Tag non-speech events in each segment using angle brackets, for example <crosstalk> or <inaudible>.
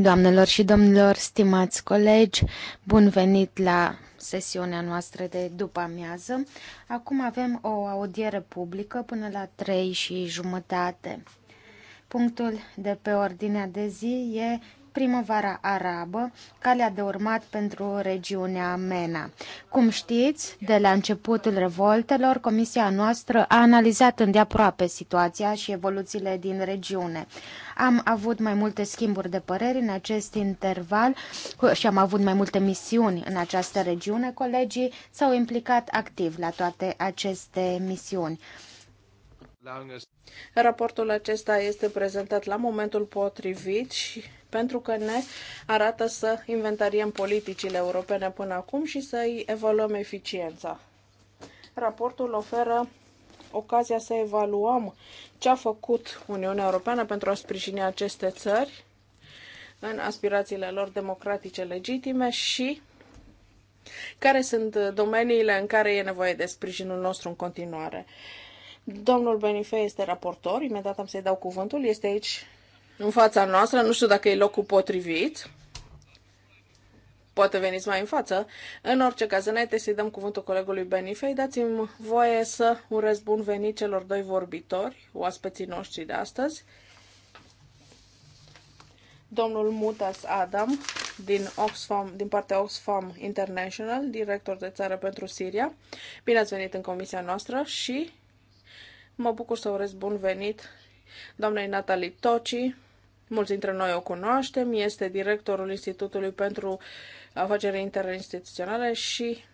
Doamnelor și domnilor, stimați colegi, bun venit la sesiunea noastră de după amiază. Acum avem o audiere publică până la 3 și jumătate. Punctul de pe ordinea de zi e primăvara arabă, calea de urmat pentru regiunea MENA. Cum știți, de la începutul revoltelor, Comisia noastră a analizat îndeaproape situația și evoluțiile din regiune. Am avut mai multe schimburi de păreri în acest interval și am avut mai multe misiuni în această regiune. Colegii s-au implicat activ la toate aceste misiuni. Raportul acesta este prezentat la momentul potrivit și pentru că ne arată să inventariem politicile europene până acum și să îi evaluăm eficiența. Raportul oferă ocazia să evaluăm ce a făcut Uniunea Europeană pentru a sprijini aceste țări în aspirațiile lor democratice legitime și care sunt domeniile în care e nevoie de sprijinul nostru în continuare. Domnul Benife este raportor, imediat am să-i dau cuvântul, este aici în fața noastră, nu știu dacă e locul potrivit. Poate veniți mai în față. În orice caz, înainte să-i dăm cuvântul colegului Benifei, dați-mi voie să urez bun venit celor doi vorbitori, oaspeții noștri de astăzi. Domnul Mutas Adam, din, Oxfam, din partea Oxfam International, director de țară pentru Siria. Bine ați venit în comisia noastră și Mă bucur să urez bun venit doamnei Natalie Toci. Mulți dintre noi o cunoaștem, este directorul Institutului pentru Afaceri Interinstituționale și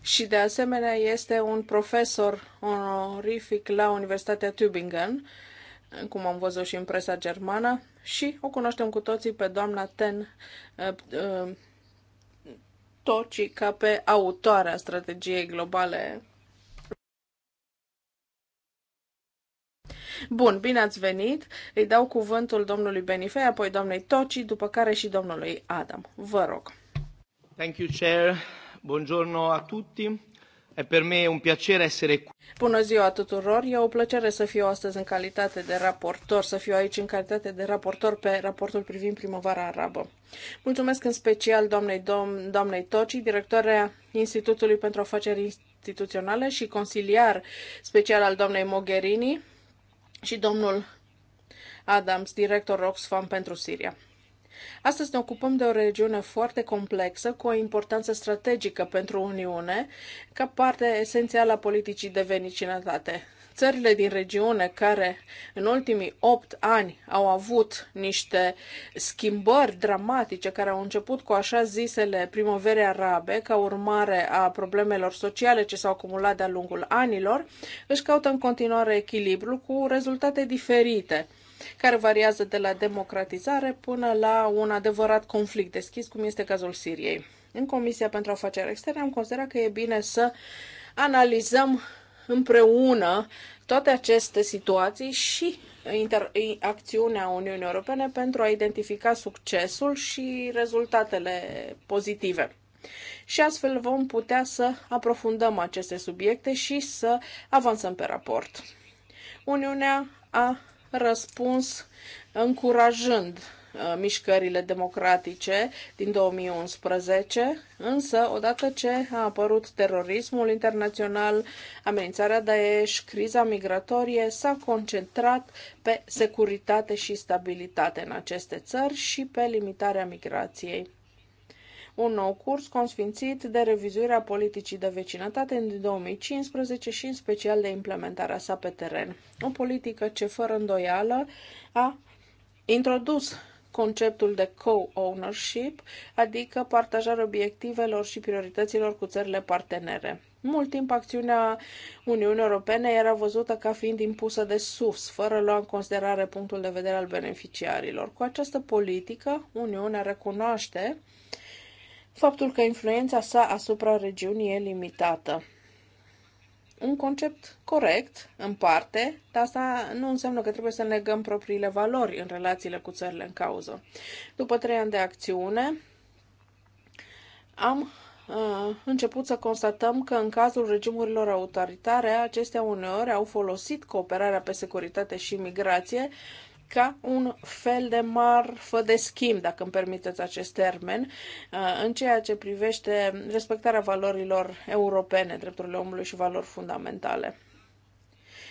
și de asemenea este un profesor onorific la Universitatea Tübingen, cum am văzut și în presa germană, și o cunoaștem cu toții pe doamna Ten uh, uh, Toci ca pe autoarea strategiei globale. Bun, bine ați venit. Îi dau cuvântul domnului Benifei, apoi doamnei Toci, după care și domnului Adam. Vă rog. Thank you, Chair. Buongiorno a tutti. E per me un piacere essere qui. Bună ziua tuturor! E o plăcere să fiu astăzi în calitate de raportor, să fiu aici în calitate de raportor pe raportul privind primăvara arabă. Mulțumesc în special doamnei, dom- doamnei Toci, directoarea Institutului pentru Afaceri Instituționale și consiliar special al doamnei Mogherini și domnul Adams, director Oxfam pentru Siria. Astăzi ne ocupăm de o regiune foarte complexă, cu o importanță strategică pentru Uniune, ca parte esențială a politicii de venicinătate. Țările din regiune care în ultimii opt ani au avut niște schimbări dramatice care au început cu așa zisele primăveri arabe ca urmare a problemelor sociale ce s-au acumulat de-a lungul anilor, își caută în continuare echilibru cu rezultate diferite care variază de la democratizare până la un adevărat conflict deschis, cum este cazul Siriei. În Comisia pentru Afaceri Externe am considerat că e bine să analizăm împreună toate aceste situații și inter- acțiunea Uniunii Europene pentru a identifica succesul și rezultatele pozitive. Și astfel vom putea să aprofundăm aceste subiecte și să avansăm pe raport. Uniunea a răspuns încurajând uh, mișcările democratice din 2011, însă odată ce a apărut terorismul internațional, amenințarea Daesh, criza migratorie s-a concentrat pe securitate și stabilitate în aceste țări și pe limitarea migrației un nou curs consfințit de revizuirea politicii de vecinătate în 2015 și în special de implementarea sa pe teren. O politică ce fără îndoială a introdus conceptul de co-ownership, adică partajarea obiectivelor și priorităților cu țările partenere. Mult timp acțiunea Uniunii Europene era văzută ca fiind impusă de sus, fără lua în considerare punctul de vedere al beneficiarilor. Cu această politică, Uniunea recunoaște faptul că influența sa asupra regiunii e limitată. Un concept corect, în parte, dar asta nu înseamnă că trebuie să negăm propriile valori în relațiile cu țările în cauză. După trei ani de acțiune, am uh, început să constatăm că în cazul regimurilor autoritare, acestea uneori au folosit cooperarea pe securitate și migrație ca un fel de marfă de schimb, dacă îmi permiteți acest termen, uh, în ceea ce privește respectarea valorilor europene, drepturile omului și valori fundamentale.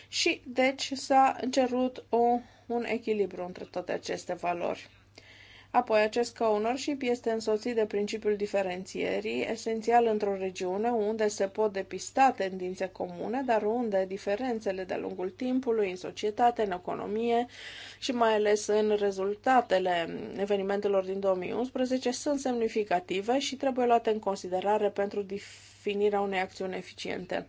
Și, deci, s-a cerut o, un echilibru între toate aceste valori. Apoi, acest co-ownership este însoțit de principiul diferențierii, esențial într-o regiune unde se pot depista tendințe comune, dar unde diferențele de-a lungul timpului în societate, în economie și mai ales în rezultatele evenimentelor din 2011 sunt semnificative și trebuie luate în considerare pentru definirea unei acțiuni eficiente.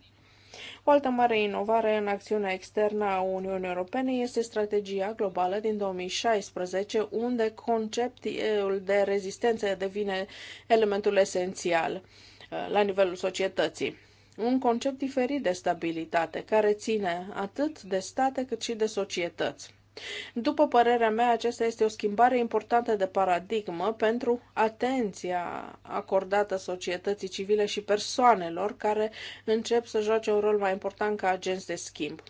O altă mare inovare în acțiunea externă a Uniunii Europene este strategia globală din 2016, unde conceptul de rezistență devine elementul esențial uh, la nivelul societății un concept diferit de stabilitate, care ține atât de state cât și de societăți. După părerea mea, aceasta este o schimbare importantă de paradigmă pentru atenția acordată societății civile și persoanelor care încep să joace un rol mai important ca agenți de schimb.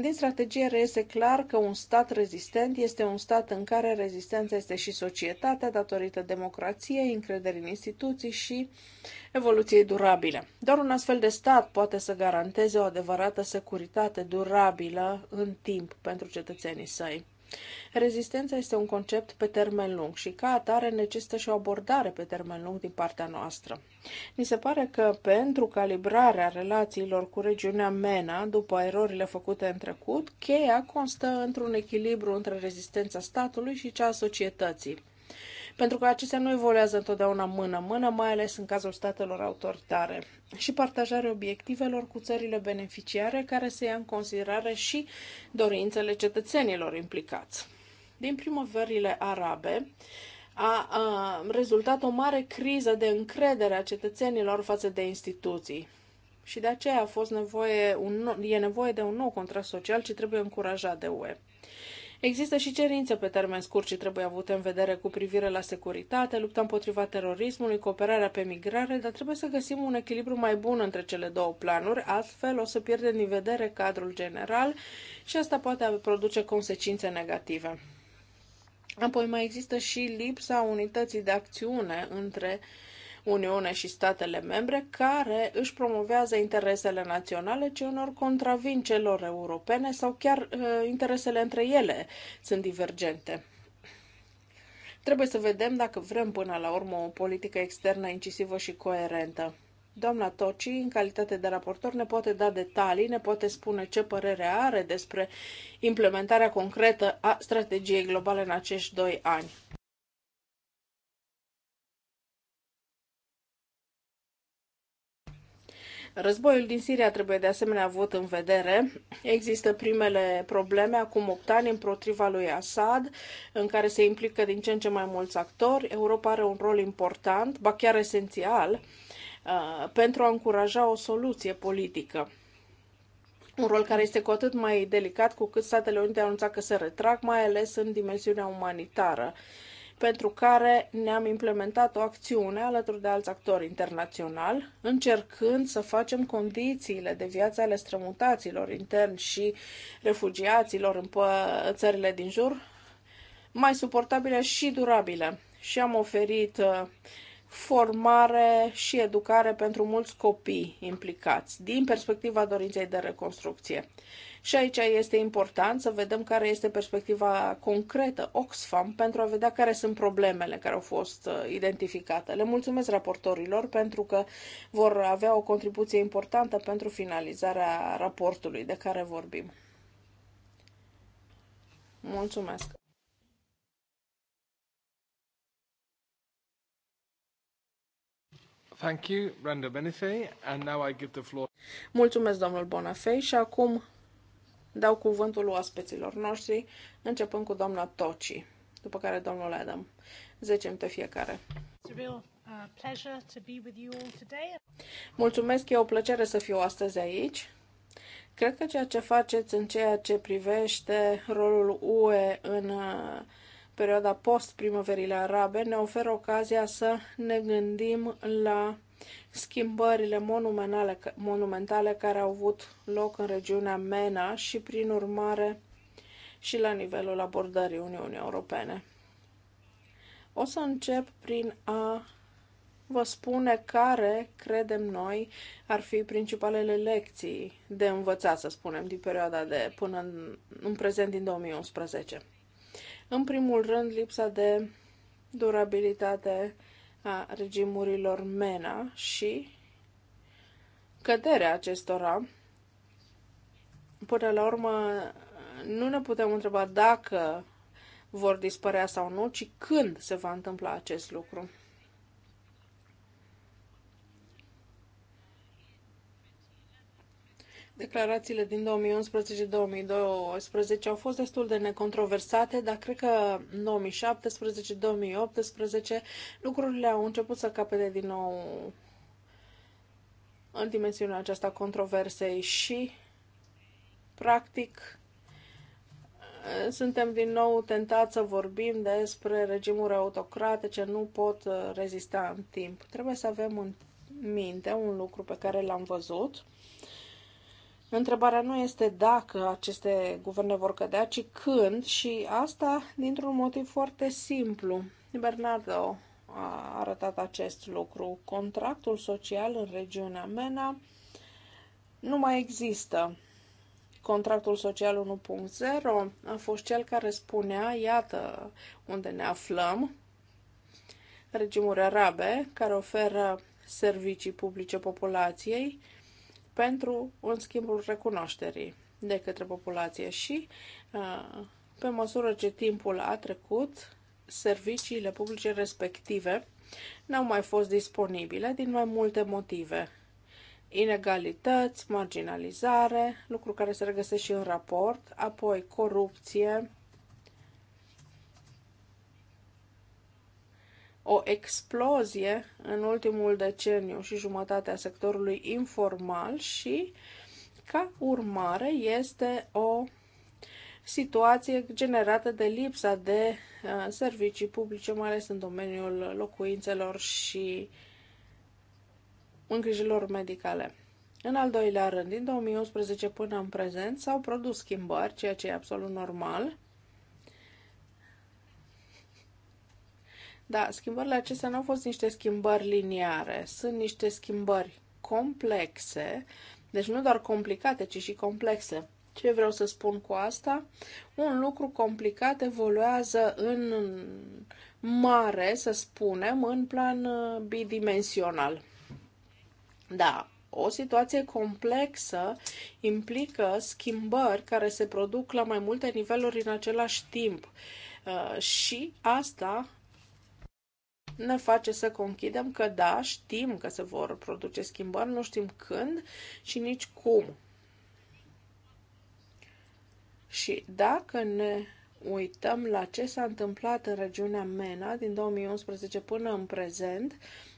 Din strategie reiese clar că un stat rezistent este un stat în care rezistența este și societatea datorită democrației, încrederii în instituții și evoluției durabile. Doar un astfel de stat poate să garanteze o adevărată securitate durabilă în timp pentru cetățenii săi. Rezistența este un concept pe termen lung și ca atare necesită și o abordare pe termen lung din partea noastră. Ni se pare că pentru calibrarea relațiilor cu regiunea MENA, după erorile făcute în trecut, cheia constă într-un echilibru între rezistența statului și cea a societății pentru că acestea nu evoluează întotdeauna mână-mână, mai ales în cazul statelor autoritare, și partajarea obiectivelor cu țările beneficiare care se ia în considerare și dorințele cetățenilor implicați. Din primăverile arabe, a, a rezultat o mare criză de încredere a cetățenilor față de instituții. Și de aceea a fost nevoie, un, e nevoie de un nou contract social ce trebuie încurajat de UE. Există și cerințe pe termen scurt ce trebuie avute în vedere cu privire la securitate, lupta împotriva terorismului, cooperarea pe migrare, dar trebuie să găsim un echilibru mai bun între cele două planuri, altfel o să pierdem din vedere cadrul general și asta poate produce consecințe negative. Apoi mai există și lipsa unității de acțiune între uh, Uniune și statele membre care își promovează interesele naționale, ci unor contravin celor europene sau chiar uh, interesele între ele sunt divergente. Trebuie să vedem dacă vrem până la urmă o politică externă incisivă și coerentă. Doamna Toci, în calitate de raportor, ne poate da detalii, ne poate spune ce părere are despre implementarea concretă a strategiei globale în acești doi ani. Războiul din Siria trebuie de asemenea avut în vedere. Există primele probleme acum 8 ani împotriva lui Assad, în care se implică din ce în ce mai mulți actori. Europa are un rol important, ba chiar esențial, uh, pentru a încuraja o soluție politică. Un rol care este cu atât mai delicat cu cât Statele Unite au anunțat că se retrag, mai ales în dimensiunea umanitară pentru care ne-am implementat o acțiune alături de alți actori internaționali, încercând să facem condițiile de viață ale strămutaților interni și refugiaților în țările din jur mai suportabile și durabile. Și am oferit uh, formare și educare pentru mulți copii implicați, din perspectiva dorinței de reconstrucție. Și aici este important să vedem care este perspectiva concretă Oxfam pentru a vedea care sunt problemele care au fost uh, identificate. Le mulțumesc raportorilor pentru că vor avea o contribuție importantă pentru finalizarea raportului de care vorbim. Mulțumesc! Thank you, Brenda Benefei, and now I give the floor. Mulțumesc, domnul Bonafei, și acum dau cuvântul oaspeților noștri, începând cu doamna Toci, după care domnul Adam. 10 minute fiecare. Uh, Mulțumesc, e o plăcere să fiu astăzi aici. Cred că ceea ce faceți în ceea ce privește rolul UE în uh, perioada post-primăverile arabe ne oferă ocazia să ne gândim la schimbările monumentale, monumentale care au avut loc în regiunea MENA și, prin urmare, și la nivelul abordării Uniunii Europene. O să încep prin a vă spune care credem noi ar fi principalele lecții de învățat, să spunem, din perioada de până în, în prezent din 2011. În primul rând, lipsa de durabilitate a regimurilor MENA și căderea acestora. Până la urmă, nu ne putem întreba dacă vor dispărea sau nu, ci când se va întâmpla acest lucru. Declarațiile din 2011-2012 au fost destul de necontroversate, dar cred că în 2017-2018 lucrurile au început să capete din nou în dimensiunea aceasta controversei și, practic, suntem din nou tentați să vorbim despre regimuri autocrate ce nu pot uh, rezista în timp. Trebuie să avem în minte un lucru pe care l-am văzut Întrebarea nu este dacă aceste guverne vor cădea, ci când și asta dintr-un motiv foarte simplu. Bernardo a arătat acest lucru. Contractul social în regiunea MENA nu mai există. Contractul social 1.0 a fost cel care spunea, iată unde ne aflăm, regimuri arabe care oferă servicii publice populației, pentru un schimbul recunoașterii de către populație și uh, pe măsură ce timpul a trecut, serviciile publice respective n-au mai fost disponibile din mai multe motive. Inegalități, marginalizare, lucru care se regăsește și în raport, apoi corupție, o explozie în ultimul deceniu și jumătate a sectorului informal și, ca urmare, este o situație generată de lipsa de uh, servicii publice, mai ales în domeniul locuințelor și îngrijilor medicale. În al doilea rând, din 2011 până în prezent s-au produs schimbări, ceea ce e absolut normal, Da, schimbările acestea nu au fost niște schimbări liniare, sunt niște schimbări complexe, deci nu doar complicate, ci și complexe. Ce vreau să spun cu asta? Un lucru complicat evoluează în mare, să spunem, în plan uh, bidimensional. Da, o situație complexă implică schimbări care se produc la mai multe niveluri în același timp. Uh, și asta ne face să conchidem că da, știm că se vor produce schimbări, nu știm când și nici cum. Și dacă ne uităm la ce s-a întâmplat în regiunea MENA din 2011 până în prezent,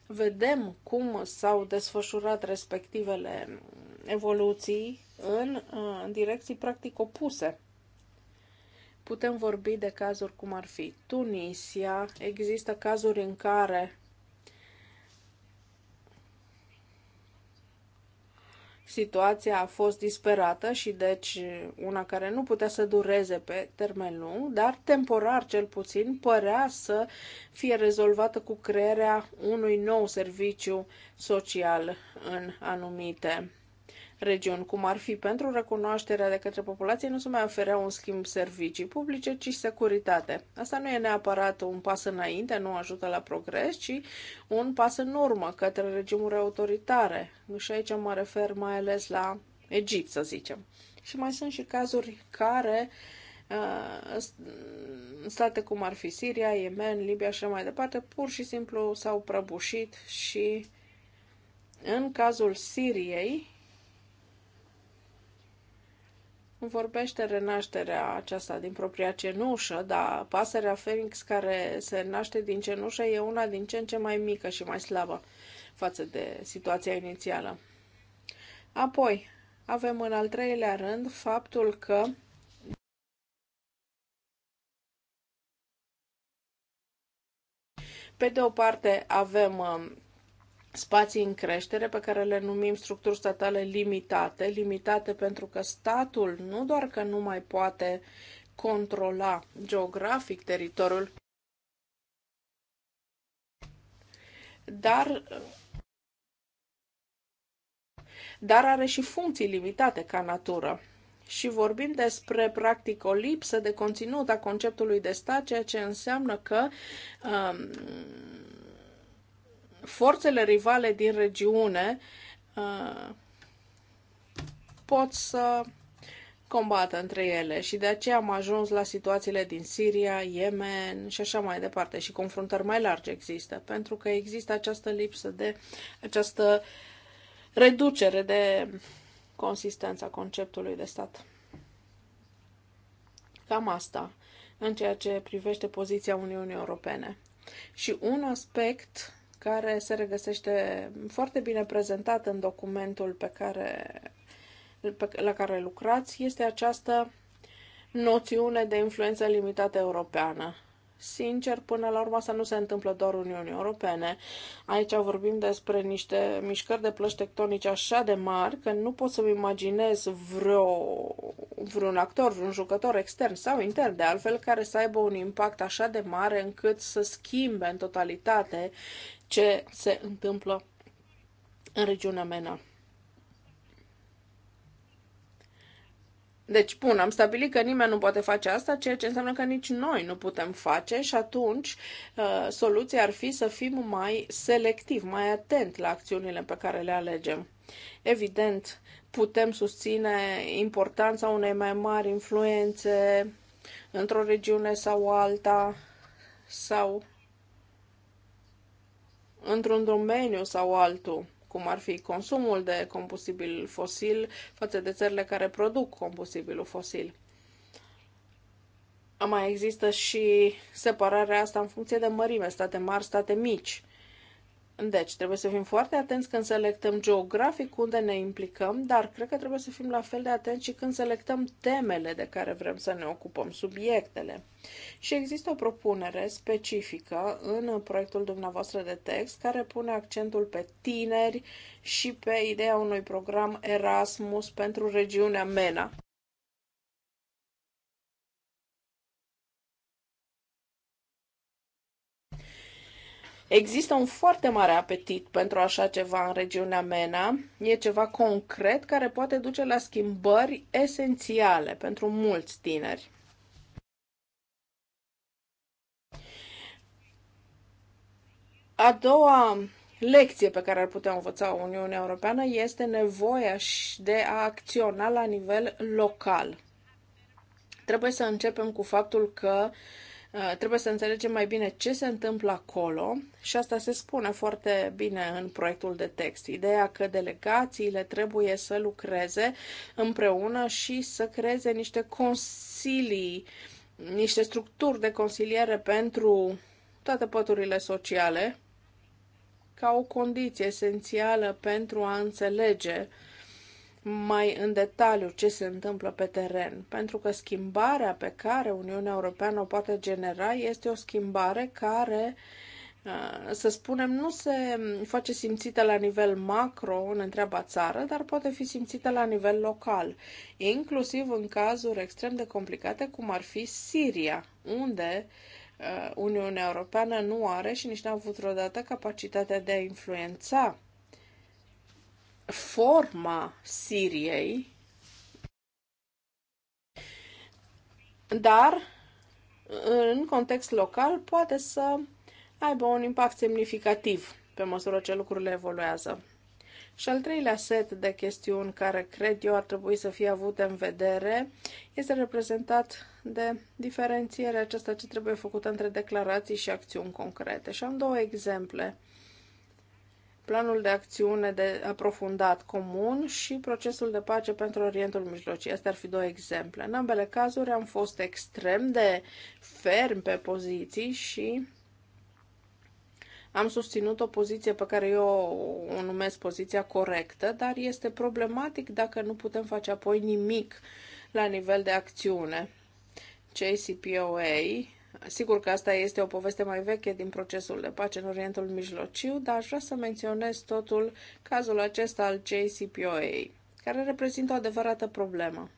vedem cum s-au desfășurat respectivele evoluții în, în direcții practic opuse. Putem vorbi de cazuri cum ar fi Tunisia, există cazuri în care situația a fost disperată și deci una care nu putea să dureze pe termen lung, dar temporar cel puțin părea să fie rezolvată cu crearea unui nou serviciu social în anumite regiuni, cum ar fi pentru recunoașterea de către populație, nu se mai oferea un schimb servicii publice, ci securitate. Asta nu e neapărat un pas înainte, nu ajută la progres, ci un pas în urmă către regimuri autoritare. Și aici mă refer mai ales la Egipt, să zicem. Și mai sunt și cazuri care uh, state cum ar fi Siria, Yemen, Libia și mai departe, pur și simplu s-au prăbușit și în cazul Siriei, vorbește renașterea aceasta din propria cenușă, dar pasărea Phoenix care se naște din cenușă e una din ce în ce mai mică și mai slabă față de situația inițială. Apoi, avem în al treilea rând faptul că pe de o parte avem um, spații în creștere pe care le numim structuri statale limitate, limitate pentru că statul nu doar că nu mai poate controla geografic teritoriul, dar dar are și funcții limitate ca natură. Și vorbim despre, practic, o lipsă de conținut a conceptului de stat, ceea ce înseamnă că um, forțele rivale din regiune uh, pot să combată între ele și de aceea am ajuns la situațiile din Siria, Yemen și așa mai departe și confruntări mai largi există, pentru că există această lipsă de această reducere de consistența conceptului de stat. Cam asta în ceea ce privește poziția Uniunii Europene. Și un aspect care se regăsește foarte bine prezentat în documentul pe care, pe, la care lucrați, este această noțiune de influență limitată europeană sincer, până la urmă asta nu se întâmplă doar Uniunii Europene. Aici vorbim despre niște mișcări de plăci tectonice așa de mari că nu pot să-mi imaginez vreo, vreun actor, vreun jucător extern sau intern, de altfel, care să aibă un impact așa de mare încât să schimbe în totalitate ce se întâmplă în regiunea MENA. Deci, bun, am stabilit că nimeni nu poate face asta, ceea ce înseamnă că nici noi nu putem face și atunci uh, soluția ar fi să fim mai selectiv, mai atent la acțiunile pe care le alegem. Evident, putem susține importanța unei mai mari influențe într-o regiune sau alta sau într-un domeniu sau altul cum ar fi consumul de combustibil fosil față de țările care produc combustibilul fosil. Mai există și separarea asta în funcție de mărime, state mari, state mici. Deci, trebuie să fim foarte atenți când selectăm geografic unde ne implicăm, dar cred că trebuie să fim la fel de atenți și când selectăm temele de care vrem să ne ocupăm, subiectele. Și există o propunere specifică în proiectul dumneavoastră de text care pune accentul pe tineri și pe ideea unui program Erasmus pentru regiunea MENA. Există un foarte mare apetit pentru așa ceva în regiunea MENA. E ceva concret care poate duce la schimbări esențiale pentru mulți tineri. A doua lecție pe care ar putea învăța Uniunea Europeană este nevoia de a acționa la nivel local. Trebuie să începem cu faptul că uh, Uh, trebuie să înțelegem mai bine ce se întâmplă acolo și asta se spune foarte bine în proiectul de text. Ideea că delegațiile trebuie să lucreze împreună și să creeze niște consilii, niște structuri de consiliere pentru toate păturile sociale, ca o condiție esențială pentru a înțelege mai în detaliu ce se întâmplă pe teren, pentru că schimbarea pe care Uniunea Europeană o poate genera este o schimbare care uh, să spunem, nu se face simțită la nivel macro în întreaga țară, dar poate fi simțită la nivel local, inclusiv în cazuri extrem de complicate, cum ar fi Siria, unde uh, Uniunea Europeană nu are și nici n-a avut vreodată capacitatea de a influența forma Siriei, dar în context local poate să aibă un impact semnificativ pe măsură ce lucrurile evoluează. Și al treilea set de chestiuni care cred eu ar trebui să fie avute în vedere este reprezentat de diferențierea aceasta ce trebuie făcută între declarații și acțiuni concrete. Și am două exemple planul de acțiune de aprofundat comun și procesul de pace pentru Orientul Mijlociu. Astea ar fi două exemple. În ambele cazuri am fost extrem de ferm pe poziții și am susținut o poziție pe care eu o numesc poziția corectă, dar este problematic dacă nu putem face apoi nimic la nivel de acțiune. JCPOA Sigur că asta este o poveste mai veche din procesul de pace în Orientul Mijlociu, dar aș vrea să menționez totul cazul acesta al JCPOA, care reprezintă o adevărată problemă.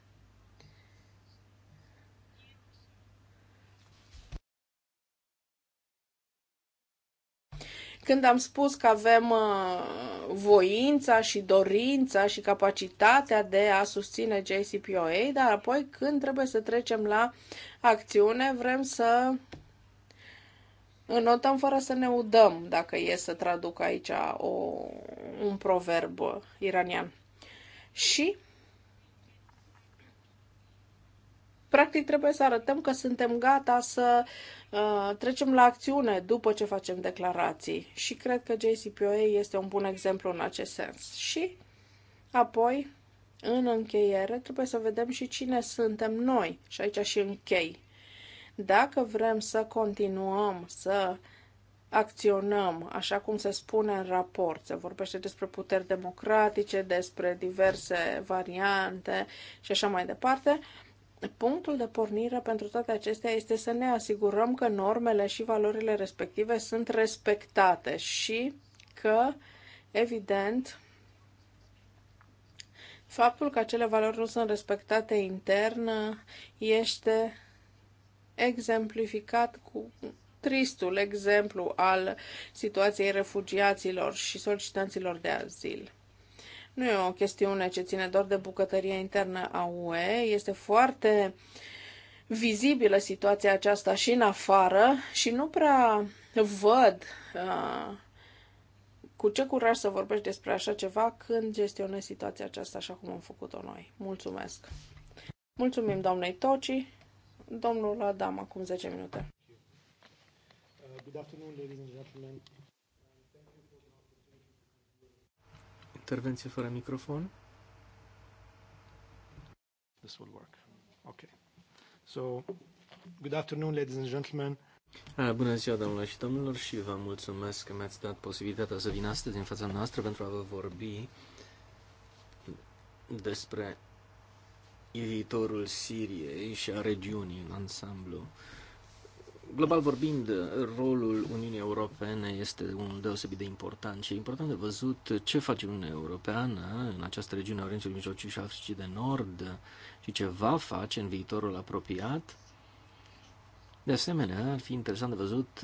Când am spus că avem uh, voința și dorința și capacitatea de a susține JCPOA, dar apoi când trebuie să trecem la acțiune, vrem să înotăm fără să ne udăm, dacă e să traduc aici o, un proverb iranian. Și Practic trebuie să arătăm că suntem gata să uh, trecem la acțiune după ce facem declarații și cred că JCPOA este un bun exemplu în acest sens. Și apoi, în încheiere, trebuie să vedem și cine suntem noi și aici și închei. Dacă vrem să continuăm să acționăm, așa cum se spune în raport. Se vorbește despre puteri democratice, despre diverse variante și așa mai departe. Punctul de pornire pentru toate acestea este să ne asigurăm că normele și valorile respective sunt respectate și că, evident, faptul că acele valori nu sunt respectate intern este exemplificat cu tristul exemplu al situației refugiaților și solicitanților de azil. Nu e o chestiune ce ține doar de bucătăria internă a UE, este foarte vizibilă situația aceasta și în afară și nu prea văd uh, cu ce curaj să vorbești despre așa ceva când gestionezi situația aceasta așa cum am făcut-o noi. Mulțumesc! Mulțumim doamnei Toci. Domnul Adam, acum 10 minute. Good afternoon, ladies and gentlemen. Intervenție fără microfon. This will work. Okay. So, good afternoon, ladies and gentlemen. Bună ziua, domnilor și domnilor, și vă mulțumesc că mi-ați dat posibilitatea să vin astăzi în fața noastră pentru a vă vorbi despre viitorul Siriei și a regiunii în ansamblu. Uh, Global vorbind, rolul Uniunii Europene este un deosebit de important și e important de văzut ce face Uniunea Europeană în această regiune a Orientului Mijlociu și Africii de Nord și ce va face în viitorul apropiat. De asemenea, ar fi interesant de văzut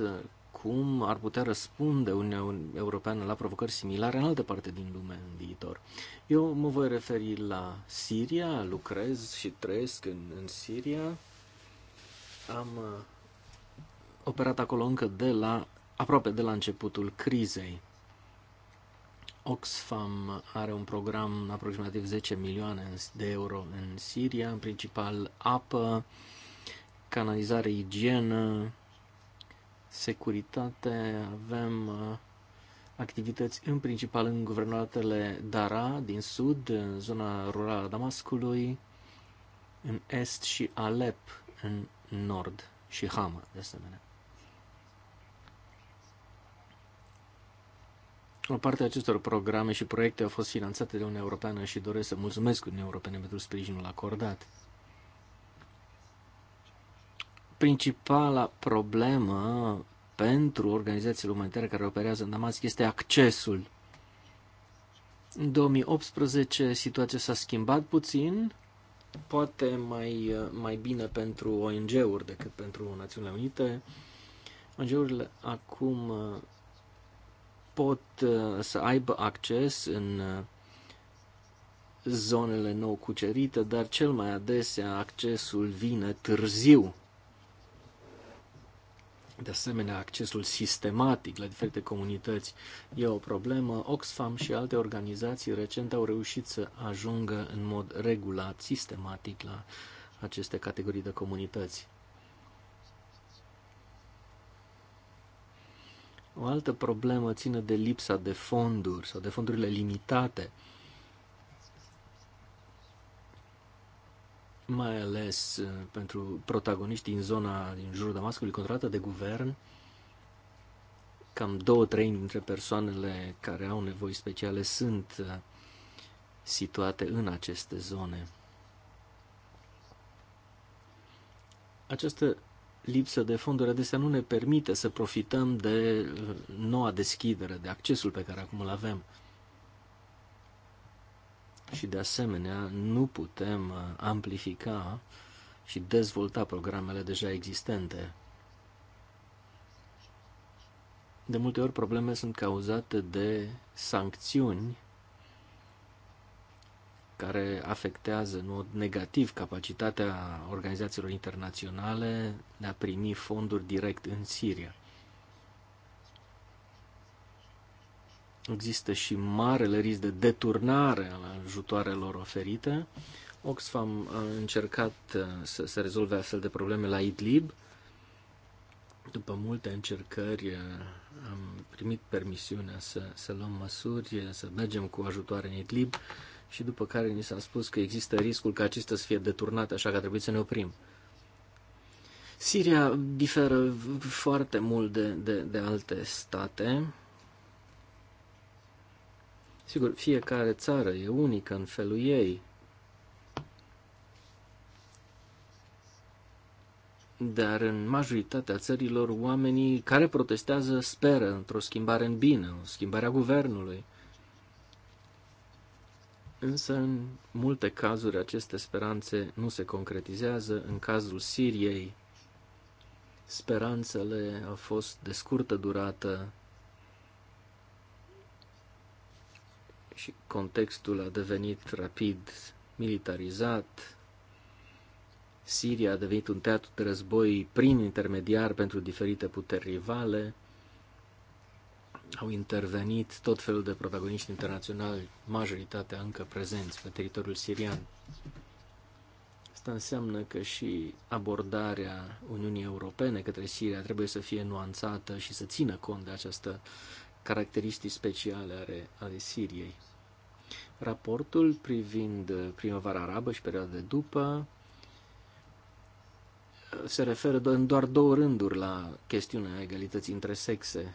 cum ar putea răspunde Uniunea Europeană la provocări similare în alte parte din lume în viitor. Eu mă voi referi la Siria, lucrez și trăiesc în, în Siria. Am operat acolo încă de la, aproape de la începutul crizei. Oxfam are un program aproximativ 10 milioane de euro în Siria, în principal apă, canalizare, igienă, securitate. Avem uh, activități în principal în guvernatele Dara din sud, în zona rurală a Damascului, în est și Alep în nord și Hama de asemenea. O parte a acestor programe și proiecte au fost finanțate de Uniunea Europeană și doresc să mulțumesc Uniunea Europeană pentru sprijinul acordat. Principala problemă pentru organizațiile umanitare care operează în Damasc este accesul. În 2018 situația s-a schimbat puțin, poate mai, mai bine pentru ONG-uri decât pentru Națiunile Unite. ONG-urile acum pot uh, să aibă acces în uh, zonele nou cucerite, dar cel mai adesea accesul vine târziu. De asemenea, accesul sistematic la diferite comunități e o problemă. Oxfam și alte organizații recent au reușit să ajungă în mod regulat, sistematic la aceste categorii de comunități. O altă problemă ține de lipsa de fonduri sau de fondurile limitate, mai ales uh, pentru protagoniști în zona din jurul Damascului controlată de guvern. Cam două trei dintre persoanele care au nevoi speciale sunt uh, situate în aceste zone. Această lipsă de fonduri adesea nu ne permite să profităm de uh, noua deschidere, de accesul pe care acum îl avem. Și de asemenea, nu putem uh, amplifica și dezvolta programele deja existente. De multe ori, probleme sunt cauzate de sancțiuni care afectează în mod negativ capacitatea organizațiilor internaționale de a primi fonduri direct în Siria. Există și marele risc de deturnare al ajutoarelor oferite. Oxfam a încercat uh, să se rezolve astfel de probleme la Idlib. După multe încercări uh, am primit permisiunea să, să luăm măsuri, să mergem cu ajutoare în Idlib și după care ni s-a spus că există riscul ca acestea să fie deturnate, așa că trebuie să ne oprim. Siria diferă foarte mult de, de, de alte state. Sigur, fiecare țară e unică în felul ei. Dar în majoritatea țărilor, oamenii care protestează speră într-o schimbare în bine, o schimbare a guvernului. Însă, în multe cazuri, aceste speranțe nu se concretizează. În cazul Siriei, speranțele au fost de scurtă durată și contextul a devenit rapid militarizat. Siria a devenit un teatru de război prin intermediar pentru diferite puteri rivale. Au intervenit tot felul de protagoniști internaționali, majoritatea încă prezenți pe teritoriul sirian. Asta înseamnă că și abordarea Uniunii Europene către Siria trebuie să fie nuanțată și să țină cont de această caracteristici speciale ale, ale Siriei. Raportul privind primăvara arabă și perioada de după uh, se referă în doar două rânduri la chestiunea egalității între sexe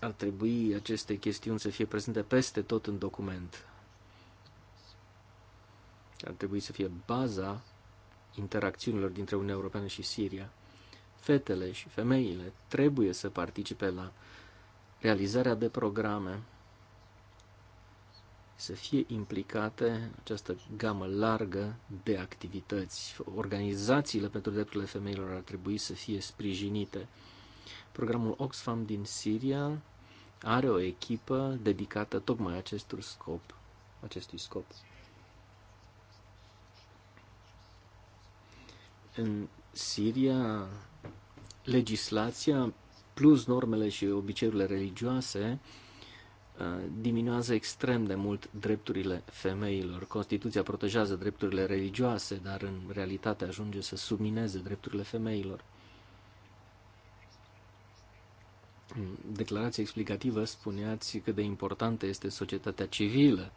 ar trebui aceste chestiuni să fie prezente peste tot în document. Ar trebui să fie baza interacțiunilor dintre Uniunea Europeană și Siria. Fetele și femeile trebuie să participe la realizarea de programe, să fie implicate în această gamă largă de activități. Organizațiile pentru drepturile femeilor ar trebui să fie sprijinite Programul Oxfam din Siria are o echipă dedicată tocmai acestui scop. Acestui scop. În Siria, legislația plus normele și obiceiurile religioase uh, diminuează extrem de mult drepturile femeilor. Constituția protejează drepturile religioase, dar în realitate ajunge să submineze drepturile femeilor. Declarația explicativă spuneați cât de importantă este societatea civilă,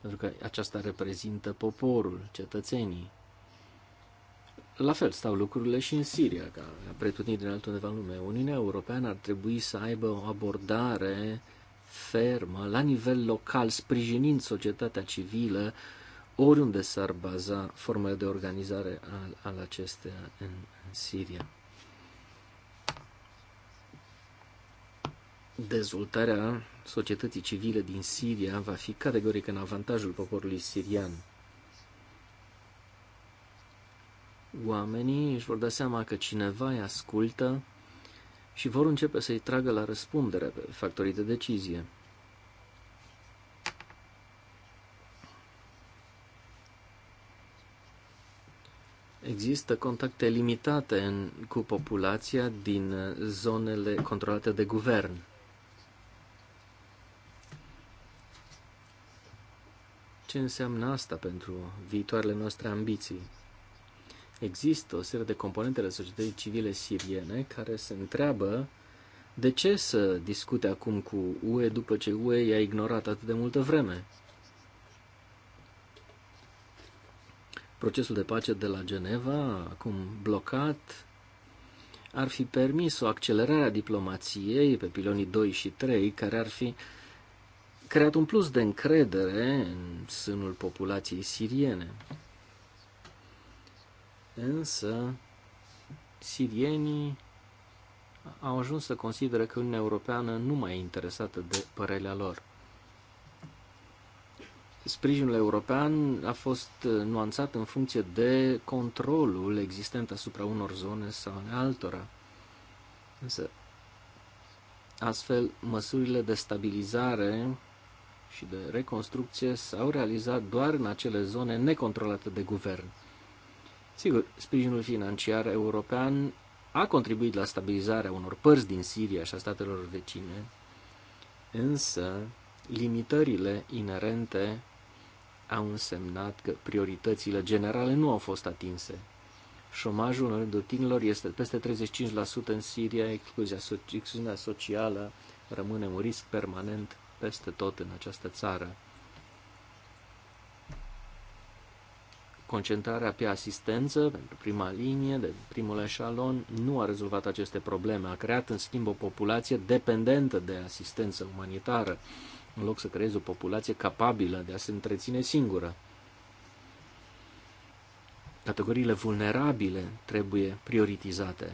pentru că aceasta reprezintă poporul, cetățenii. La fel stau lucrurile și în Siria, ca din altundeva lume. Uniunea Europeană ar trebui să aibă o abordare fermă, la nivel local, sprijinind societatea civilă, oriunde s-ar baza formele de organizare al, al acestea în, în Siria. dezvoltarea societății civile din Siria va fi categoric în avantajul poporului sirian. Oamenii își vor da seama că cineva îi ascultă și vor începe să-i tragă la răspundere pe factorii de decizie. Există contacte limitate în, cu populația din zonele controlate de guvern. ce înseamnă asta pentru viitoarele noastre ambiții. Există o serie de componente ale societății civile siriene care se întreabă de ce să discute acum cu UE după ce UE i-a ignorat atât de multă vreme. Procesul de pace de la Geneva, acum blocat, ar fi permis o accelerare a diplomației pe pilonii 2 și 3, care ar fi uh, creat un plus de încredere în sânul populației siriene. Însă, sirienii au ajuns să consideră că Uniunea Europeană nu mai e interesată de părerea lor. Sprijinul european a fost uh, nuanțat în funcție de controlul existent asupra unor zone sau altora. Însă, astfel, măsurile de stabilizare și de reconstrucție s-au realizat doar în acele zone necontrolate de guvern. Sigur, sprijinul financiar european a contribuit la stabilizarea unor părți din Siria și a statelor vecine, însă limitările inerente au însemnat că prioritățile generale nu au fost atinse. Șomajul în rândul tinerilor este peste 35% în Siria, excluziunea socială rămâne un risc permanent peste tot în această țară. Concentrarea pe asistență pentru prima linie, de primul eșalon, nu a rezolvat aceste probleme. A creat, în schimb, o populație dependentă de asistență umanitară, în loc să creeze o populație capabilă de a se întreține singură. Categoriile vulnerabile trebuie prioritizate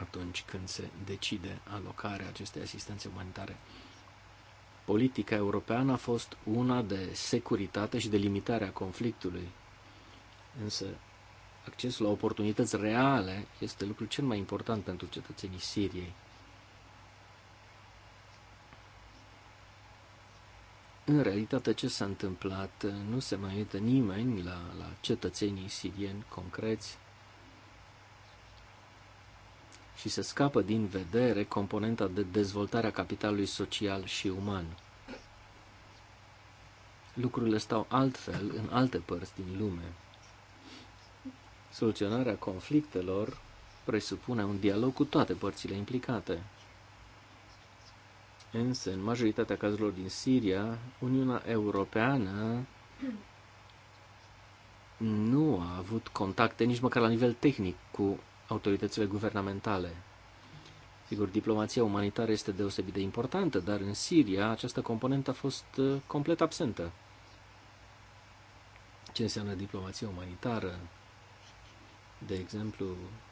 atunci când se decide alocarea acestei asistențe umanitare politica europeană a fost una de securitate și de limitare a conflictului. Însă accesul la oportunități reale este lucrul cel mai important pentru cetățenii Siriei. În realitate, ce s-a întâmplat? Nu se mai uită nimeni la, la cetățenii sirieni concreți și se scapă din vedere componenta de dezvoltare a capitalului social și uman. Lucrurile stau altfel în alte părți din lume. Soluționarea conflictelor presupune un dialog cu toate părțile implicate. Însă, în majoritatea cazurilor din Siria, Uniunea Europeană nu a avut contacte nici măcar la nivel tehnic cu autoritățile guvernamentale. Sigur, diplomația umanitară este deosebit de importantă, dar în Siria această componentă a fost uh, complet absentă. Ce înseamnă diplomația umanitară? De exemplu,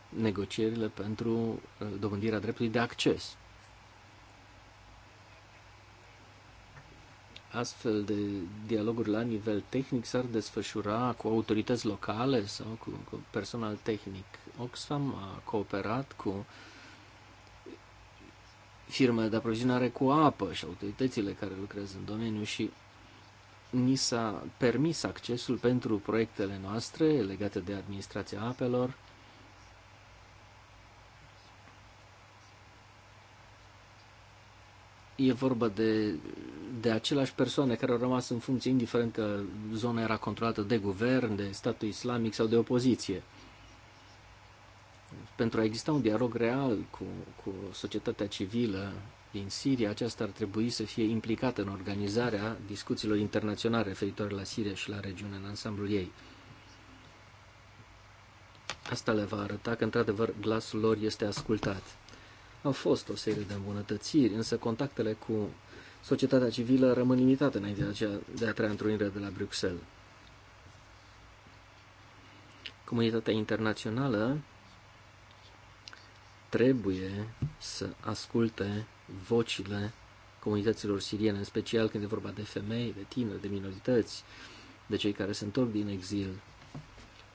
negocierile pentru uh, dobândirea dreptului de acces astfel de dialoguri la nivel tehnic s-ar desfășura cu autorități locale sau cu, cu personal tehnic. Oxfam a cooperat cu firme de aprovizionare cu apă și autoritățile care lucrează în domeniu și ni s-a permis accesul pentru proiectele noastre legate de administrația apelor e vorba de, de aceleași persoane care au rămas în funcție, indiferent că zona era controlată de guvern, de statul islamic sau de opoziție. Pentru a exista un dialog real cu, cu societatea civilă din Siria, aceasta ar trebui să fie implicată în organizarea discuțiilor internaționale referitoare la Siria și la regiune în ansamblul ei. Asta le va arăta că, într-adevăr, glasul lor este ascultat. Au fost o serie de îmbunătățiri, însă contactele cu societatea civilă rămân limitate înainte de, a de a trea întrunirea de la Bruxelles. Comunitatea internațională trebuie să asculte vocile comunităților siriene, în special când e vorba de femei, de tineri, de minorități, de cei care se întorc din exil.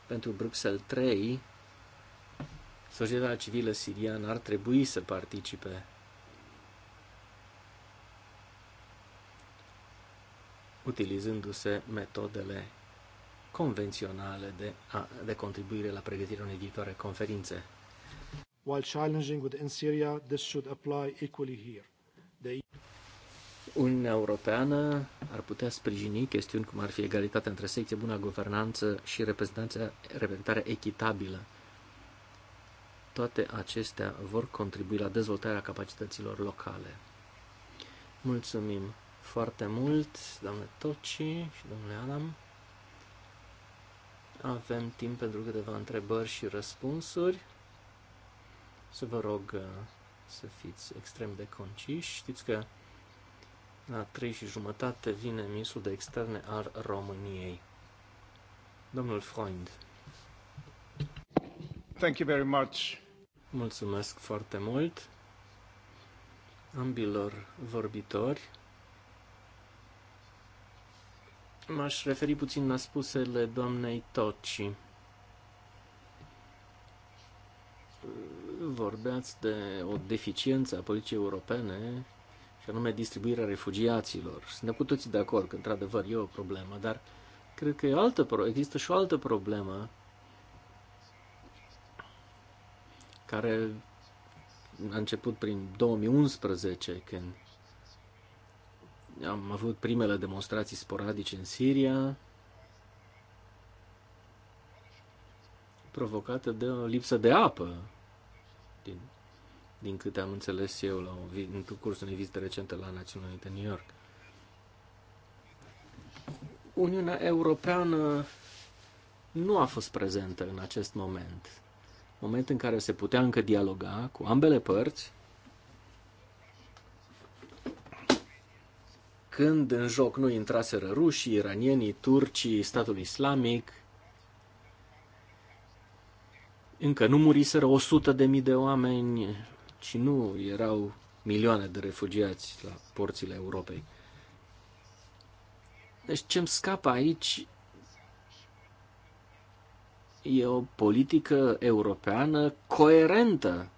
Pentru Bruxelles 3, societatea civilă siriană ar trebui să participe. utilizându-se metodele convenționale de, a, de contribuire la pregătirea unei viitoare conferințe. While challenging within Syria, this should apply equally here. The... Uniunea Europeană ar putea sprijini chestiuni cum ar fi egalitatea între secție, bună guvernanță și reprezentarea echitabilă toate acestea vor contribui la dezvoltarea capacităților locale. Mulțumim foarte mult, doamne Toci și domnule Adam. Avem timp pentru câteva întrebări și răspunsuri. Să vă rog uh, să fiți extrem de conciși. Știți că la trei și jumătate vine misul de externe al României. Domnul Freund. Thank you very much. Mulțumesc foarte mult ambilor vorbitori. M-aș referi puțin la spusele doamnei Toci. Vorbeați de o deficiență a poliției europene și anume distribuirea refugiaților. Suntem cu toții de acord că într-adevăr e o problemă, dar cred că e altă, există și o altă problemă care a început prin 2011, când am avut primele demonstrații sporadice în Siria, provocată de o lipsă de apă, din, din câte am înțeles eu la o, în cursul unei vizite recente la Națiunile Unite New York. Uniunea Europeană nu a fost prezentă în acest moment moment în care se putea încă dialoga cu ambele părți, când în joc nu intraseră rușii, iranienii, turcii, statul islamic, încă nu muriseră 100 de mii de oameni, ci nu erau milioane de refugiați la porțile Europei. Deci ce-mi scapă aici e o politică europeană coerentă,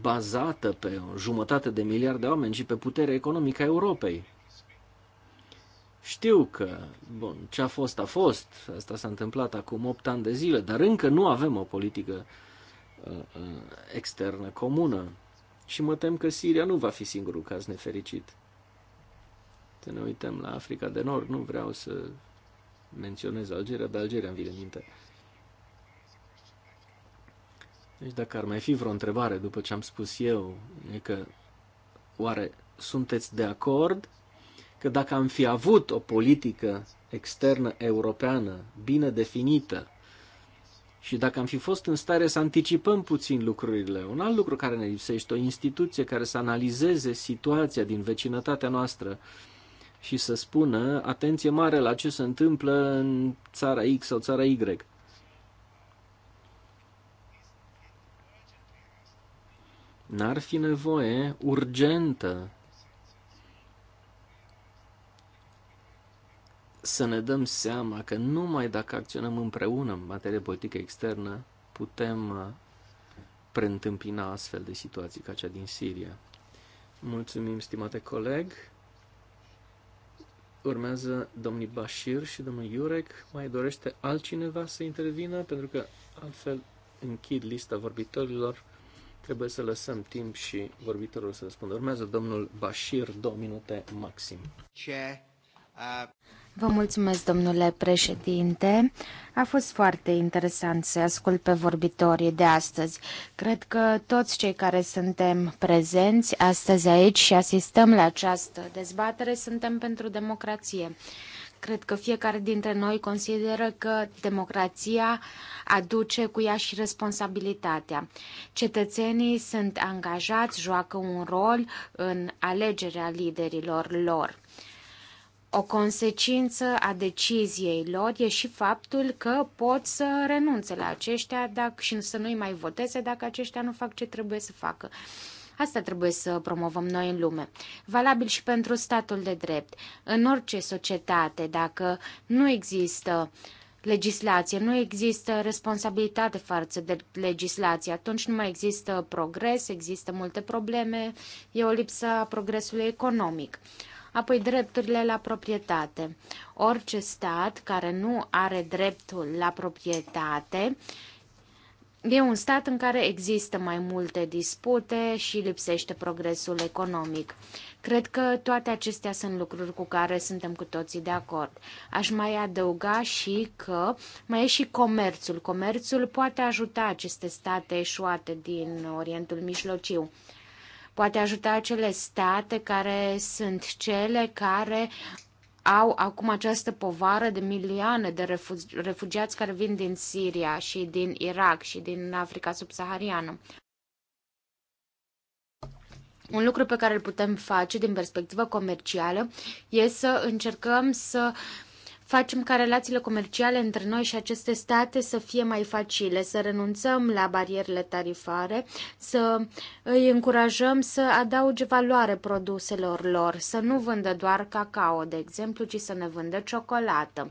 bazată pe o jumătate de miliard de oameni și pe puterea economică a Europei. Știu că, bun, ce a fost a fost, asta s-a întâmplat acum 8 ani de zile, dar încă nu avem o politică uh, uh, externă comună. Și mă tem că Siria nu va fi singurul caz nefericit. Să ne uităm la Africa de Nord, nu vreau să menționez Algeria, dar Algeria îmi vine minte. Deci dacă ar mai fi vreo întrebare după ce am spus eu, e că oare sunteți de acord că dacă am fi avut o politică externă europeană bine definită și dacă am fi fost în stare să anticipăm puțin lucrurile, un alt lucru care ne lipsește, o instituție care să analizeze situația din vecinătatea noastră, și să spună atenție mare la ce se întâmplă în țara X sau țara Y. N-ar fi nevoie urgentă să ne dăm seama că numai dacă acționăm împreună în materie politică externă, putem uh, preîntâmpina astfel de situații ca cea din Siria. Mulțumim, stimate coleg! Urmează domnii Bashir și domnul Iurec. Mai dorește altcineva să intervină? Pentru că altfel închid lista vorbitorilor. Trebuie să lăsăm timp și vorbitorul să răspundă. Urmează domnul Bashir, două minute maxim. Ce? Uh... Vă mulțumesc, domnule președinte. A fost foarte interesant să ascult pe vorbitorii de astăzi. Cred că toți cei care suntem prezenți astăzi aici și asistăm la această dezbatere suntem pentru democrație. Cred că fiecare dintre noi consideră că democrația aduce cu ea și responsabilitatea. Cetățenii sunt angajați, joacă un rol în alegerea liderilor lor. O consecință a deciziei lor e și faptul că pot să renunțe la aceștia dacă, și să nu-i mai voteze dacă aceștia nu fac ce trebuie să facă. Asta trebuie să promovăm noi în lume. Valabil și pentru statul de drept. În orice societate, dacă nu există legislație, nu există responsabilitate față de legislație, atunci nu mai există progres, există multe probleme, e o lipsă a progresului economic. Apoi drepturile la proprietate. Orice stat care nu are dreptul la proprietate e un stat în care există mai multe dispute și lipsește progresul economic. Cred că toate acestea sunt lucruri cu care suntem cu toții de acord. Aș mai adăuga și că mai e și comerțul. Comerțul poate ajuta aceste state eșuate din Orientul Mijlociu poate ajuta acele state care sunt cele care au acum această povară de milioane de refugiați care vin din Siria și din Irak și din Africa subsahariană. Un lucru pe care îl putem face din perspectivă comercială e să încercăm să facem ca relațiile comerciale între noi și aceste state să fie mai facile, să renunțăm la barierele tarifare, să îi încurajăm să adauge valoare produselor lor, să nu vândă doar cacao, de exemplu, ci să ne vândă ciocolată.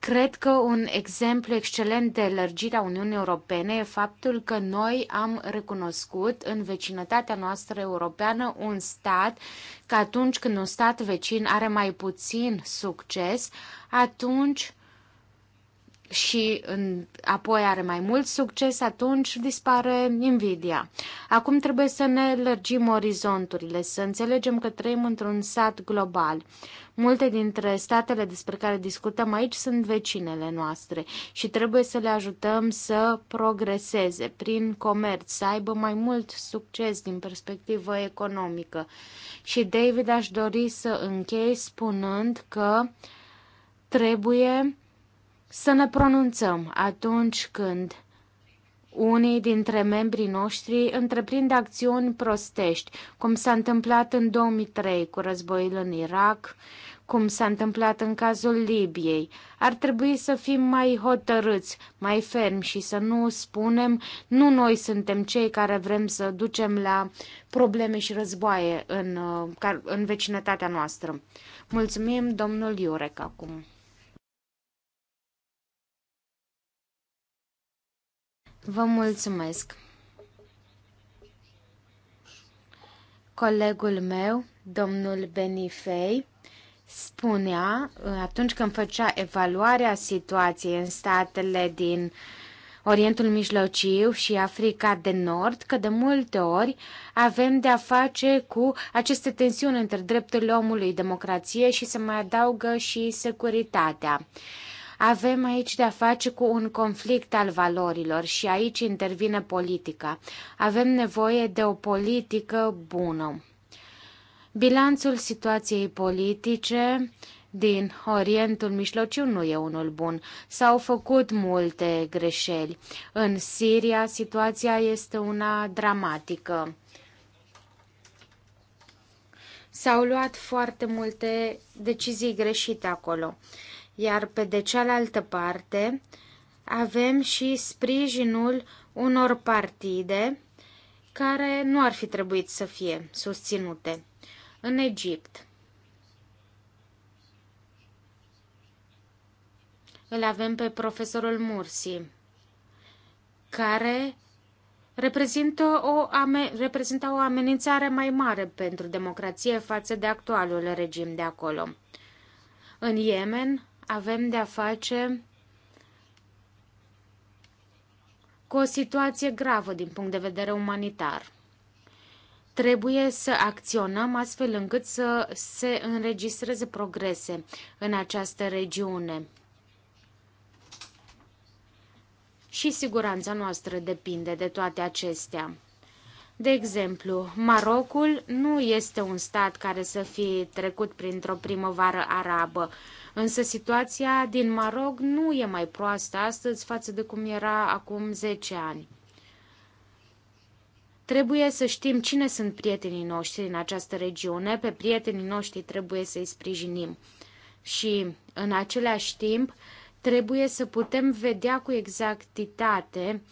Cred că un exemplu excelent de lărgire a Uniunii Europene e faptul că noi am recunoscut în vecinătatea noastră europeană un stat că atunci când un stat vecin are mai puțin succes, atunci și în, apoi are mai mult succes, atunci dispare invidia. Acum trebuie să ne lărgim orizonturile, să înțelegem că trăim într-un sat global. Multe dintre statele despre care discutăm aici sunt vecinele noastre și trebuie să le ajutăm să progreseze prin comerț, să aibă mai mult succes din perspectivă economică. Și David aș dori să închei spunând că trebuie să ne pronunțăm atunci când unii dintre membrii noștri întreprind acțiuni prostești, cum s-a întâmplat în 2003 cu războiul în Irak cum s-a întâmplat în cazul Libiei. Ar trebui să fim mai hotărâți, mai fermi și să nu spunem nu noi suntem cei care vrem să ducem la probleme și războaie în, uh, în vecinătatea noastră. Mulțumim, domnul Iurec, acum. Vă mulțumesc. Colegul meu, domnul Benifei, spunea, uh, atunci când făcea evaluarea situației în statele din Orientul Mijlociu și Africa de Nord, că de multe ori avem de-a face cu aceste tensiuni între drepturile omului, democrație și se mai adaugă și securitatea avem aici de-a face cu un conflict al valorilor și aici intervine politica. Avem nevoie de o politică bună. Bilanțul situației politice din Orientul Mijlociu nu e unul bun. S-au făcut multe greșeli. În Siria situația este una dramatică. S-au luat foarte multe decizii greșite acolo. Iar pe de cealaltă parte avem și sprijinul unor partide care nu ar fi trebuit să fie susținute în Egipt. Îl avem pe profesorul Mursi, care reprezintă o, reprezenta o amenințare mai mare pentru democrație față de actualul regim de acolo. În Yemen avem de-a face cu o situație gravă din punct de vedere umanitar. Trebuie să acționăm astfel încât să se înregistreze progrese în această regiune. Și siguranța noastră depinde de toate acestea. De exemplu, Marocul nu este un stat care să fi trecut printr-o primăvară arabă, însă situația din Maroc nu e mai proastă astăzi față de cum era acum 10 ani. Trebuie să știm cine sunt prietenii noștri în această regiune, pe prietenii noștri trebuie să-i sprijinim. Și în același timp trebuie să putem vedea cu exactitate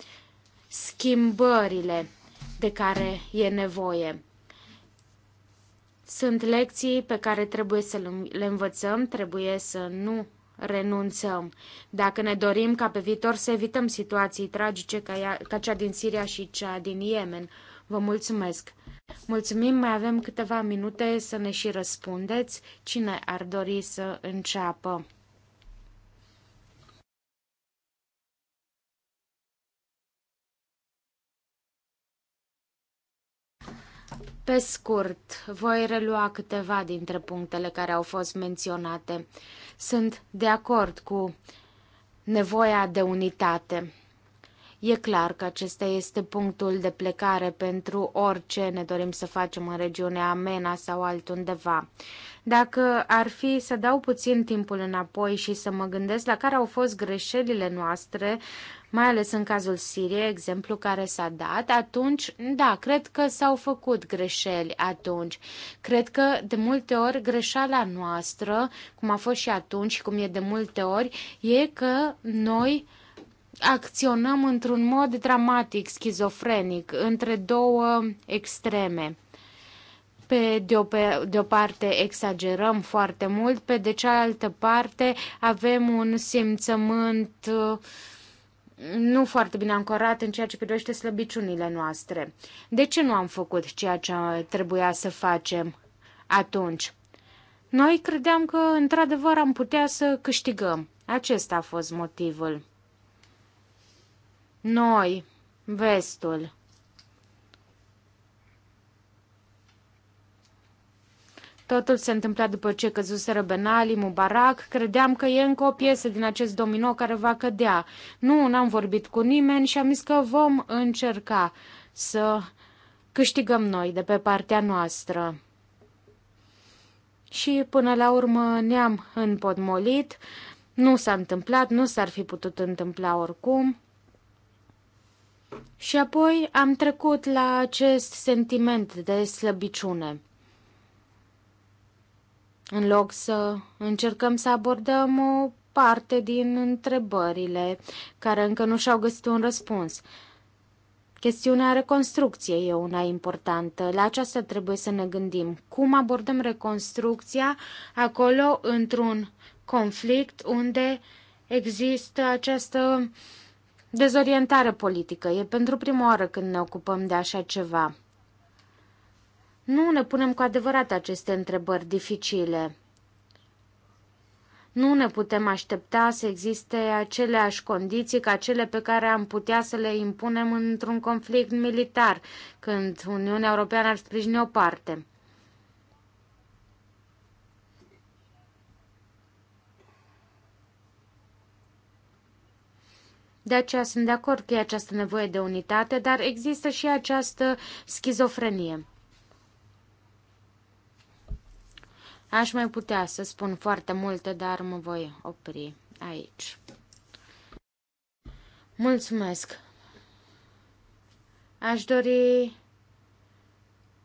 schimbările de care e nevoie. Sunt lecții pe care trebuie să le învățăm, trebuie să nu renunțăm. Dacă ne dorim ca pe viitor să evităm situații tragice ca, ea, ca cea din Siria și cea din Yemen, Vă mulțumesc! Mulțumim, mai avem câteva minute să ne și răspundeți. Cine ar dori să înceapă? Pe scurt, voi relua câteva dintre punctele care au fost menționate. Sunt de acord cu nevoia de unitate. E clar că acesta este punctul de plecare pentru orice ne dorim să facem în regiunea Amena sau altundeva. Dacă ar fi să dau puțin timpul înapoi și să mă gândesc la care au fost greșelile noastre, mai ales în cazul Siriei, exemplu care s-a dat, atunci, da, cred că s-au făcut greșeli atunci. Cred că de multe ori greșeala noastră, cum a fost și atunci, cum e de multe ori, e că noi acționăm într-un mod dramatic, schizofrenic, între două extreme. Pe de o, pe, de o parte exagerăm foarte mult, pe de cealaltă parte avem un simțământ uh, nu foarte bine ancorat în ceea ce privește slăbiciunile noastre. De ce nu am făcut ceea ce trebuia să facem atunci? Noi credeam că, într-adevăr, am putea să câștigăm. Acesta a fost motivul. Noi, vestul. Totul se întâmpla după ce căzuseră Benali, Mubarak. Credeam că e încă o piesă din acest domino care va cădea. Nu, n-am vorbit cu nimeni și am zis că vom încerca să câștigăm noi de pe partea noastră. Și până la urmă ne-am împodmolit. Nu s-a întâmplat, nu s-ar fi putut întâmpla oricum. Și apoi am trecut la acest sentiment de slăbiciune. În loc să încercăm să abordăm o parte din întrebările care încă nu și-au găsit un răspuns. Chestiunea reconstrucției e una importantă. La aceasta trebuie să ne gândim. Cum abordăm reconstrucția acolo într-un conflict unde există această uh, Dezorientare politică. E pentru prima oară când ne ocupăm de așa ceva. Nu ne punem cu adevărat aceste întrebări dificile. Nu ne putem aștepta să existe aceleași condiții ca cele pe care am putea să le impunem într-un conflict militar, când Uniunea Europeană ar sprijini o parte. De aceea sunt de acord că e această nevoie de unitate, dar există și această schizofrenie. Aș mai putea să spun foarte multe, dar mă voi opri aici. Mulțumesc! Aș dori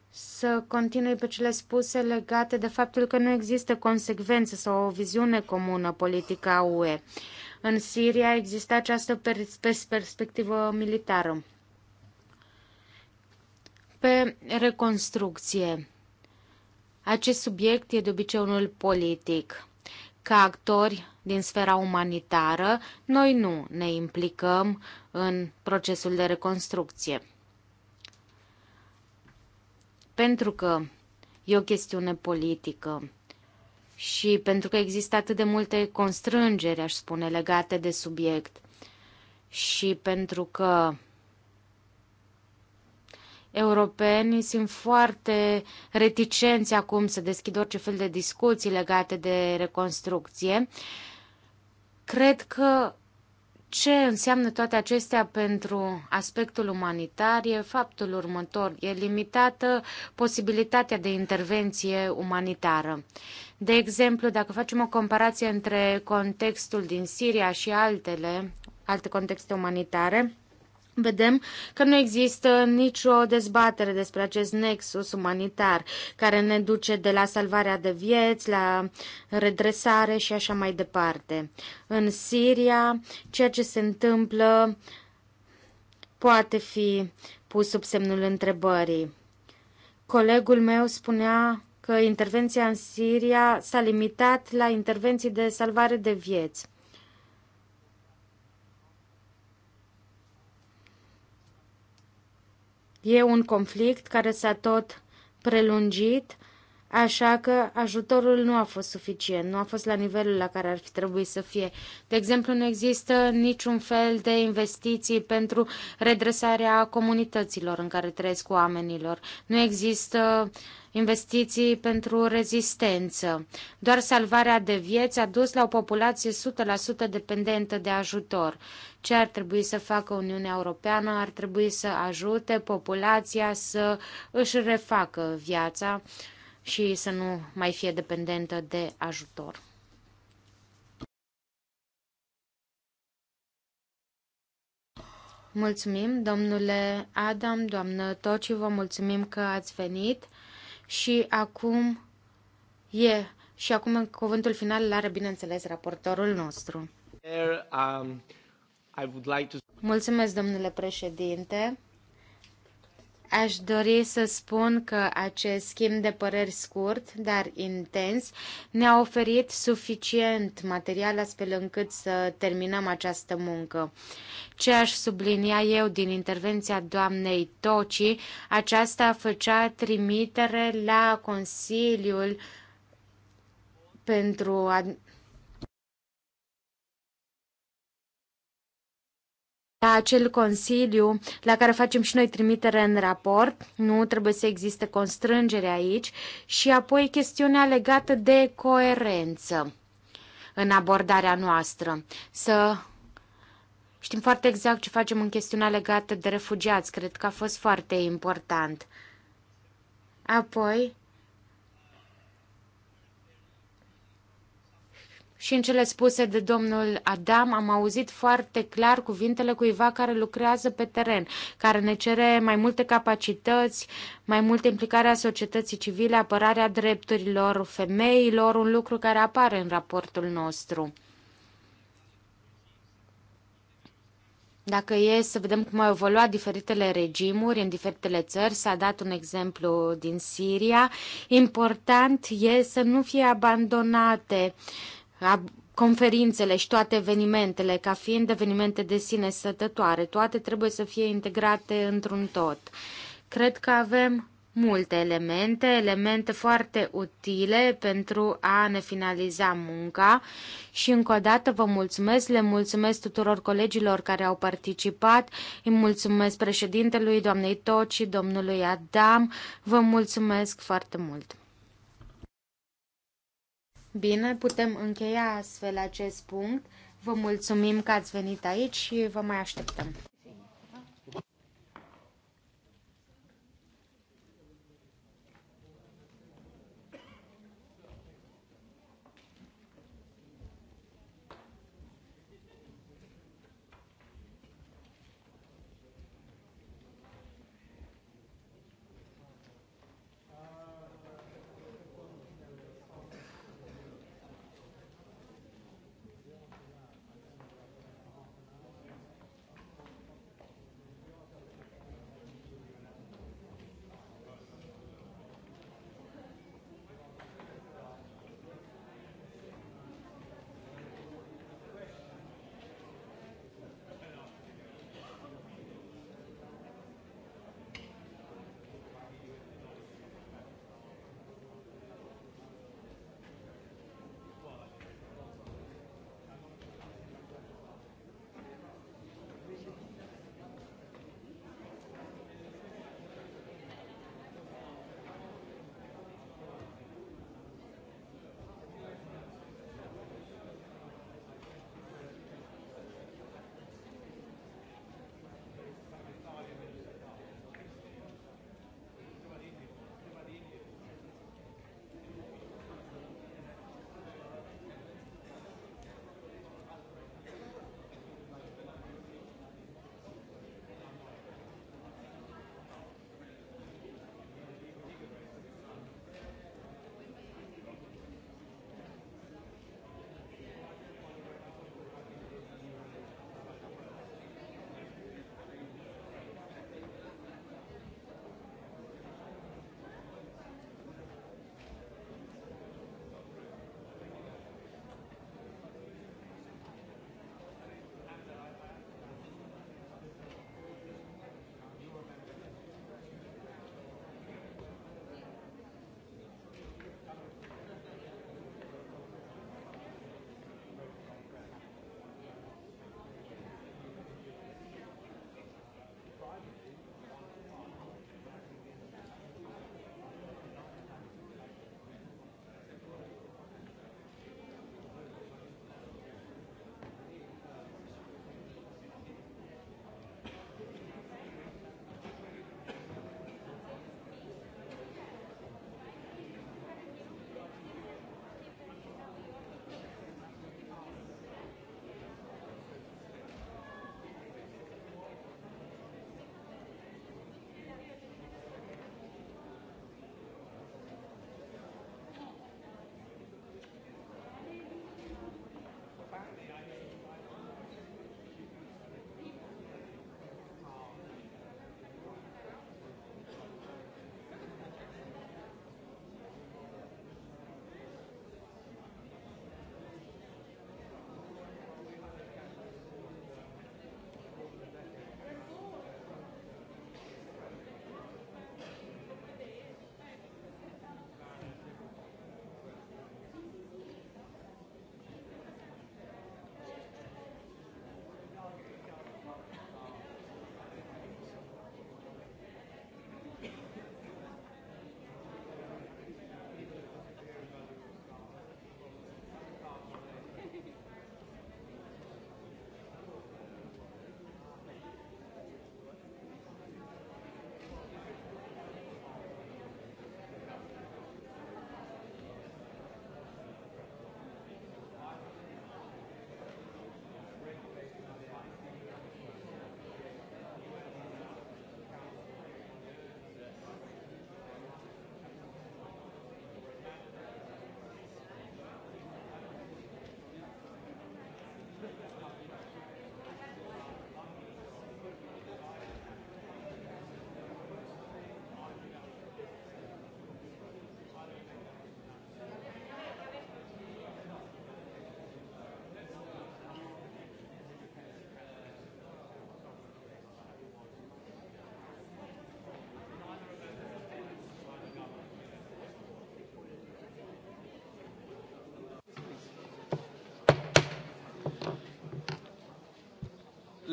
să continui pe cele spuse legate de faptul că nu există consecvență sau o viziune comună politică a UE. În Siria există această pers perspectivă militară. Pe reconstrucție. Acest subiect e de obicei unul politic. Ca actori din sfera umanitară, noi nu ne implicăm în procesul de reconstrucție. Pentru că e o chestiune politică și pentru că există atât de multe constrângeri, aș spune, legate de subiect și pentru că europenii sunt foarte reticenți acum să deschid orice fel de discuții legate de reconstrucție. Cred că ce înseamnă toate acestea pentru aspectul umanitar e faptul următor. E limitată posibilitatea de intervenție umanitară. De exemplu, dacă facem o comparație între contextul din Siria și altele, alte contexte umanitare, Vedem că nu există nicio dezbatere despre acest nexus umanitar care ne duce de la salvarea de vieți, la redresare și așa mai departe. În Siria, ceea ce se întâmplă poate fi pus sub semnul întrebării. Colegul meu spunea că intervenția în Siria s-a limitat la intervenții de salvare de vieți. E un conflict care s-a tot prelungit Așa că ajutorul nu a fost suficient, nu a fost la nivelul la care ar fi trebuit să fie. De exemplu, nu există niciun fel de investiții pentru redresarea comunităților în care trăiesc oamenilor. Nu există investiții pentru rezistență. Doar salvarea de vieți a dus la o populație 100% dependentă de ajutor. Ce ar trebui să facă Uniunea Europeană? Ar trebui să ajute populația să își refacă viața și să nu mai fie dependentă de ajutor. Mulțumim, domnule Adam, doamnă Toci, vă mulțumim că ați venit și acum e și acum în cuvântul final l are, bineînțeles, raportorul nostru. Um, Mulțumesc, domnule președinte. Aș dori să spun că acest schimb de păreri scurt, dar intens, ne-a oferit suficient material astfel încât să terminăm această muncă. Ce aș sublinia eu din intervenția doamnei Toci, aceasta făcea trimitere la Consiliul pentru la acel consiliu la care facem și noi trimitere în raport, nu trebuie să existe constrângere aici, și apoi chestiunea legată de coerență în abordarea noastră. Să știm foarte exact ce facem în chestiunea legată de refugiați, cred că a fost foarte important. Apoi, și în cele spuse de domnul Adam am auzit foarte clar cuvintele cuiva care lucrează pe teren, care ne cere mai multe capacități, mai multă implicare a societății civile, apărarea drepturilor femeilor, un lucru care apare în raportul nostru. Dacă e să vedem cum au evoluat diferitele regimuri în diferitele țări, s-a dat un exemplu din Siria, important e să nu fie abandonate uh, conferințele și toate evenimentele, ca fiind evenimente de sine sătătoare, toate trebuie să fie integrate într-un tot. Cred că avem multe elemente, elemente foarte utile pentru a ne finaliza munca și încă o dată vă mulțumesc, le mulțumesc tuturor colegilor care au participat, îi mulțumesc președintelui, doamnei Toci, domnului Adam, vă mulțumesc foarte mult! Bine, putem încheia astfel acest punct. Vă mulțumim că ați venit aici și vă mai așteptăm.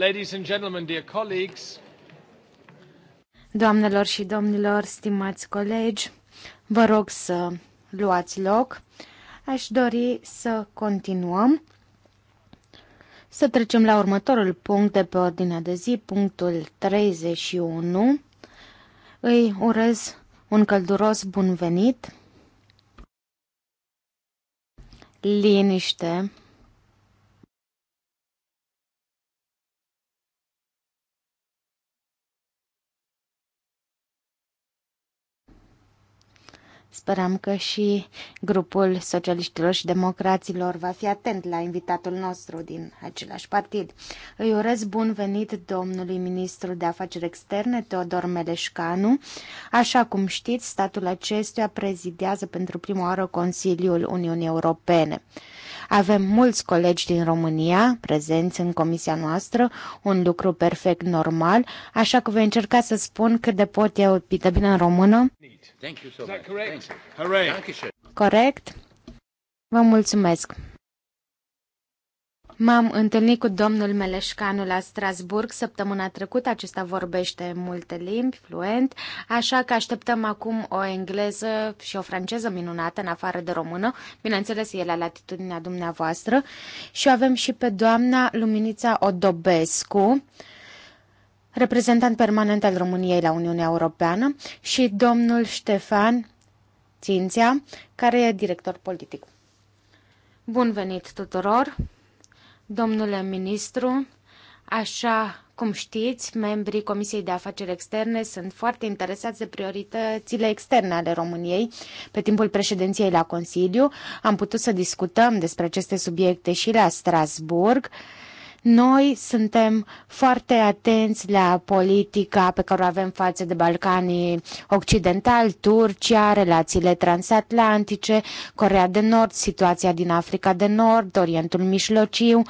Ladies and gentlemen, dear colleagues. Doamnelor și domnilor, stimați colegi, vă rog să luați loc. Aș dori să continuăm. Să trecem la următorul punct de pe ordinea de zi, punctul 31. Îi urez un călduros bun venit. Liniște Sperăm că și grupul socialiștilor și democraților va fi atent la invitatul nostru din același partid. Îi urez bun venit domnului ministru de afaceri externe, Teodor Meleșcanu. Așa cum știți, statul acestuia prezidează pentru prima oară Consiliul Uniunii Europene. Avem mulți colegi din România prezenți în comisia noastră, un lucru perfect normal, așa că voi încerca să spun cât de pot eu de bine în română Thank you so much. Correct? Hooray. Corect? Vă mulțumesc. M-am întâlnit cu domnul Meleșcanu la Strasburg săptămâna trecută, acesta vorbește multe limbi, fluent, așa că așteptăm acum o engleză și o franceză minunată, în afară de română, bineînțeles e la latitudinea dumneavoastră, și avem și pe doamna Luminița Odobescu, reprezentant permanent al României la Uniunea Europeană, și domnul Ștefan Țințea, care e director politic. Bun venit tuturor! Domnule ministru, așa cum știți, membrii Comisiei de Afaceri Externe sunt foarte interesați de prioritățile externe ale României. Pe timpul președinției la Consiliu am putut să discutăm despre aceste subiecte și la Strasburg. Uh, noi suntem foarte atenți la politica pe care o avem față de Balcanii Occidentali, Turcia, relațiile transatlantice, Corea de Nord, situația din Africa de Nord, Orientul Mijlociu.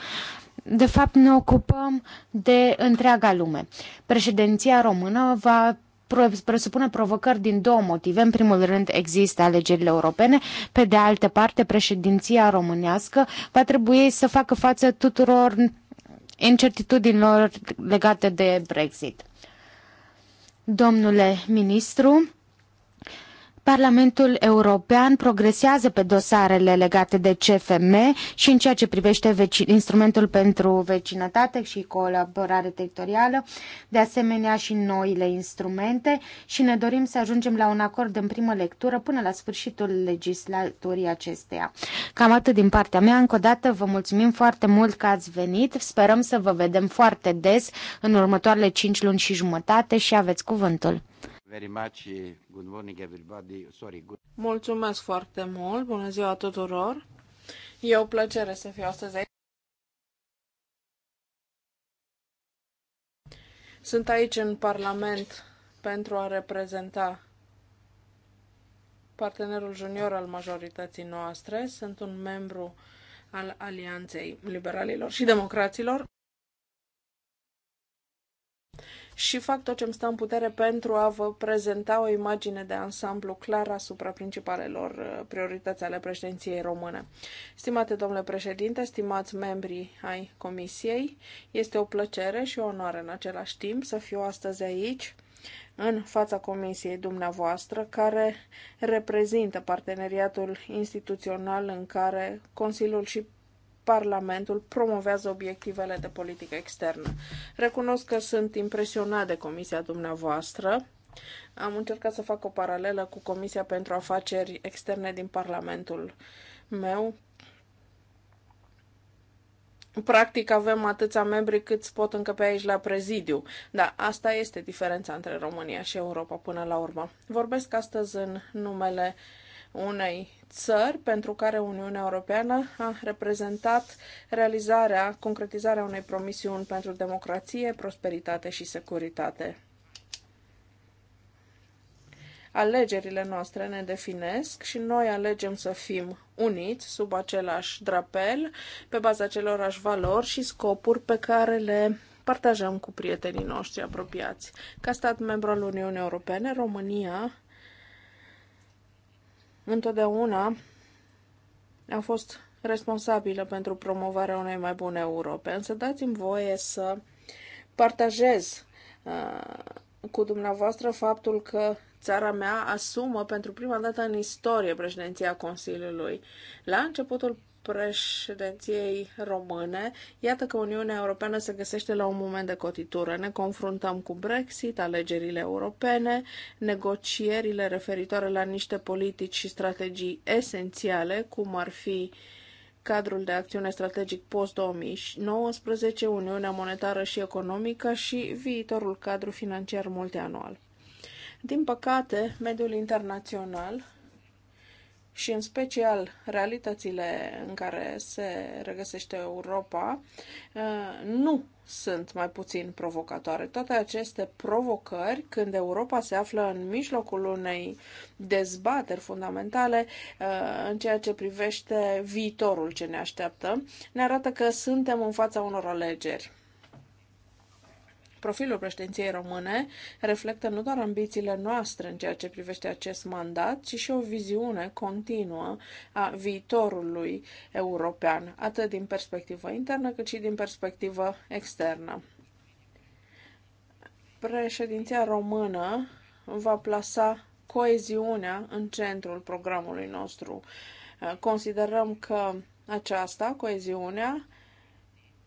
De fapt, ne ocupăm de întreaga lume. Președinția română va presupune provocări din două motive. În primul rând există alegerile europene, pe de altă parte președinția românească va trebui să facă față tuturor incertitudinilor legate de Brexit. Domnule ministru, Parlamentul European progresează pe dosarele legate de CFM și în ceea ce privește instrumentul pentru vecinătate și colaborare teritorială, de asemenea și noile instrumente și ne dorim să ajungem la un acord în primă lectură până la sfârșitul legislaturii acesteia. Cam atât din partea mea. Încă o dată vă mulțumim foarte mult că ați venit. Sperăm să vă vedem foarte des în următoarele 5 luni și jumătate și aveți cuvântul very much. Eh, good morning everybody. Sorry, good... Mulțumesc foarte mult. Bună ziua tuturor. E o plăcere să fiu astăzi aici. Sunt aici în Parlament pentru a reprezenta partenerul junior al majorității noastre. Sunt un membru al Alianței Liberalilor și Democraților și fac tot ce îmi stă în putere pentru a vă prezenta o imagine de ansamblu clară asupra principalelor uh, priorități ale președinției române. Stimate domnule președinte, stimați membri ai Comisiei, este o plăcere și o onoare în același timp să fiu astăzi aici în fața comisiei dumneavoastră, care reprezintă parteneriatul instituțional în care Consiliul și Parlamentul promovează obiectivele de politică externă. Recunosc că sunt impresionat de comisia dumneavoastră. Am încercat să fac o paralelă cu Comisia pentru Afaceri Externe din Parlamentul meu. Practic avem atâția membri cât pot încăpe aici la prezidiu, dar asta este diferența între România și Europa până la urmă. Vorbesc astăzi în numele uh, unei țări pentru care Uniunea Europeană a reprezentat realizarea, concretizarea unei promisiuni pentru democrație, prosperitate și securitate. Alegerile noastre ne definesc și noi alegem să fim uniți sub același drapel, pe baza acelorași valori și scopuri pe care le partajăm cu prietenii noștri apropiați. Ca stat membru al Uniunii Europene, România întotdeauna a fost responsabilă pentru promovarea unei mai bune Europe. Însă dați-mi voie să partajez uh, cu dumneavoastră faptul că țara mea asumă pentru prima dată în istorie președinția Consiliului. La începutul președinției române, iată că Uniunea Europeană se găsește la un moment de cotitură. Ne confruntăm cu Brexit, alegerile europene, negocierile referitoare la niște politici și strategii esențiale, cum ar fi cadrul de acțiune strategic post-2019, Uniunea Monetară și Economică și viitorul cadru financiar multianual. Din păcate, mediul internațional și în special realitățile în care se regăsește Europa uh, nu sunt mai puțin provocatoare. Toate aceste provocări, când Europa se află în mijlocul unei dezbateri fundamentale uh, în ceea ce privește viitorul ce ne așteaptă, ne arată că suntem în fața unor alegeri. Profilul președinției române reflectă nu doar ambițiile noastre în ceea ce privește acest mandat, ci și o viziune continuă a viitorului european, atât din perspectivă internă cât și din perspectivă externă. Președinția română va plasa coeziunea în centrul programului nostru. Considerăm că aceasta, coeziunea,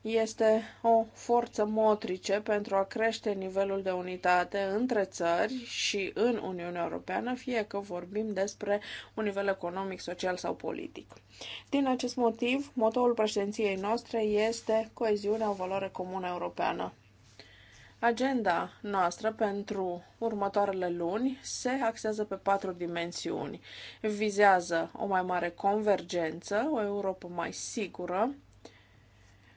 este o forță motrice pentru a crește nivelul de unitate între țări și în Uniunea Europeană, fie că vorbim despre un nivel economic, social sau politic. Din acest motiv, motorul președinției noastre este coeziunea o valoare comună europeană. Agenda noastră pentru următoarele luni se axează pe patru dimensiuni. Vizează o mai mare convergență, o Europa mai sigură,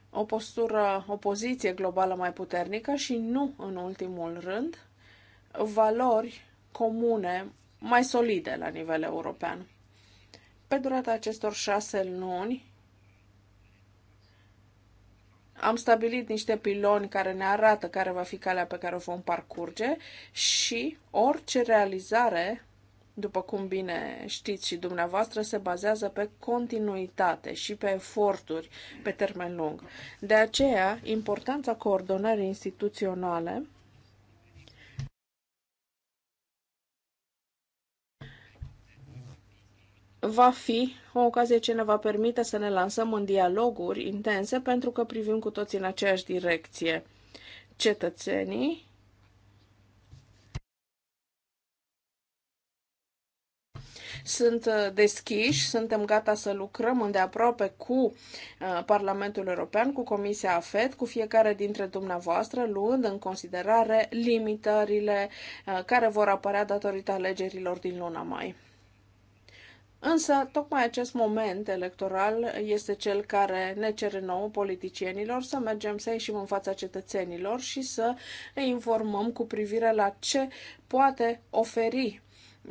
o postură, o poziție globală mai puternică și nu în ultimul rând, valori comune mai solide la nivel european. Pe durata acestor șase luni, am stabilit niște piloni care ne arată care va fi calea pe care o vom parcurge și orice realizare după cum bine știți și dumneavoastră, se bazează pe continuitate și pe eforturi pe termen lung. De aceea, importanța coordonării instituționale va fi o ocazie ce ne va permite să ne lansăm în dialoguri intense pentru că privim cu toții în aceeași direcție. Cetățenii sunt uh, deschiși, suntem gata să lucrăm îndeaproape cu uh, Parlamentul European, cu Comisia AFET, cu fiecare dintre dumneavoastră, luând în considerare limitările uh, care vor apărea datorită alegerilor din luna mai. Însă, tocmai acest moment electoral este cel care ne cere nouă politicienilor să mergem să ieșim în fața cetățenilor și să îi informăm cu privire la ce poate oferi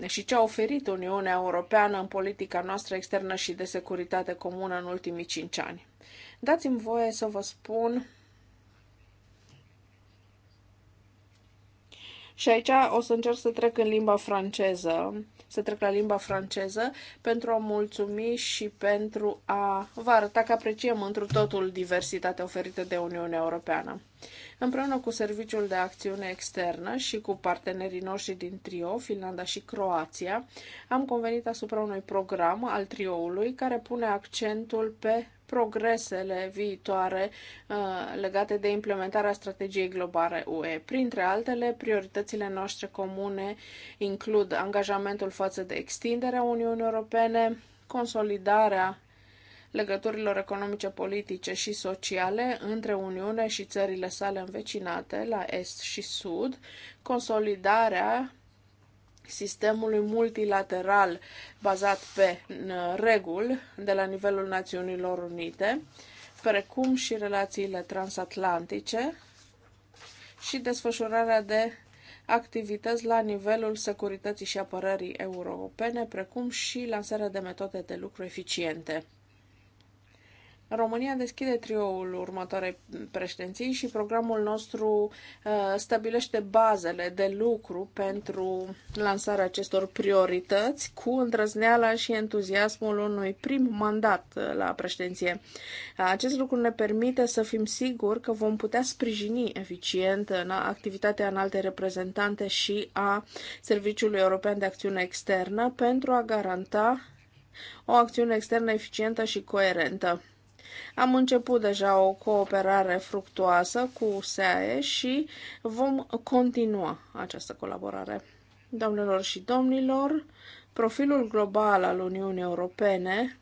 și ce a oferit Uniunea Europeană în politica noastră externă și de securitate comună în ultimii cinci ani. Dați-mi voie să vă spun și aici o să încerc să trec în limba franceză, să trec la limba franceză pentru a mulțumi și pentru a vă arăta că apreciem întru totul diversitatea oferită de Uniunea Europeană. Împreună cu Serviciul de Acțiune Externă și cu partenerii noștri din Trio, Finlanda și Croația, am convenit asupra unui program al Trioului care pune accentul pe progresele viitoare uh, legate de implementarea strategiei globale UE. Printre altele, prioritățile noastre comune includ angajamentul față de extinderea Uniunii Europene, consolidarea legăturilor economice, politice și sociale între Uniune și țările sale învecinate la est și sud, consolidarea sistemului multilateral bazat pe reguli de la nivelul Națiunilor Unite, precum și relațiile transatlantice și desfășurarea de activități la nivelul securității și apărării europene, precum și lansarea de metode de lucru eficiente. România deschide trioul următoarei președinții și programul nostru uh, stabilește bazele de lucru pentru lansarea acestor priorități cu îndrăzneala și entuziasmul unui prim mandat uh, la președinție. Acest lucru ne permite să fim siguri că vom putea sprijini eficient în uh, activitatea în alte reprezentante și a Serviciului European de Acțiune Externă pentru a garanta o acțiune externă eficientă și coerentă. Am început deja o cooperare fructuoasă cu SAE și vom continua această colaborare. Domnilor și domnilor, profilul global al Uniunii Europene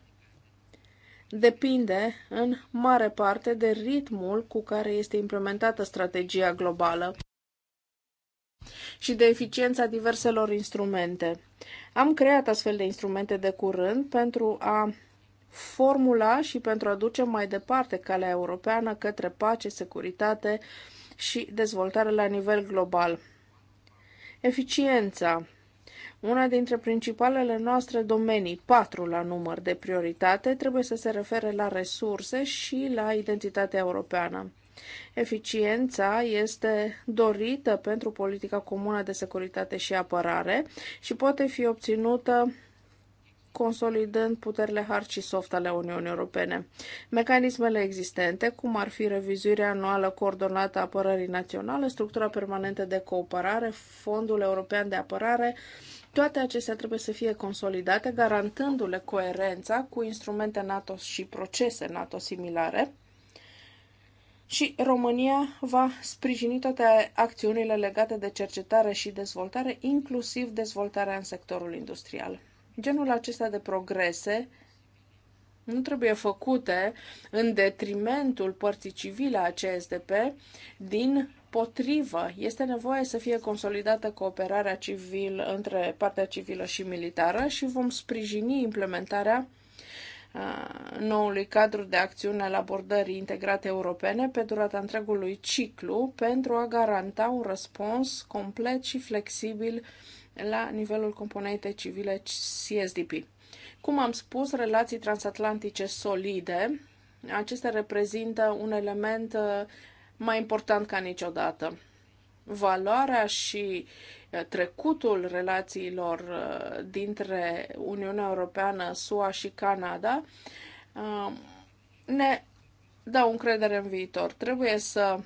depinde în mare parte de ritmul cu care este implementată strategia globală și de eficiența diverselor instrumente. Am creat astfel de instrumente de curând pentru a formula și pentru a duce mai departe calea europeană către pace, securitate și dezvoltare la nivel global. Eficiența. Una dintre principalele noastre domenii, patru la număr de prioritate, trebuie să se refere la resurse și la identitatea europeană. Eficiența este dorită pentru politica comună de securitate și apărare și poate fi obținută consolidând puterile hard și soft ale Uniunii Europene. Mecanismele existente, cum ar fi revizuirea anuală coordonată a apărării naționale, structura permanentă de cooperare, Fondul European de Apărare, toate acestea trebuie să fie consolidate, garantându-le coerența cu instrumente NATO și procese NATO similare, și România va sprijini toate acțiunile legate de cercetare și dezvoltare, inclusiv dezvoltarea în sectorul industrial. Genul acesta de progrese nu trebuie făcute în detrimentul părții civile a CSDP, din potrivă, este nevoie să fie consolidată cooperarea civil între partea civilă și militară și vom sprijini implementarea noului cadru de acțiune al abordării integrate europene pe durata întregului ciclu pentru a garanta un răspuns complet și flexibil la nivelul componentei civile CSDP. Cum am spus, relații transatlantice solide, acestea reprezintă un element uh, mai important ca niciodată. Valoarea și uh, trecutul relațiilor uh, dintre Uniunea Europeană, SUA și Canada ne dau încredere în viitor. Trebuie să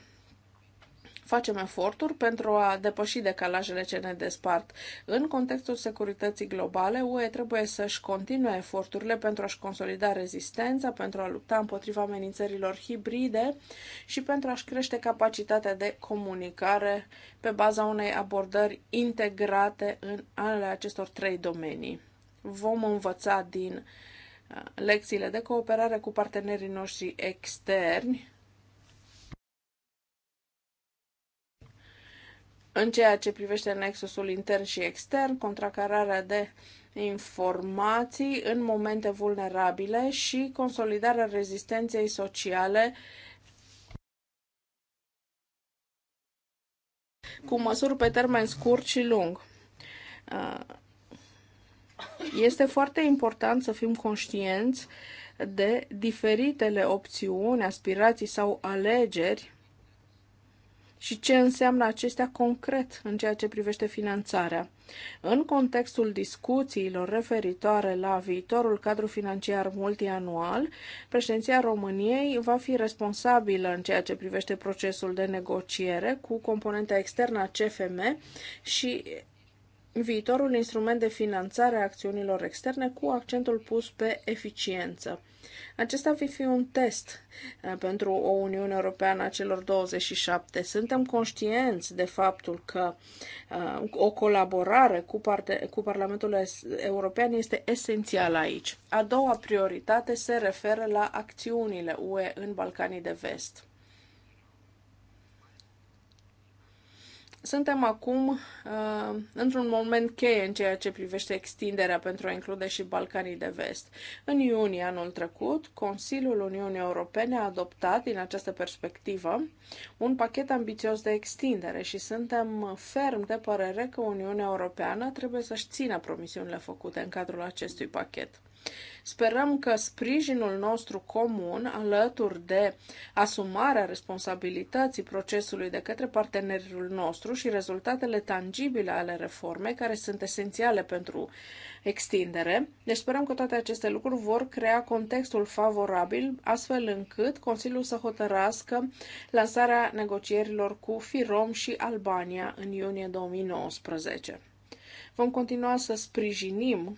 facem eforturi pentru a depăși decalajele ce ne despart. În contextul securității globale, UE trebuie să-și continue eforturile pentru a-și consolida rezistența, pentru a lupta împotriva amenințărilor hibride și pentru a-și crește capacitatea de comunicare pe baza unei abordări integrate în ale acestor trei domenii. Vom învăța din uh, lecțiile de cooperare cu partenerii noștri externi În ceea ce privește nexusul intern și extern, contracararea de informații în momente vulnerabile și consolidarea rezistenței sociale cu măsuri pe termen scurt și lung. Uh, este foarte important să fim conștienți de diferitele opțiuni, aspirații sau alegeri și ce înseamnă acestea concret în ceea ce privește finanțarea. În contextul discuțiilor referitoare la viitorul cadru financiar multianual, președinția României va fi responsabilă în ceea ce privește procesul de negociere cu componenta externă a CFM și viitorul instrument de finanțare a acțiunilor externe cu accentul pus pe eficiență. Acesta va fi un test uh, pentru o Uniune Europeană a celor 27. Suntem conștienți de faptul că uh, o colaborare cu, parte, cu Parlamentul European este esențială aici. A doua prioritate se referă la acțiunile UE în Balcanii de Vest. Suntem acum uh, într-un moment cheie în ceea ce privește extinderea pentru a include și Balcanii de Vest. În iunie anul trecut, Consiliul Uniunii Europene a adoptat, din această perspectivă, un pachet ambițios de extindere și suntem ferm de părere că Uniunea Europeană trebuie să-și țină promisiunile făcute în cadrul acestui pachet. Sperăm că sprijinul nostru comun, alături de asumarea responsabilității procesului de către partenerul nostru și rezultatele tangibile ale reformei, care sunt esențiale pentru extindere, deci sperăm că toate aceste lucruri vor crea contextul favorabil, astfel încât Consiliul să hotărască lansarea negocierilor cu Firom și Albania în iunie 2019. Vom continua să sprijinim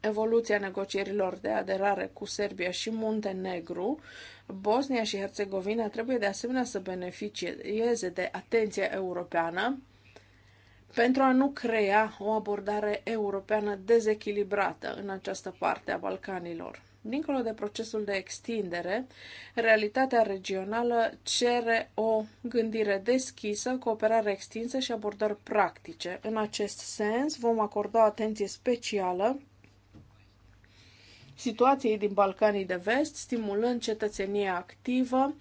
evoluția negocierilor de aderare cu Serbia și Muntenegru, Bosnia și Herțegovina trebuie de asemenea să beneficieze de atenția europeană pentru a nu crea o abordare europeană dezechilibrată în această parte a Balcanilor. Dincolo de procesul de extindere, realitatea regională cere o gândire deschisă, cooperare extinsă și abordări practice. În acest sens, vom acorda o atenție specială situației din Balcanii de Vest, stimulând cetățenia activă,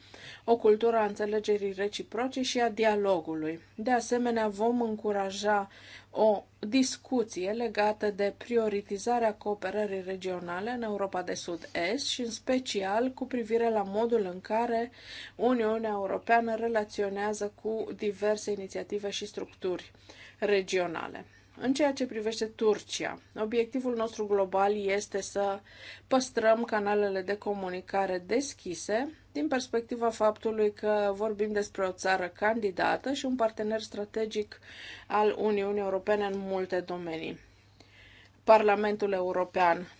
o cultură a înțelegerii reciproce și a dialogului. De asemenea, vom încuraja o discuție legată de prioritizarea cooperării regionale în Europa de Sud-Est și în special cu privire la modul în care Uniunea Europeană relaționează cu diverse inițiative și structuri regionale. În ceea ce privește Turcia, obiectivul nostru global este să păstrăm canalele de comunicare deschise din perspectiva faptului că vorbim despre o țară candidată și un partener strategic al Uniunii Europene în multe domenii. Parlamentul European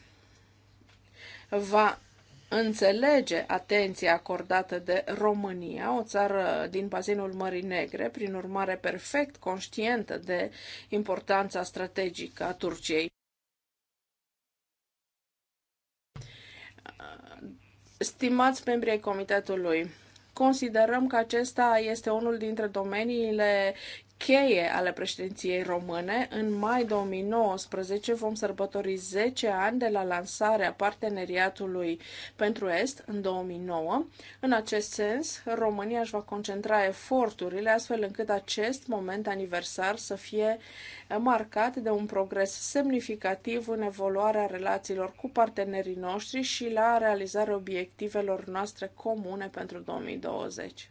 va înțelege atenția acordată de România, o țară din bazinul Mării Negre, prin urmare perfect conștientă de importanța strategică a Turciei. Stimați membri ai Comitetului, considerăm că acesta este unul dintre domeniile cheie ale președinției române. În mai 2019 vom sărbători 10 ani de la lansarea parteneriatului pentru Est în 2009. În acest sens, România își va concentra eforturile astfel încât acest moment aniversar să fie marcat de un progres semnificativ în evoluarea relațiilor cu partenerii noștri și la realizarea obiectivelor noastre comune pentru 2020.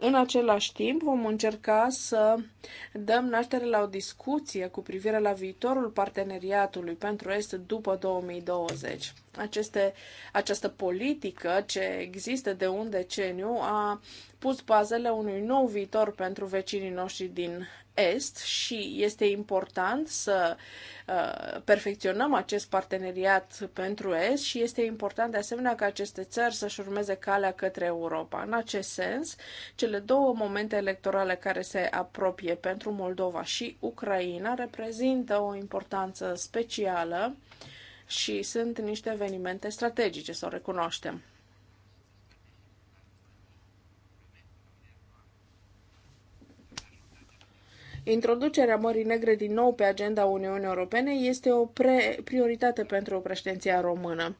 În același timp, vom încerca să dăm naștere la o discuție cu privire la viitorul parteneriatului pentru Est după 2020. Aceste, această politică ce există de un deceniu a pus bazele unui nou viitor pentru vecinii noștri din Est și este important să uh, perfecționăm acest parteneriat pentru Est și este important de asemenea ca aceste țări să-și urmeze calea către Europa. În acest sens, cele două momente electorale care se apropie pentru Moldova și Ucraina reprezintă o importanță specială și sunt niște evenimente strategice, să o recunoaștem. Introducerea Mării Negre din nou pe agenda Uniunii Europene este o pre- prioritate pentru președinția română.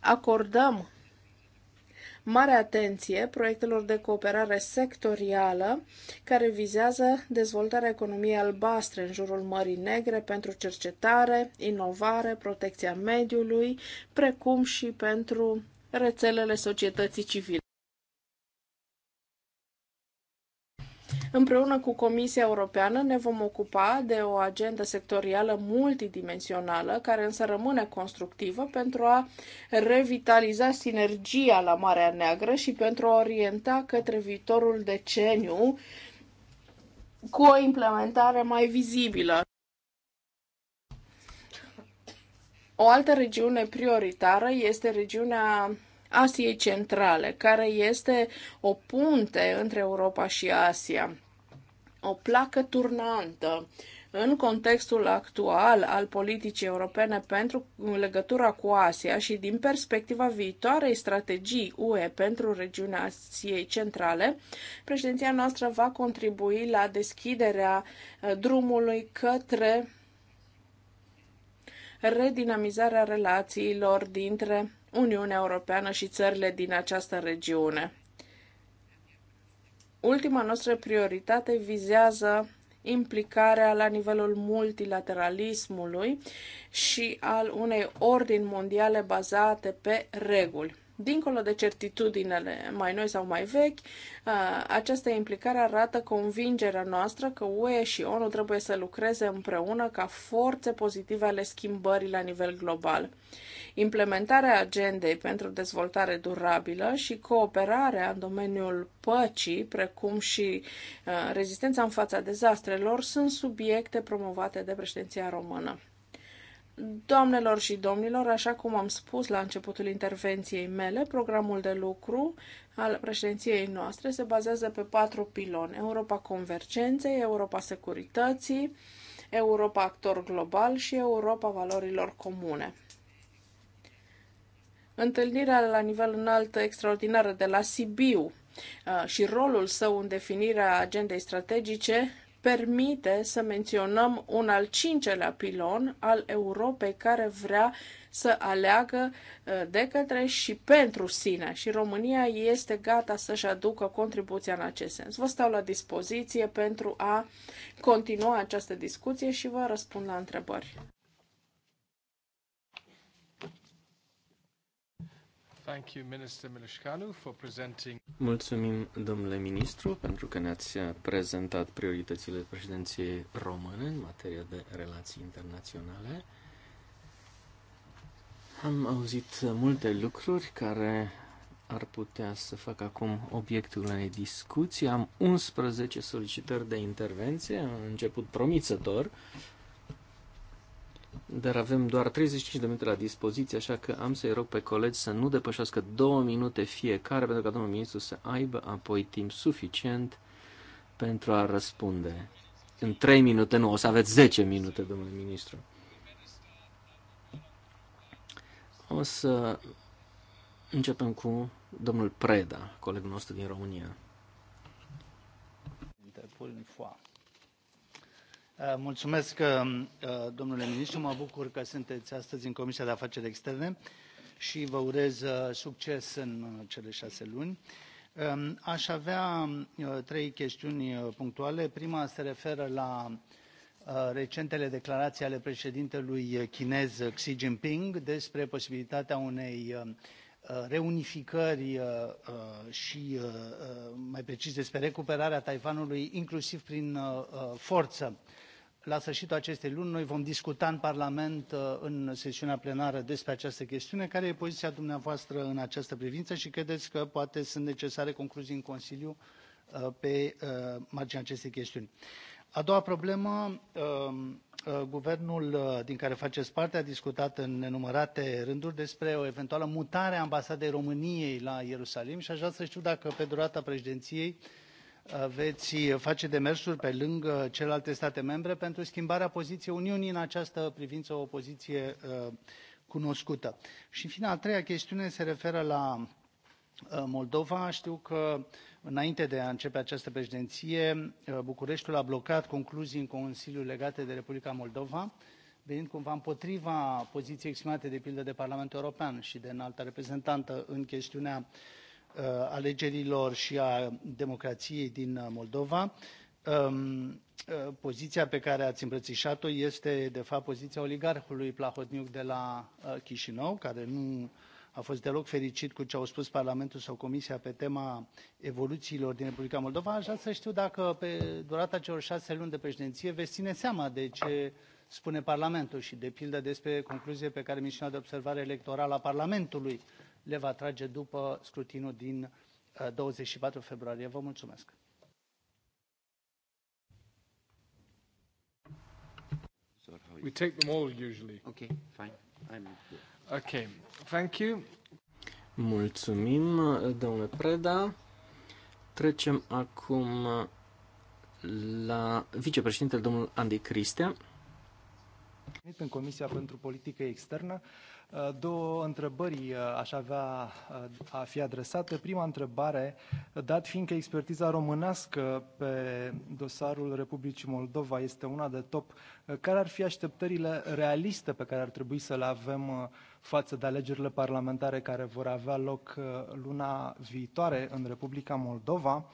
Acordăm mare atenție proiectelor de cooperare sectorială care vizează dezvoltarea economiei albastre în jurul Mării Negre pentru cercetare, inovare, protecția mediului, precum și pentru rețelele societății civile. Împreună cu Comisia Europeană ne vom ocupa de o agendă sectorială multidimensională, care însă rămâne constructivă pentru a revitaliza sinergia la Marea Neagră și pentru a orienta către viitorul deceniu cu o implementare mai vizibilă. O altă regiune prioritară este regiunea Asiei Centrale, care este o punte între Europa și Asia o placă turnantă în contextul actual al politicii europene pentru legătura cu Asia și din perspectiva viitoarei strategii UE pentru regiunea Asiei Centrale, președinția noastră va contribui la deschiderea eh, drumului către redinamizarea relațiilor dintre Uniunea Europeană și țările din această regiune. Ultima noastră prioritate vizează implicarea la nivelul multilateralismului și al unei ordini mondiale bazate pe reguli. Dincolo de certitudinele mai noi sau mai vechi, această implicare arată convingerea noastră că UE și ONU trebuie să lucreze împreună ca forțe pozitive ale schimbării la nivel global. Implementarea agendei pentru dezvoltare durabilă și cooperarea în domeniul păcii, precum și rezistența în fața dezastrelor, sunt subiecte promovate de președinția română. Doamnelor și domnilor, așa cum am spus la începutul intervenției mele, programul de lucru al președinției noastre se bazează pe patru piloni. Europa convergenței, Europa securității, Europa actor global și Europa valorilor comune. Întâlnirea la nivel înalt extraordinară de la Sibiu uh, și rolul său în definirea agendei strategice permite să menționăm un al cincelea pilon al Europei care vrea să aleagă uh, de către și pentru sine și România este gata să-și aducă contribuția în acest sens. Vă stau la dispoziție pentru a continua această discuție și vă răspund la întrebări. Mulțumim, domnule ministru, pentru că ne-ați prezentat prioritățile președinției române în materie de relații internaționale. Am auzit multe lucruri care ar putea să fac acum obiectul unei discuții. Am 11 solicitări de intervenție, am început promițător dar avem doar 35 de minute la dispoziție, așa că am să-i rog pe colegi să nu depășească două minute fiecare, pentru ca domnul ministru să aibă apoi timp suficient pentru a răspunde. În 3 minute, nu, o să aveți 10 minute, domnule ministru. O să începem cu domnul Preda, colegul nostru din România. Interpol în Uh, mulțumesc, uh, uh, domnule ministru. Mă bucur că sunteți astăzi în Comisia de Afaceri Externe și vă urez succes în cele șase luni. Um, aș avea trei chestiuni punctuale. Prima se referă la recentele declarații ale președintelui chinez Xi Jinping despre posibilitatea unei Uh, reunificări uh, uh, și, mai precis, despre recuperarea Taiwanului, inclusiv prin forță. La sfârșitul acestei luni, noi vom discuta în Parlament, în sesiunea plenară, despre această chestiune. Care e poziția dumneavoastră în această privință și credeți că poate sunt necesare concluzii în Consiliu pe marginea acestei chestiuni? A doua problemă Uh, guvernul uh, din care faceți parte a discutat în nenumărate rânduri despre o eventuală mutare a ambasadei României la Ierusalim și aș vrea să știu dacă pe durata președinției uh, veți face demersuri pe lângă celelalte state membre pentru schimbarea poziției Uniunii în această privință, o poziție cunoscută. Și în fine, a treia chestiune se referă la Moldova. Știu că înainte de a începe această președinție uh, bucureștiul a blocat concluzii în consiliu legate de republica moldova venind cumva împotriva poziției exprimate de pildă de parlamentul european și de înalta reprezentantă în chestiunea uh, alegerilor și a democrației din uh, moldova um, poziția pe care ați îmbrățișat o este de fapt poziția oligarhului plahotniuc de la chișinău care nu a fost deloc fericit cu ce au spus Parlamentul sau Comisia pe tema evoluțiilor din Republica Moldova. Aș vrea să știu dacă pe durata celor șase luni de președinție veți ține seama de ce spune Parlamentul și de pildă despre concluziile pe care misiunea de observare electorală a Parlamentului le va trage după scrutinul din 24 uh, februarie. Vă mulțumesc. We take them all usually. Okay, fine. I'm good. Ok, thank you. Mulțumim, domnule Preda. Trecem acum la vicepreședintele domnul Andy Cristea. În Comisia pentru Politică Externă Uh, două întrebări uh, aș avea uh, a fi adresate. Prima întrebare, dat fiindcă expertiza românească pe dosarul Republicii Moldova este una de top, care ar fi așteptările realiste pe care ar trebui să le avem față de alegerile parlamentare care vor avea loc luna viitoare în Republica Moldova?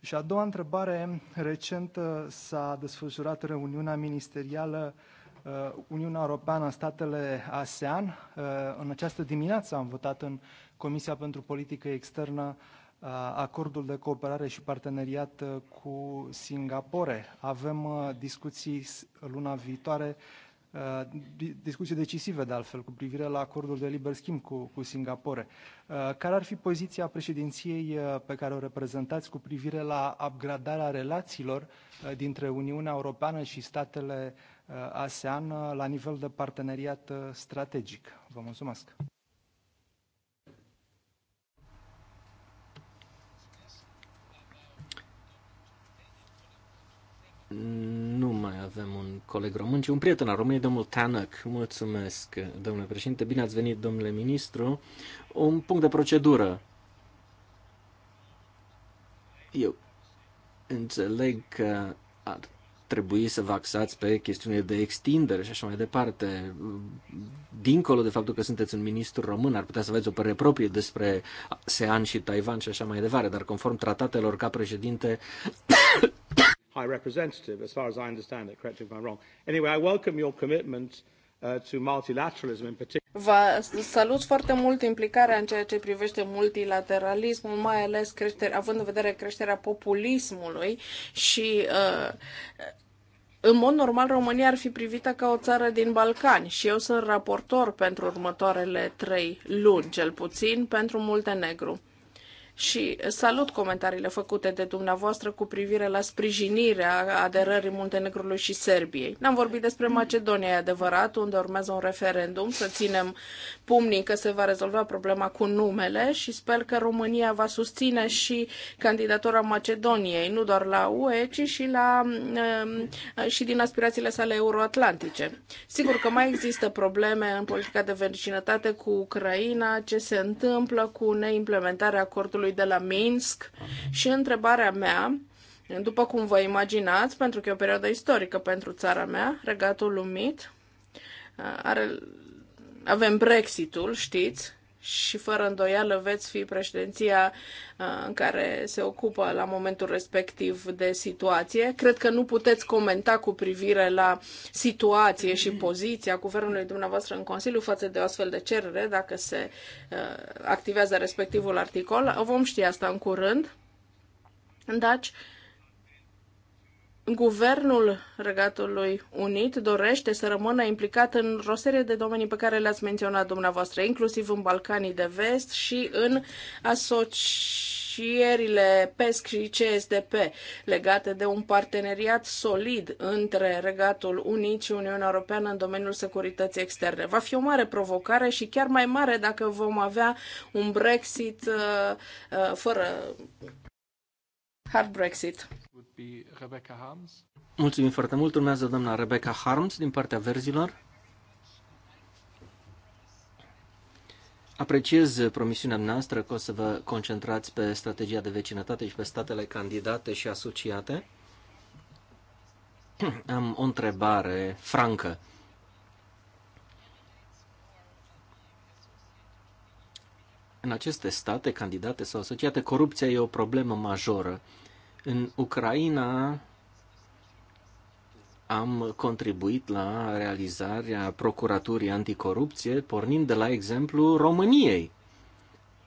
Și a doua întrebare, recent s-a desfășurat reuniunea ministerială uh, Uh, Uniunea Europeană statele ASEAN. Uh, în această dimineață am votat în Comisia pentru Politică Externă uh, acordul de cooperare și parteneriat cu Singapore. Avem discuții luna viitoare Uh, discuție decisivă, de altfel, cu privire la acordul de liber schimb cu, cu Singapore. Uh, care ar fi poziția președinției uh, pe care o reprezentați cu privire la upgradarea relațiilor dintre Uniunea Europeană și statele ASEAN la nivel de parteneriat strategic? Vă mulțumesc! mai avem un coleg român, ci un prieten al României, domnul Tanăc. Mulțumesc, domnule președinte. Bine ați venit, domnule ministru. Un punct de procedură. Eu înțeleg că ar trebui să vă axați pe chestiune de extindere și așa mai departe. Dincolo de faptul că sunteți un ministru român, ar putea să aveți o părere proprie despre Sean și Taiwan și așa mai departe, dar conform tratatelor ca președinte High Representative, as far as I understand it. Correct me if I'm wrong. Anyway, I welcome your commitment uh, to multilateralism in particular. Vă salut foarte mult implicarea în ceea ce privește multilateralismul, mai ales creștere, având în vedere creșterea populismului și uh, în mod normal, România ar fi privită ca o țară din Balcani și eu sunt raportor pentru următoarele trei luni, cel puțin, pentru negru și salut comentariile făcute de dumneavoastră cu privire la sprijinirea aderării Muntenegrului și Serbiei. N-am vorbit despre Macedonia, e adevărat, unde urmează un referendum, să ținem pumnii că se va rezolva problema cu numele și sper că România va susține și candidatura Macedoniei, nu doar la UE, ci și, la, um, uh, și din aspirațiile sale euroatlantice. Sigur că mai există probleme în politica de vecinătate cu Ucraina, ce se întâmplă cu neimplementarea acordului de la Minsk și întrebarea mea, după cum vă imaginați, pentru că e o perioadă istorică pentru țara mea, Regatul Lumit uh, are avem Brexitul, știți, și fără îndoială veți fi președinția uh, în care se ocupă la momentul respectiv de situație. Cred că nu puteți comenta cu privire la situație și poziția guvernului dumneavoastră în Consiliu față de o astfel de cerere, dacă se uh, activează respectivul articol. Vom ști asta în curând. Deci, Guvernul Regatului Unit dorește să rămână implicat în o serie de domenii pe care le-ați menționat dumneavoastră, inclusiv în Balcanii de Vest și în asocierile PESC și CSDP legate de un parteneriat solid între Regatul Unit și Uniunea Europeană în domeniul securității externe. Va fi o mare provocare și chiar mai mare dacă vom avea un Brexit uh, uh, fără hard Brexit. Mulțumim foarte mult. Urmează doamna Rebecca Harms din partea verzilor. Apreciez promisiunea noastră că o să vă concentrați pe strategia de vecinătate și pe statele candidate și asociate. <clears throat> Am o întrebare francă. În aceste state candidate sau asociate, corupția e o problemă majoră. În Ucraina am contribuit la realizarea Procuraturii Anticorupție, pornind de la exemplu României,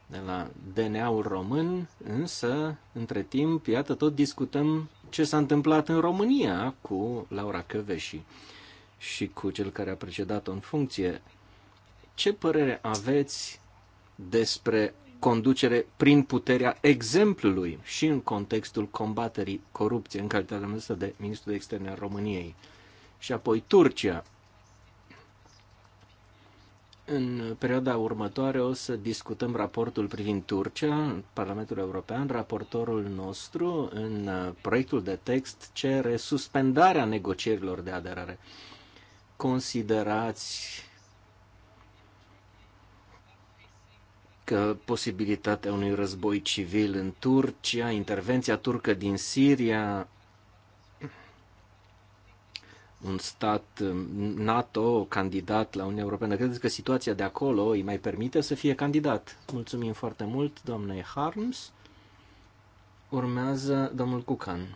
de la DNA-ul român, însă, între timp, iată, tot discutăm ce s-a întâmplat în România cu Laura Căveși și cu cel care a precedat-o în funcție. Ce părere aveți despre conducere prin puterea exemplului și în contextul combaterii corupției în calitatea noastră de ministru de externe al României. Și apoi Turcia. În perioada următoare o să discutăm raportul privind Turcia în Parlamentul European. Raportorul nostru în uh, proiectul de text cere suspendarea negocierilor de aderare. Considerați că posibilitatea unui război civil în Turcia, intervenția turcă din Siria, un stat um, NATO candidat la Uniunea Europeană. Credeți că situația de acolo îi mai permite să fie candidat? Mulțumim foarte mult, doamne Harms. Urmează domnul Cucan.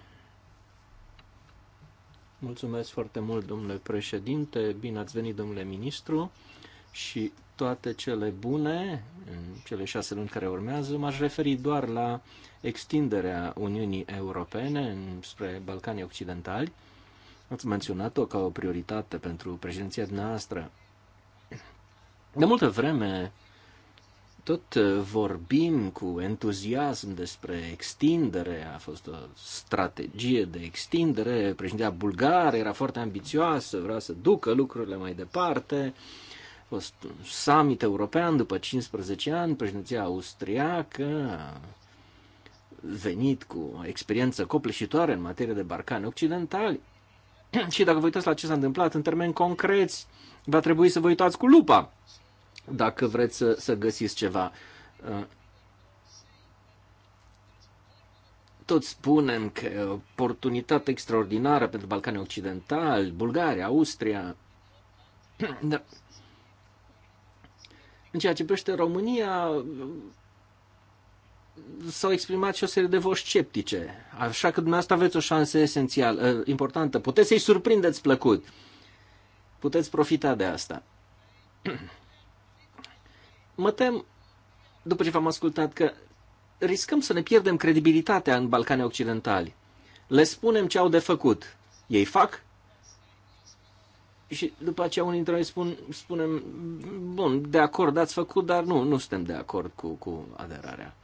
Mulțumesc foarte mult, domnule președinte. Bine ați venit, domnule ministru. Și toate cele bune în cele șase luni care urmează. M-aș referi doar la extinderea Uniunii Europene spre Balcanii Occidentali. Ați menționat-o ca o prioritate pentru președinția noastră. De multă vreme tot vorbim cu entuziasm despre extindere, a fost o strategie de extindere, președintea bulgară era foarte ambițioasă, vrea să ducă lucrurile mai departe, fost un summit european după 15 ani, președinția austriacă a venit cu o experiență copleșitoare în materie de barcani occidentali. <clears throat> Și dacă vă uitați la ce s-a întâmplat în termeni concreți, va trebui să vă uitați cu lupa dacă vreți să, să găsiți ceva. Uh, Tot spunem că e o oportunitate extraordinară pentru Balcanii Occidentali, Bulgaria, Austria, <clears throat> dar în ceea ce privește România, s-au exprimat și o serie de voci sceptice, așa că dumneavoastră aveți o șansă esențială, eh, importantă. Puteți să-i surprindeți plăcut. Puteți profita de asta. Mă tem, după ce v-am ascultat, că riscăm să ne pierdem credibilitatea în Balcanii Occidentali. Le spunem ce au de făcut. Ei fac, și după aceea unii dintre noi spun, spunem, bun, de acord ați făcut, dar nu, nu suntem de acord cu, cu aderarea.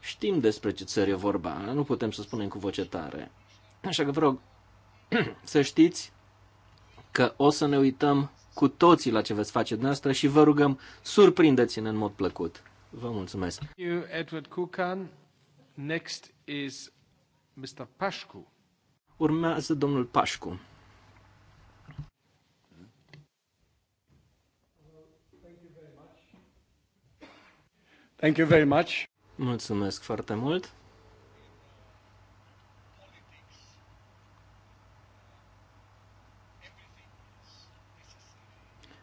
Știm despre ce țări e vorba, nu putem să spunem cu voce tare. Așa că vă rog <clears throat> să știți că o să ne uităm cu toții la ce veți face dumneavoastră și vă rugăm, surprindeți-ne în mod plăcut. Vă mulțumesc. Thank you, Edward Kukan. Next is Mr. Pașcu. Urmează domnul Pașcu. Thank you very much. Mulțumesc foarte mult.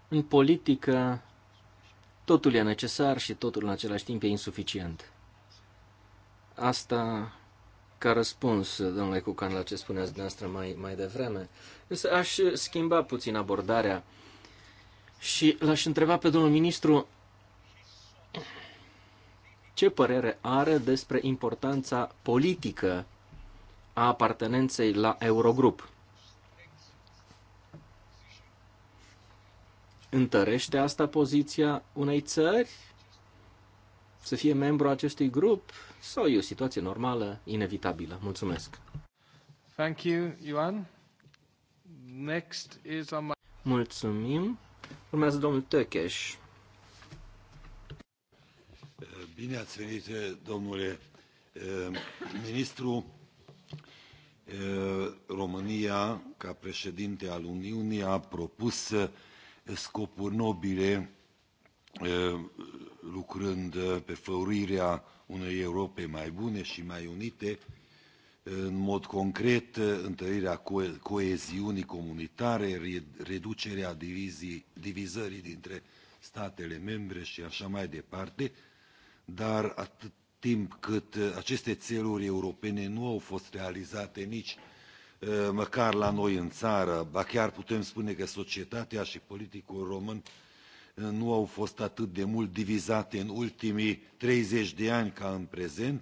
În politică, totul e necesar și totul în același timp e insuficient. Asta ca răspuns, domnule Cucan, la ce spuneați dumneavoastră mai, mai devreme. Însă aș schimba puțin abordarea și l-aș întreba pe domnul ministru ce părere are despre importanța politică a apartenenței la Eurogrup. Întărește asta poziția unei țări? Să fie membru acestui grup? Sau e o situație normală, inevitabilă? Mulțumesc! Thank you, Ioan. Next is on my... Mulțumim. Urmează domnul Tăcheș. Bine ați venit, eh, domnule eh, ministru. Eh, România, ca președinte al Uniunii, a propus scopuri nobile lucrând pe făurirea unei Europe mai bune și mai unite, în mod concret întărirea co- coeziunii comunitare, reducerea divizii, divizării dintre statele membre și așa mai departe, dar atât timp cât uh, aceste țeluri europene nu au fost realizate nici uh, măcar la noi în țară, ba chiar putem spune că societatea și politicul român uh, nu au fost atât de mult divizate în ultimii 30 de ani ca în prezent,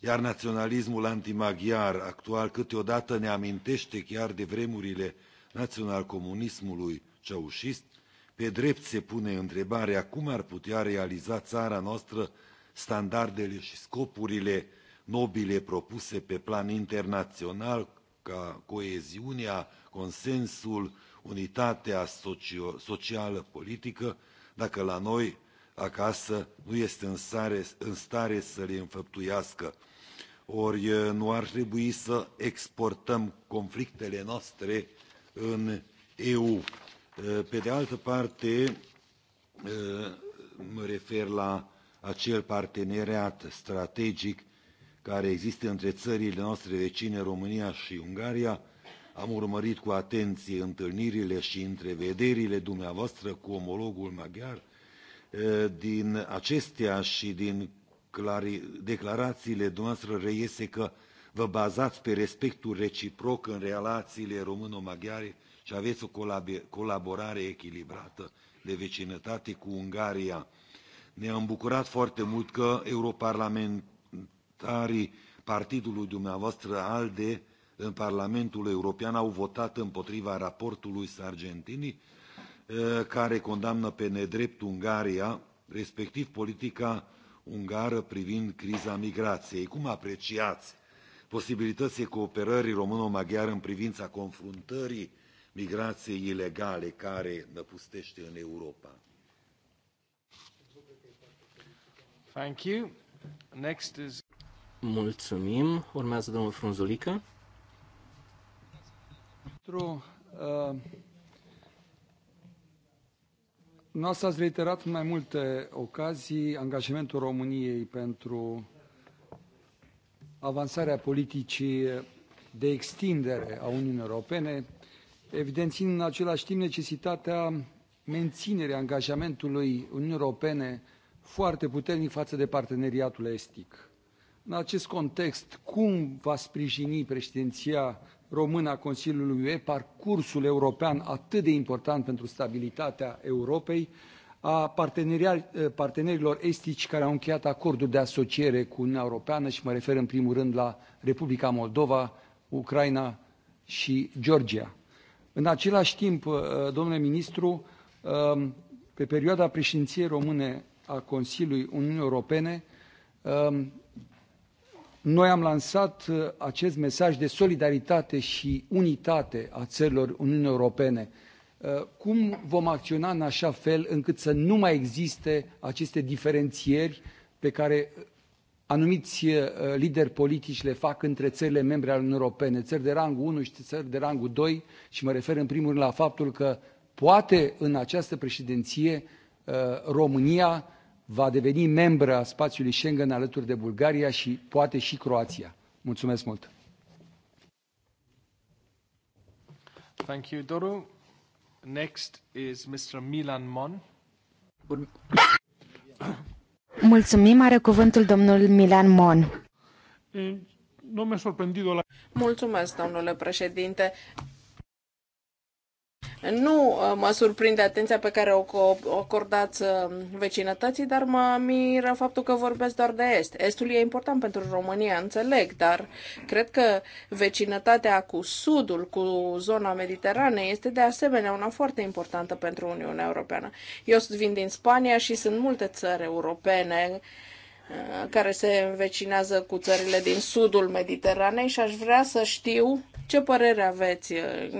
iar naționalismul antimaghiar actual câteodată ne amintește chiar de vremurile național-comunismului ceaușist, pe drept se pune întrebarea cum ar putea realiza țara noastră standardele și scopurile nobile propuse pe plan internațional, ca coeziunea, consensul, unitatea socio socială, politică, dacă la noi acasă nu este în, sare, în stare să le înfăptuiască. Ori eh, nu ar trebui să exportăm conflictele noastre în EU. Eh, pe de altă parte, eh, mă refer la acel parteneriat strategic care există între țările noastre vecine, România și Ungaria. Am urmărit cu atenție întâlnirile și întrevederile dumneavoastră cu omologul maghiar. Din acestea și din declarațiile dumneavoastră reiese că vă bazați pe respectul reciproc în relațiile româno-maghiare și aveți o colaborare echilibrată de vecinătate cu Ungaria. Ne-am bucurat foarte mult că europarlamentarii partidului dumneavoastră ALDE în Parlamentul European au votat împotriva raportului Sargentini, eh, care condamnă pe nedrept Ungaria, respectiv politica ungară privind criza migrației. Cum apreciați posibilității cooperării româno-maghiare în privința confruntării migrației ilegale care năpustește în Europa? Thank you. Next is... Mulțumim. Urmează domnul Frunzulică. Pentru, s uh, noastră ați reiterat în mai multe ocazii angajamentul României pentru avansarea politicii de extindere a Uniunii Europene, evidențind în același timp necesitatea menținerea angajamentului Uniunii Europene foarte puternic față de parteneriatul estic. În acest context, cum va sprijini președinția română a Consiliului UE parcursul european atât de important pentru stabilitatea Europei, a eh, partenerilor estici care au încheiat acorduri de asociere cu Uniunea Europeană și mă refer în primul rând la Republica Moldova, Ucraina și Georgia. În același timp, eh, domnule ministru, eh, pe perioada președinției române a Consiliului Uniunii Europene, um, noi am lansat uh, acest mesaj de solidaritate și unitate a țărilor Uniunii Europene. Uh, cum vom acționa în așa fel încât să nu mai existe aceste diferențieri pe care uh, anumiți lideri politici le fac între țările membre ale Uniunii Europene, țări de rangul 1 și țări de rangul 2 și mă refer în primul rând la faptul că poate în această președinție România va deveni membră a spațiului Schengen alături de Bulgaria și poate și Croația. Mulțumesc mult! Thank you, Doru. Next is Mr. Milan Mon. Mulțumim, are cuvântul domnul Milan Mon. Mulțumesc, domnule președinte. Nu uh, mă surprinde atenția pe care o acordați uh, vecinătății, dar mă miră faptul că vorbesc doar de Est. Estul e important pentru România, înțeleg, dar cred că vecinătatea cu Sudul, cu zona Mediteranei, este de asemenea una foarte importantă pentru Uniunea Europeană. Eu vin din Spania și sunt multe țări europene care se învecinează cu țările din sudul Mediteranei și aș vrea să știu ce părere aveți.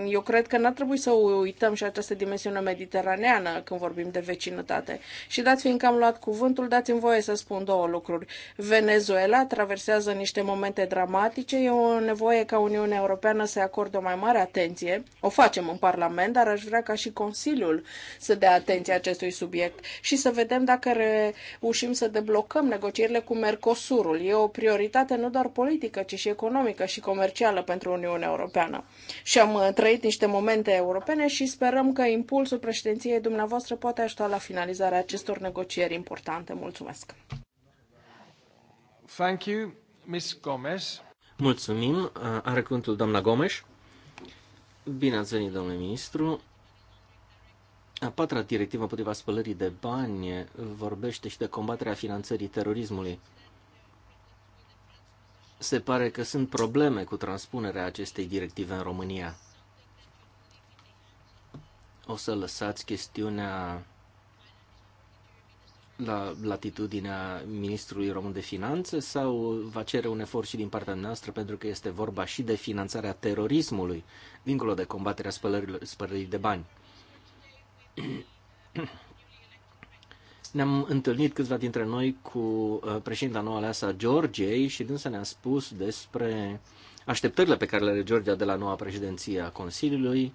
Eu cred că n-ar trebui să uităm și această dimensiune mediteraneană când vorbim de vecinătate. Și dați fiindcă am luat cuvântul, dați-mi voie să spun două lucruri. Venezuela traversează niște momente dramatice, e o nevoie ca Uniunea Europeană să acorde o mai mare atenție. O facem în Parlament, dar aș vrea ca și Consiliul să dea atenție acestui subiect și să vedem dacă reușim să deblocăm negocierile negocierile cu Mercosurul. E o prioritate nu doar politică, ci și economică și comercială pentru Uniunea Europeană. Și am trăit niște momente europene și sperăm că impulsul președinției dumneavoastră poate ajuta la finalizarea acestor negocieri importante. Mulțumesc! Thank you, Ms. Gomez. Mulțumim. Are cuvântul doamna Gomes. Bine ați venit, domnule ministru. A patra directivă împotriva spălării de bani vorbește și de combaterea finanțării terorismului. Se pare că sunt probleme cu transpunerea acestei directive în România. O să lăsați chestiunea la latitudinea Ministrului Român de Finanțe sau va cere un efort și din partea noastră pentru că este vorba și de finanțarea terorismului, dincolo de combaterea spălării de bani? <coughs> Ne-am întâlnit câțiva dintre noi cu uh, președinta noua aleasă a Georgiei și dânsa ne-a spus despre așteptările pe care le are Georgia de la noua președinție a Consiliului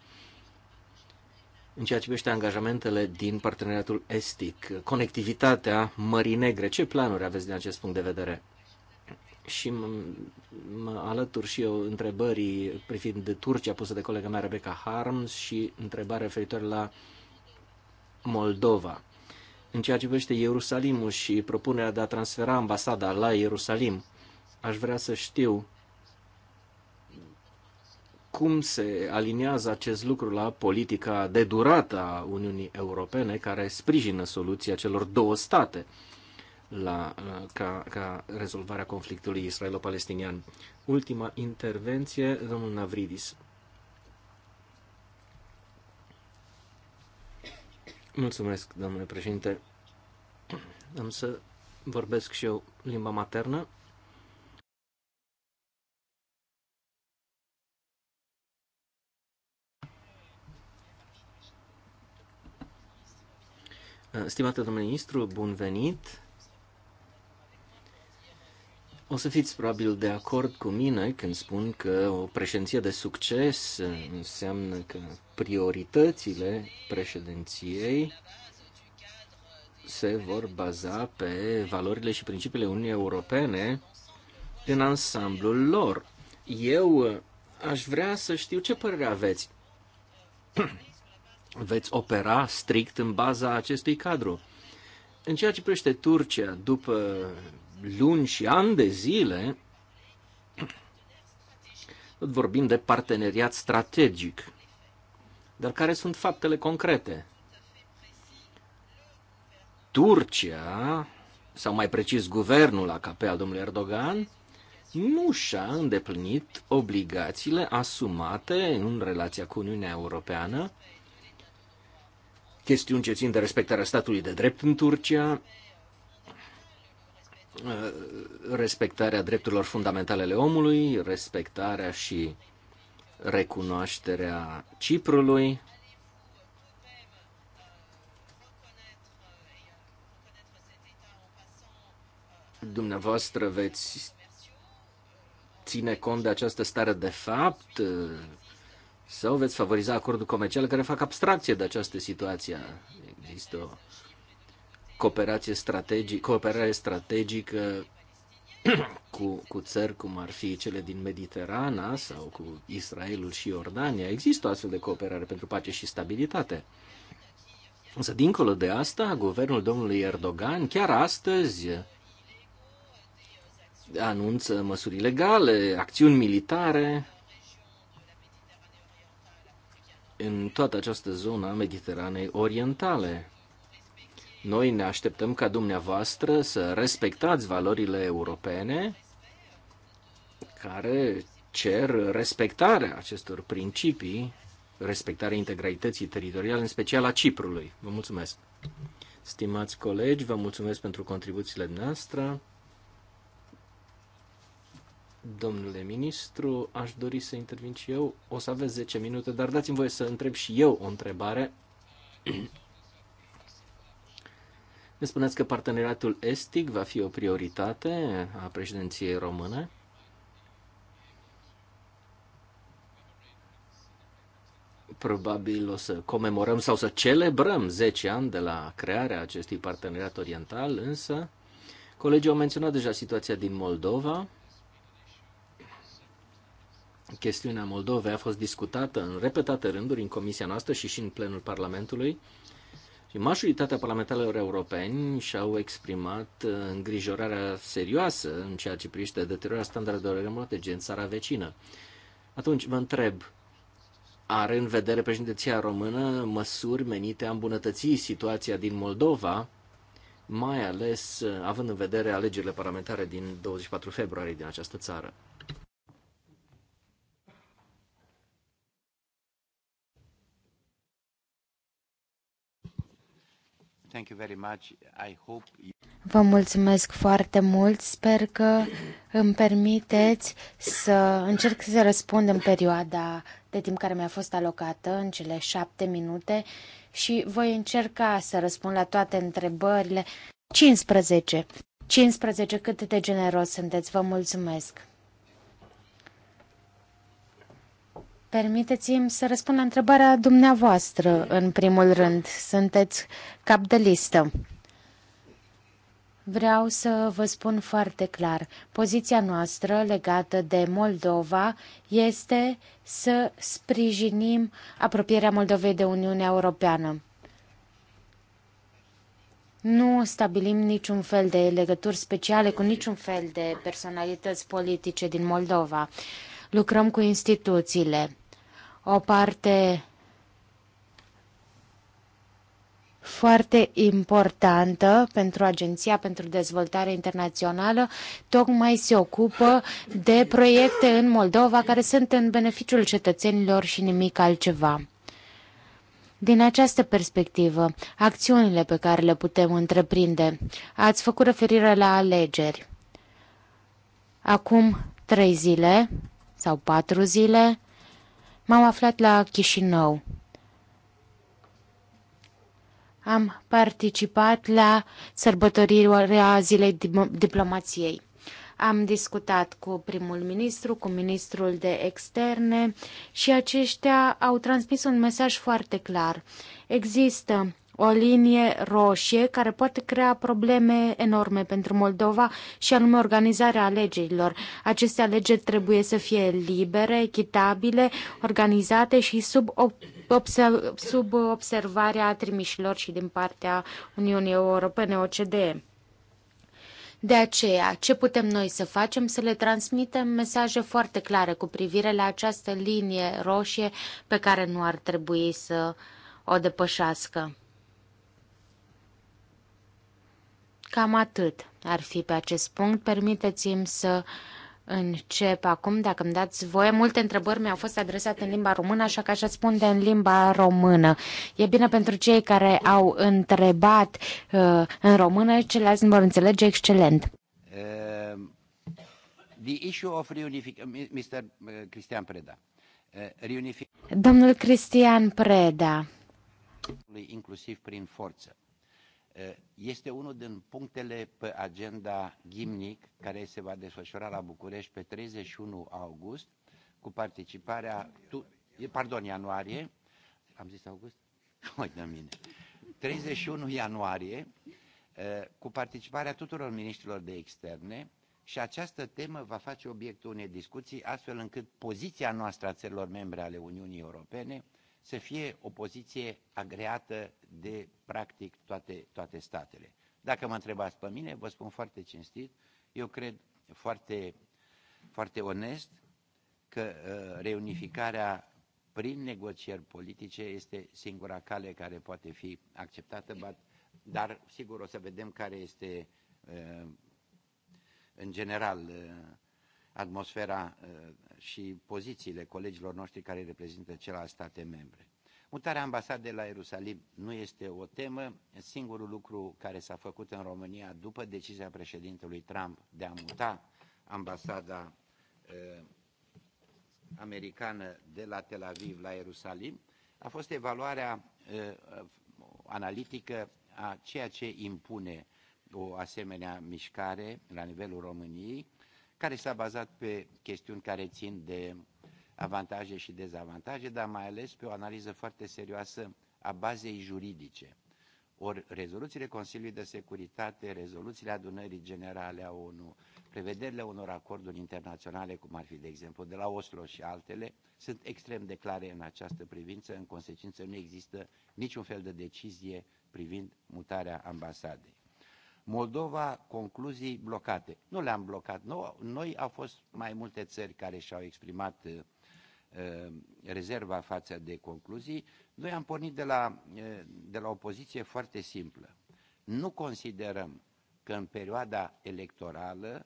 în ceea ce privește angajamentele din parteneriatul estic, conectivitatea Mării Negre. Ce planuri aveți din acest punct de vedere? Și mă alătur și eu întrebării privind de Turcia pusă de colega mea Rebecca Harms și întrebarea referitoare la uh, Moldova. În ceea ce privește Ierusalimul și propunerea de a transfera ambasada la Ierusalim, aș vrea să știu cum se aliniază acest lucru la politica de durată a Uniunii Europene care sprijină soluția celor două state la, ca, ca rezolvarea conflictului israelo-palestinian. Ultima intervenție, domnul Navridis. Mulțumesc, domnule președinte. Am să vorbesc și eu limba maternă. Stimate domnule ministru, bun venit! O să fiți probabil de acord cu mine când spun că o președinție de succes înseamnă că prioritățile președinției se vor baza pe valorile și principiile Uniunii Europene în ansamblul lor. Eu aș vrea să știu ce părere aveți. <clears throat> Veți opera strict în baza acestui cadru. În ceea ce privește Turcia, după luni și ani de zile, tot vorbim de parteneriat strategic. Dar care sunt faptele concrete? Turcia, sau mai precis guvernul AKP al domnului Erdogan, nu și-a îndeplinit obligațiile asumate în relația cu Uniunea Europeană, chestiuni ce țin de respectarea statului de drept în Turcia, Uh, respectarea drepturilor fundamentale ale omului, respectarea și recunoașterea Ciprului. Dumneavoastră veți ține cont de această stare de fapt uh, sau veți favoriza acordul comercial care fac abstracție de această situație. Există o cooperație strategic, cooperare strategică <clears throat> cu, cu țări cum ar fi cele din Mediterana sau cu Israelul și Iordania. Există o astfel de cooperare pentru pace și stabilitate. Însă, dincolo de asta, guvernul domnului Erdogan chiar astăzi anunță măsuri legale, acțiuni militare în toată această zonă a Mediteranei Orientale. Noi ne așteptăm ca dumneavoastră să respectați valorile europene care cer respectarea acestor principii, respectarea integrității teritoriale, în special a Ciprului. Vă mulțumesc! Stimați colegi, vă mulțumesc pentru contribuțiile noastre. Domnule ministru, aș dori să intervin și eu. O să aveți 10 minute, dar dați-mi voie să întreb și eu o întrebare ne spuneați că parteneriatul estic va fi o prioritate a președinției române. Probabil o să comemorăm sau să celebrăm 10 ani de la crearea acestui parteneriat oriental, însă colegii au menționat deja situația din Moldova. Chestiunea Moldovei a fost discutată în repetate rânduri în comisia noastră și și în plenul Parlamentului. Majoritatea parlamentarilor europeni și-au exprimat uh, îngrijorarea serioasă în ceea ce privește deteriorarea standardelor democratice în țara vecină. Atunci vă întreb, are în vedere președinția română măsuri menite a îmbunătăți situația din Moldova, mai ales uh, având în vedere alegerile parlamentare din 24 februarie din această țară? Vă mulțumesc foarte mult. Sper că îmi permiteți să încerc să răspund în perioada de timp care mi-a fost alocată, în cele șapte minute, și voi încerca să răspund la toate întrebările. 15. 15. Cât de generos sunteți. Vă mulțumesc. Permiteți-mi să răspund la întrebarea dumneavoastră, în primul rând. Sunteți cap de listă. Vreau să vă spun foarte clar, poziția noastră legată de Moldova este să sprijinim apropierea Moldovei de Uniunea Europeană. Nu stabilim niciun fel de legături speciale cu niciun fel de personalități politice din Moldova. Lucrăm cu instituțiile o parte foarte importantă pentru Agenția pentru Dezvoltare Internațională, tocmai se ocupă de proiecte în Moldova care sunt în beneficiul cetățenilor și nimic altceva. Din această perspectivă, acțiunile pe care le putem întreprinde, ați făcut referire la alegeri. Acum trei zile sau patru zile, M-am aflat la Chișinău. Am participat la sărbătorirea Zilei Diplomației. Am discutat cu primul ministru, cu ministrul de externe și aceștia au transmis un mesaj foarte clar. Există o linie roșie care poate crea probleme enorme pentru Moldova și anume organizarea alegerilor. Aceste alegeri trebuie să fie libere, echitabile, organizate și sub, obse- sub observarea trimișilor și din partea Uniunii Europene, OCDE. De aceea, ce putem noi să facem? Să le transmitem mesaje foarte clare cu privire la această linie roșie pe care nu ar trebui să o depășească. Cam atât ar fi pe acest punct. Permiteți-mi să încep acum, dacă îmi dați voie. Multe întrebări mi-au fost adresate în limba română, așa că aș răspunde în limba română. E bine pentru cei care au întrebat uh, în română, ceilalți vor înțelege excelent. Uh, the issue of uh, Mr. Uh, Cristian Preda. Uh, Domnul Cristian Preda. Inclusiv prin forță Eh, este unul din punctele pe agenda Gimnic, care se va desfășura la București pe 31 august, cu participarea, tu, eh, pardon, ianuarie, am zis august? Oi, <laughs> de mine. 31 ianuarie, eh, cu participarea tuturor ministrilor de externe și această temă va face obiectul unei discuții, astfel încât poziția noastră a țărilor membre ale Uniunii Europene să fie o poziție agreată de practic toate, toate statele. Dacă mă întrebați pe mine, vă spun foarte cinstit, eu cred foarte, foarte onest că uh, reunificarea prin negocieri politice este singura cale care poate fi acceptată, dar sigur o să vedem care este uh, în general uh, atmosfera uh, și pozițiile colegilor noștri care reprezintă celelalte state membre. Mutarea ambasadei la Ierusalim nu este o temă. Singurul lucru care s-a făcut în România după decizia președintelui Trump de a muta ambasada uh, americană de la Tel Aviv la Ierusalim a fost evaluarea uh, analitică a ceea ce impune o asemenea mișcare la nivelul României care s-a bazat pe chestiuni care țin de avantaje și dezavantaje, dar mai ales pe o analiză foarte serioasă a bazei juridice. Ori rezoluțiile Consiliului de Securitate, rezoluțiile adunării generale a ONU, prevederile unor acorduri internaționale, cum ar fi, de exemplu, de la Oslo și altele, sunt extrem de clare în această privință. În consecință, nu există niciun fel de decizie privind mutarea ambasadei. Moldova, concluzii blocate. Nu le-am blocat Nu, noi, au fost mai multe țări care și-au exprimat uh, uh, rezerva față de concluzii. Noi am pornit de la, uh, de la o poziție foarte simplă. Nu considerăm că în perioada electorală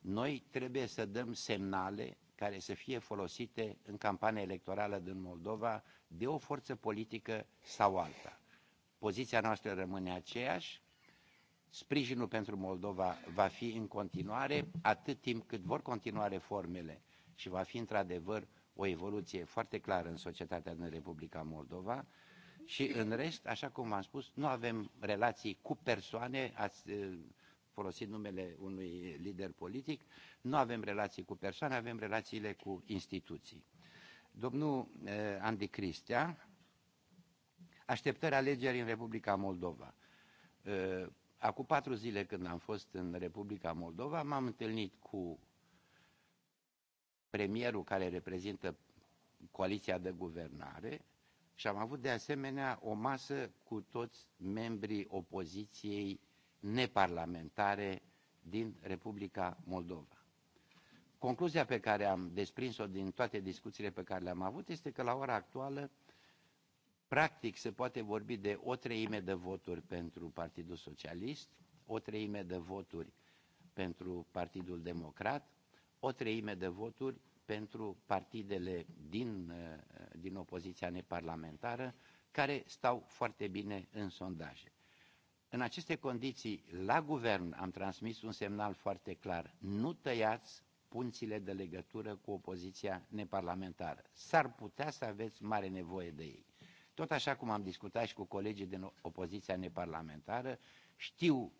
noi trebuie să dăm semnale care să fie folosite în campania electorală din Moldova de o forță politică sau alta. Poziția noastră rămâne aceeași, sprijinul pentru Moldova va fi în continuare atât timp cât vor continua reformele și va fi într-adevăr o evoluție foarte clară în societatea din Republica Moldova și în rest, așa cum am spus, nu avem relații cu persoane, ați eh, folosit numele unui lider politic, nu avem relații cu persoane, avem relațiile cu instituții. Domnul eh, Andy Cristea, așteptări alegeri în Republica Moldova eh, Acum patru zile când am fost în Republica Moldova, m-am întâlnit cu premierul care reprezintă coaliția de guvernare și am avut de asemenea o masă cu toți membrii opoziției neparlamentare din Republica Moldova. Concluzia pe care am desprins-o din toate discuțiile pe care le-am avut este că la ora actuală Practic, se poate vorbi de o treime de voturi pentru Partidul Socialist, o treime de voturi pentru Partidul Democrat, o treime de voturi pentru partidele din, uh, din opoziția neparlamentară, care stau foarte bine în sondaje. În aceste condiții, la guvern am transmis un semnal foarte clar. Nu tăiați punțile de legătură cu opoziția neparlamentară. S-ar putea să aveți mare nevoie de ei. Tot așa cum am discutat și cu colegii din opoziția neparlamentară, știu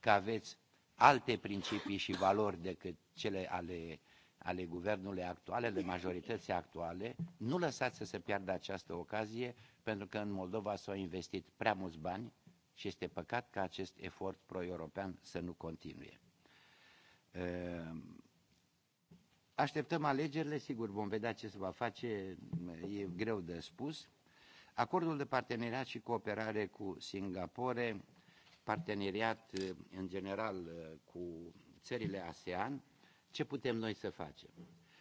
că aveți alte principii și valori decât cele ale, ale guvernului actual, ale majorității actuale. Nu lăsați să se piardă această ocazie, pentru că în Moldova s-au investit prea mulți bani și este păcat ca acest efort pro-european să nu continue. Ehm, așteptăm alegerile, sigur vom vedea ce se va face, e greu de spus. Acordul de parteneriat și cooperare cu Singapore, parteneriat eh, în general eh, cu țările ASEAN, ce putem noi să facem?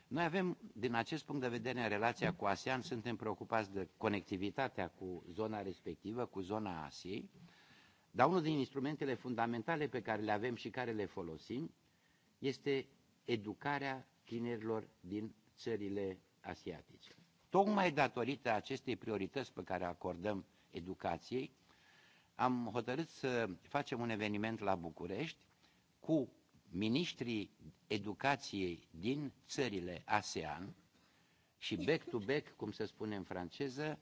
Noi avem, din acest punct de vedere, în relația cu ASEAN, suntem preocupați de conectivitatea cu zona respectivă, cu zona Asiei, dar unul din instrumentele fundamentale pe care le avem și care le folosim este educarea tinerilor din țările asiatice. Tocmai datorită acestei priorități pe care acordăm educației, am hotărât să facem un eveniment la București cu ministrii educației din țările ASEAN și back-to-back, -back, cum se spune în franceză,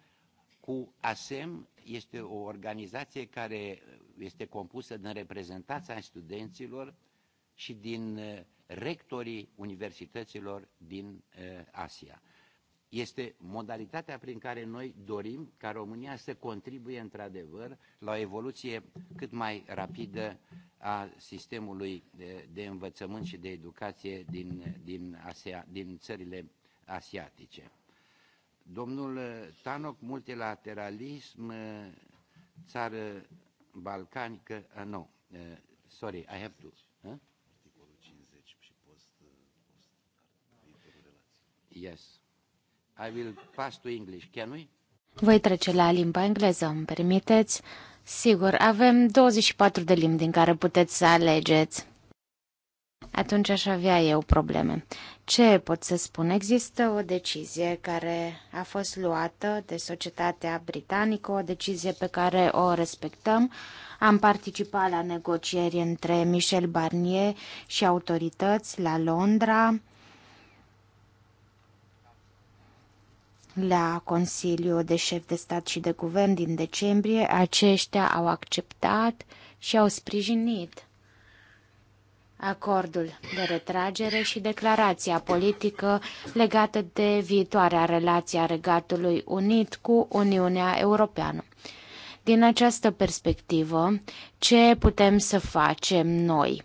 cu ASEM este o organizație care este compusă din reprezentanța studenților și din uh, rectorii universităților din uh, Asia este modalitatea prin care noi dorim ca România să contribuie într-adevăr la o evoluție cât mai rapidă a sistemului de, de învățământ și de educație din, din, Asia, din țările asiatice. Domnul Tanoc, multilateralism, țară balcanică, uh, nu, no, uh, sorry, I have to. Huh? Yes. I will pass to English. Can we? Voi trece la limba engleză, îmi permiteți? Sigur, avem 24 de limbi din care puteți să alegeți. Atunci aș avea eu probleme. Ce pot să spun? Există o decizie care a fost luată de societatea britanică, o decizie pe care o respectăm. Am participat la negocieri între Michel Barnier și autorități la Londra La Consiliul de Șef de Stat și de Guvern din decembrie, aceștia au acceptat și au sprijinit acordul de retragere și declarația politică legată de viitoarea relație a Regatului Unit cu Uniunea Europeană. Din această perspectivă, ce putem să facem noi?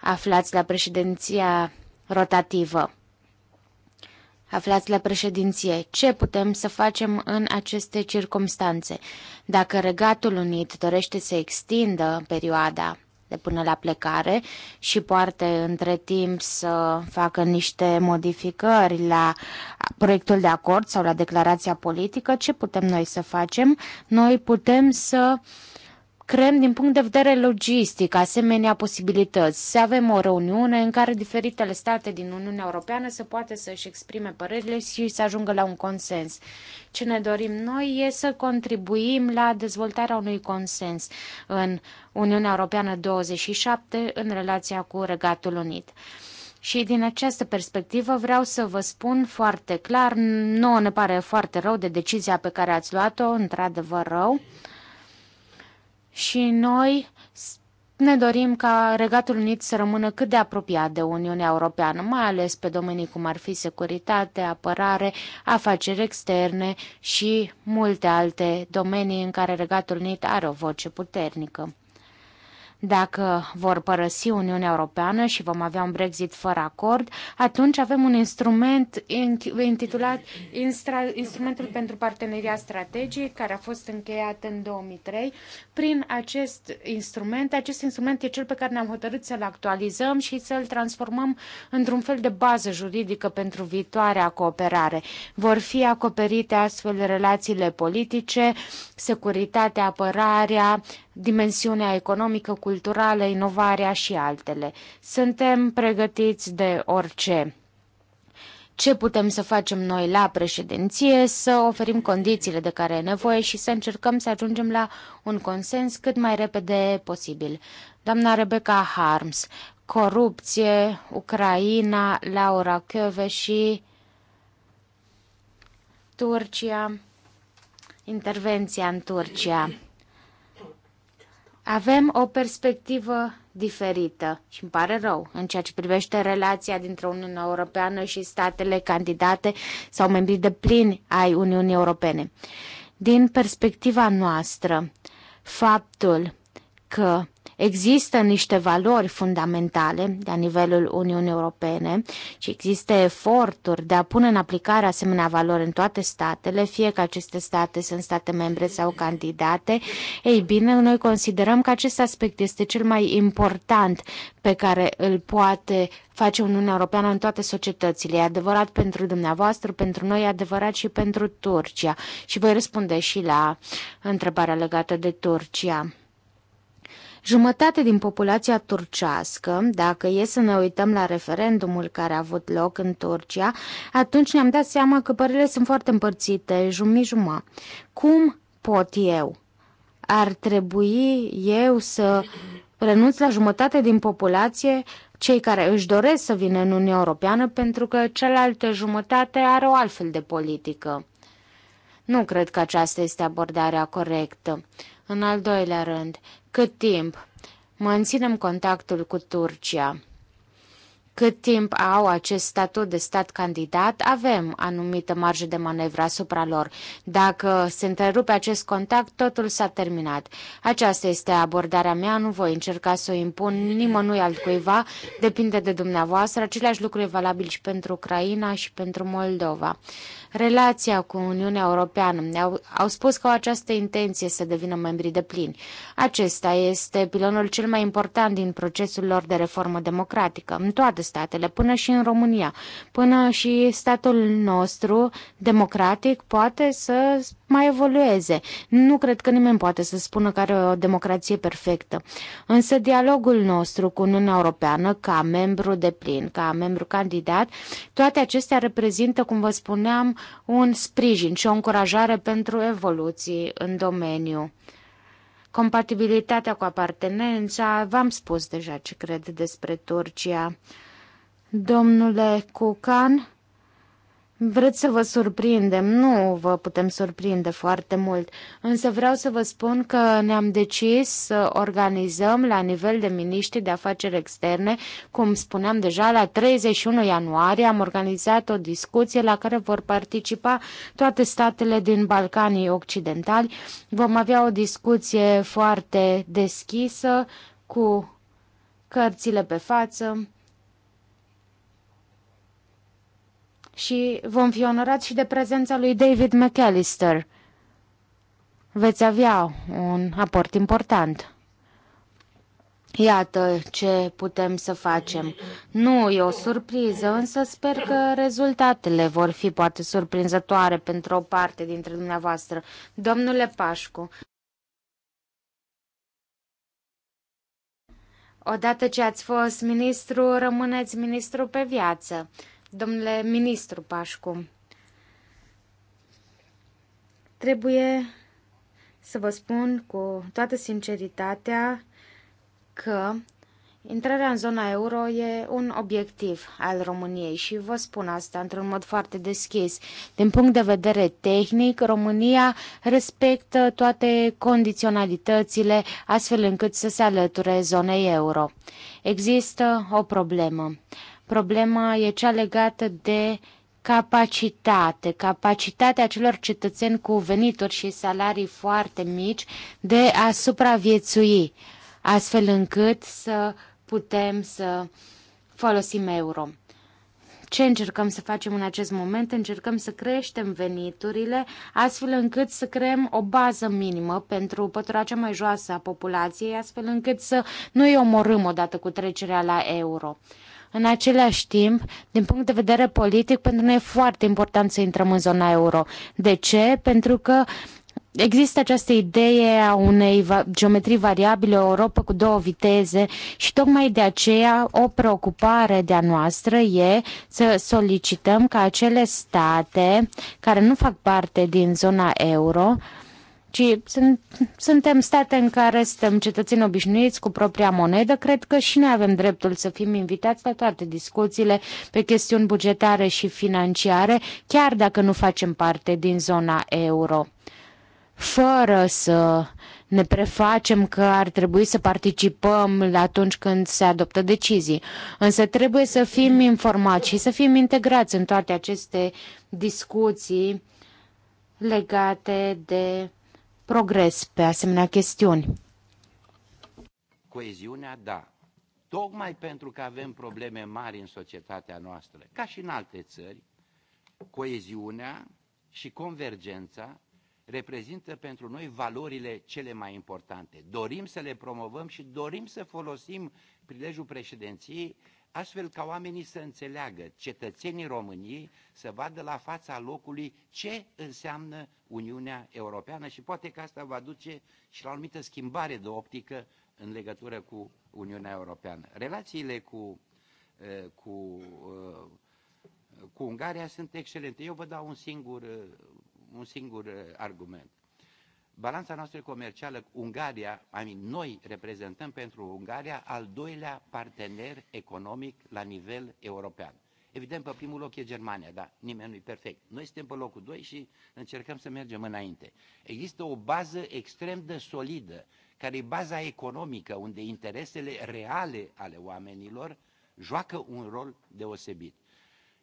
Aflați la președinția rotativă aflați la președinție, ce putem să facem în aceste circumstanțe? Dacă Regatul Unit dorește să extindă perioada de până la plecare și poate între timp să facă niște modificări la proiectul de acord sau la declarația politică, ce putem noi să facem? Noi putem să uh, creăm din punct de vedere logistic asemenea posibilități, să avem o reuniune în care diferitele state din Uniunea Europeană să poată să-și exprime părerile și să ajungă la un consens. Ce ne dorim noi e să contribuim la dezvoltarea unui consens în Uniunea Europeană 27 în relația cu Regatul Unit. Și din această perspectivă vreau să vă spun foarte clar, nouă ne pare foarte rău de decizia pe care ați luat-o, într-adevăr rău, uh, și noi ne dorim ca Regatul Unit să rămână cât de apropiat de Uniunea Europeană, mai ales pe domenii cum ar fi securitate, apărare, afaceri externe și multe alte domenii în care Regatul Unit are o voce puternică. Dacă vor părăsi Uniunea Europeană și vom avea un Brexit fără acord, atunci avem un instrument intitulat Instrumentul pentru Parteneria Strategic, care a fost încheiat în 2003. Prin acest instrument, acest instrument e cel pe care ne-am hotărât să-l actualizăm și să-l transformăm într-un fel de bază juridică pentru viitoarea cooperare. Vor fi acoperite astfel relațiile politice, securitatea, apărarea, dimensiunea economică, culturală, inovarea și altele. Suntem pregătiți de orice ce putem să facem noi la președinție, să oferim condițiile de care e nevoie și să încercăm să ajungem la un consens cât mai repede posibil. Doamna Rebecca Harms, corupție, Ucraina, Laura Căve și Turcia, intervenția în Turcia. Avem o perspectivă diferită și îmi pare rău în ceea ce privește relația dintre Uniunea Europeană și statele candidate sau membrii de plin ai Uniunii Europene. Din perspectiva noastră, faptul că Există niște valori fundamentale la nivelul Uniunii Europene și există eforturi de a pune în aplicare asemenea valori în toate statele, fie că aceste state sunt state membre sau candidate. Ei bine, noi considerăm că acest aspect este cel mai important pe care îl poate face Uniunea Europeană în toate societățile. E adevărat pentru dumneavoastră, pentru noi, e adevărat și pentru Turcia. Și voi răspunde și la întrebarea legată de Turcia. Jumătate din populația turcească, dacă e să ne uităm la referendumul care a avut loc în Turcia, atunci ne-am dat seama că părerile sunt foarte împărțite, jumătate Cum pot eu? Ar trebui eu să renunț la jumătate din populație cei care își doresc să vină în Uniunea Europeană pentru că cealaltă jumătate are o altfel de politică. Nu cred că aceasta este abordarea corectă. În al doilea rând, cât timp menținem contactul cu Turcia? Cât timp au acest statut de stat candidat, avem anumită marjă de manevră asupra lor. Dacă se întrerupe acest contact, totul s-a terminat. Aceasta este abordarea mea, nu voi încerca să o impun nimănui altcuiva, depinde de dumneavoastră. Aceleași lucruri e valabil și pentru Ucraina și pentru Moldova relația cu Uniunea Europeană. Au, au spus că au această intenție să devină membri de plin. Acesta este pilonul cel mai important din procesul lor de reformă democratică, în toate statele, până și în România, până și statul nostru democratic poate să mai evolueze. Nu cred că nimeni poate să spună că are o democrație perfectă. Însă dialogul nostru cu Uniunea Europeană, ca membru de plin, ca membru candidat, toate acestea reprezintă, cum vă spuneam, un sprijin și o încurajare pentru evoluții în domeniu. Compatibilitatea cu apartenența, v-am spus deja ce cred despre Turcia. Domnule Cucan, Vreți să vă surprindem? Nu vă putem surprinde foarte mult, însă vreau să vă spun că ne-am decis să organizăm la nivel de miniștri de afaceri externe, cum spuneam deja, la 31 ianuarie am organizat o discuție la care vor participa toate statele din Balcanii Occidentali. Vom avea o discuție foarte deschisă cu cărțile pe față și vom fi onorați și de prezența lui David McAllister. Veți avea un aport important. Iată ce putem să facem. Nu e o surpriză, însă sper că rezultatele vor fi poate surprinzătoare pentru o parte dintre dumneavoastră. Domnule Pașcu, odată ce ați fost ministru, rămâneți ministru pe viață. Domnule ministru Pașcu, trebuie să vă spun cu toată sinceritatea că Intrarea în zona euro e un obiectiv al României și vă spun asta într-un mod foarte deschis. Din punct de vedere tehnic, România respectă toate condiționalitățile astfel încât să se alăture zonei euro. Există o problemă. Problema e cea legată de capacitate, capacitatea celor cetățeni cu venituri și salarii foarte mici de a supraviețui, astfel încât să putem să folosim euro. Ce încercăm să facem în acest moment? Încercăm să creștem veniturile astfel încât să creăm o bază minimă pentru pătura cea mai joasă a populației, astfel încât să nu îi omorâm odată cu trecerea la euro. În același timp, din punct de vedere politic, pentru noi e foarte important să intrăm în zona euro. De ce? Pentru că Există această idee a unei geometrii variabile, o Europa cu două viteze și tocmai de aceea o preocupare de-a noastră e să solicităm ca acele state care nu fac parte din zona euro ci sunt, suntem state în care suntem cetățeni obișnuiți cu propria monedă, cred că și noi avem dreptul să fim invitați la toate discuțiile pe chestiuni bugetare și financiare, chiar dacă nu facem parte din zona euro. Fără să ne prefacem că ar trebui să participăm atunci când se adoptă decizii. Însă trebuie să fim informați și să fim integrați în toate aceste discuții legate de progres pe asemenea chestiuni. Coeziunea, da. Tocmai pentru că avem probleme mari în societatea noastră, ca și în alte țări, coeziunea și convergența reprezintă pentru noi valorile cele mai importante. Dorim să le promovăm și dorim să folosim prilejul președinției astfel ca oamenii să înțeleagă, cetățenii României să vadă la fața locului ce înseamnă Uniunea Europeană și poate că asta va duce și la o anumită schimbare de optică în legătură cu Uniunea Europeană. Relațiile cu, eh, cu, eh, cu Ungaria sunt excelente. Eu vă dau un singur, eh, un singur argument balanța noastră comercială Ungaria, amin noi reprezentăm pentru Ungaria al doilea partener economic la nivel european. Evident, pe primul loc e Germania, dar nimeni nu e perfect. Noi suntem pe locul 2 și încercăm să mergem înainte. Există o bază extrem de solidă, care e baza economică, unde interesele reale ale oamenilor joacă un rol deosebit.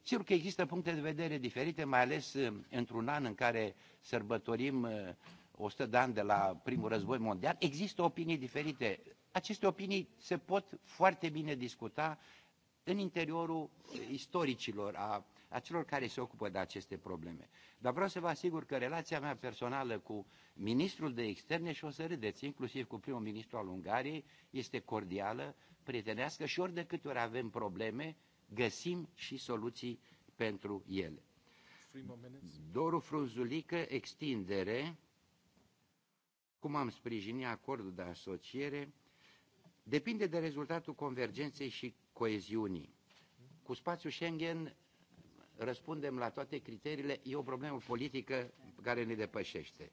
Sigur că există puncte de vedere diferite, mai ales eh, într-un an în care sărbătorim eh, 100 de ani de la primul război mondial, există opinii diferite. Aceste opinii se pot foarte bine discuta în interiorul istoricilor, a, a celor care se ocupă de aceste probleme. Dar vreau să vă asigur că relația mea personală cu ministrul de externe, și o să râdeți, inclusiv cu primul ministru al Ungariei, este cordială, prietenească și ori de câte ori avem probleme, găsim și soluții pentru ele. Doru Frunzulică, extindere cum am sprijini acordul de asociere, depinde de rezultatul convergenței și coeziunii. Cu spațiul Schengen răspundem la toate criteriile, e o problemă politică care ne depășește.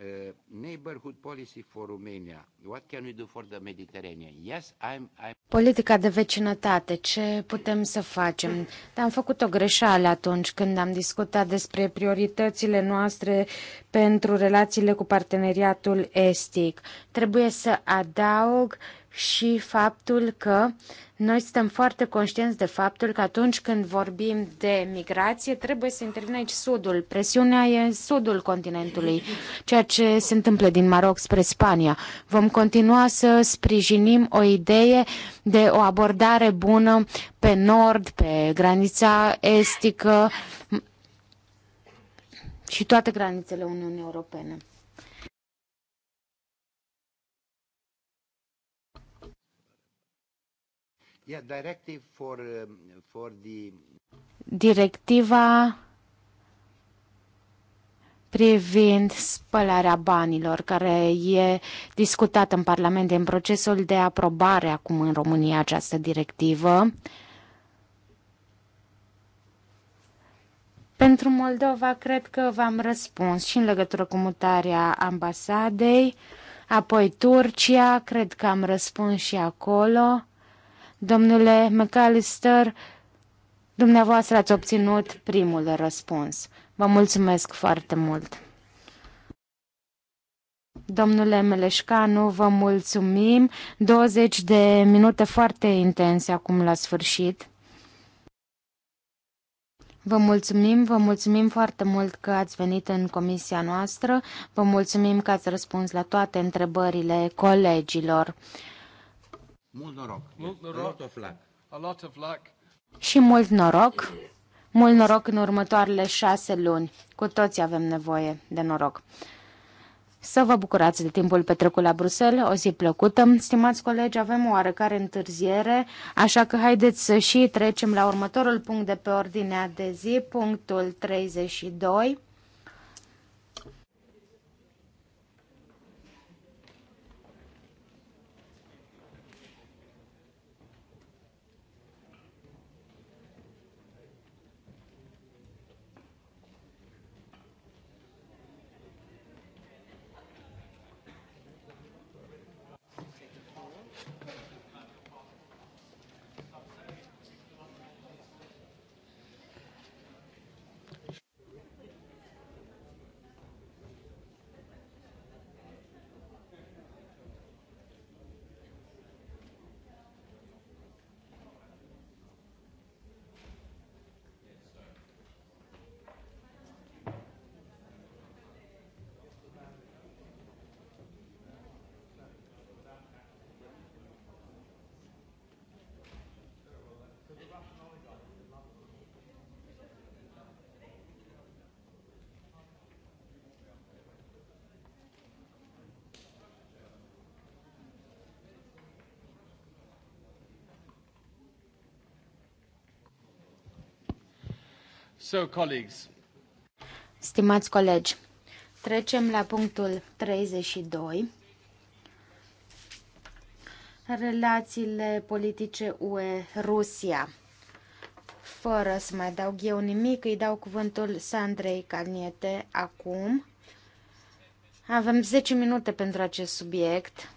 Uh, neighborhood policy for Romania. What can we do for the Mediterranean? Yes, I'm, I'm... Politica de vecinătate, ce putem să facem? Dar am făcut o greșeală atunci când am discutat despre prioritățile noastre pentru relațiile cu parteneriatul estic. Trebuie să adaug uh, și faptul că noi suntem foarte conștienți de faptul că atunci când vorbim de migrație, trebuie să intervine aici sudul. Presiunea e în sudul continentului, ceea ce se întâmplă din Maroc spre Spania. Vom continua să sprijinim o idee de o abordare bună pe nord, pe granița estică și toate granițele Uniunii Europene. Yeah, directive for, um, for the... Directiva privind spălarea banilor, care e discutată în Parlament în procesul de aprobare acum în România această directivă. Pentru Moldova, cred că v-am răspuns și în legătură cu mutarea ambasadei, apoi Turcia, cred că am răspuns și acolo. Domnule McAllister, dumneavoastră ați obținut primul răspuns. Vă mulțumesc foarte mult! Domnule Meleșcanu, vă mulțumim. 20 de minute foarte intense acum la sfârșit. Vă mulțumim, vă mulțumim foarte mult că ați venit în comisia noastră, vă mulțumim că ați răspuns la toate întrebările colegilor. Mult noroc. Mult noroc. A lot of luck. A lot of luck. Și mult noroc. Mult noroc în următoarele șase luni. Cu toți avem nevoie de noroc. Să vă bucurați de timpul petrecut la Bruxelles, o zi plăcută. Stimați colegi, avem o oarecare întârziere, așa că haideți să și trecem la următorul punct de pe ordinea de zi, punctul 32. So, colleagues. Stimați colegi, trecem la punctul 32. Relațiile politice UE-Rusia. Fără să mai dau eu nimic, îi dau cuvântul Sandrei Calniete acum. Avem 10 minute pentru acest subiect.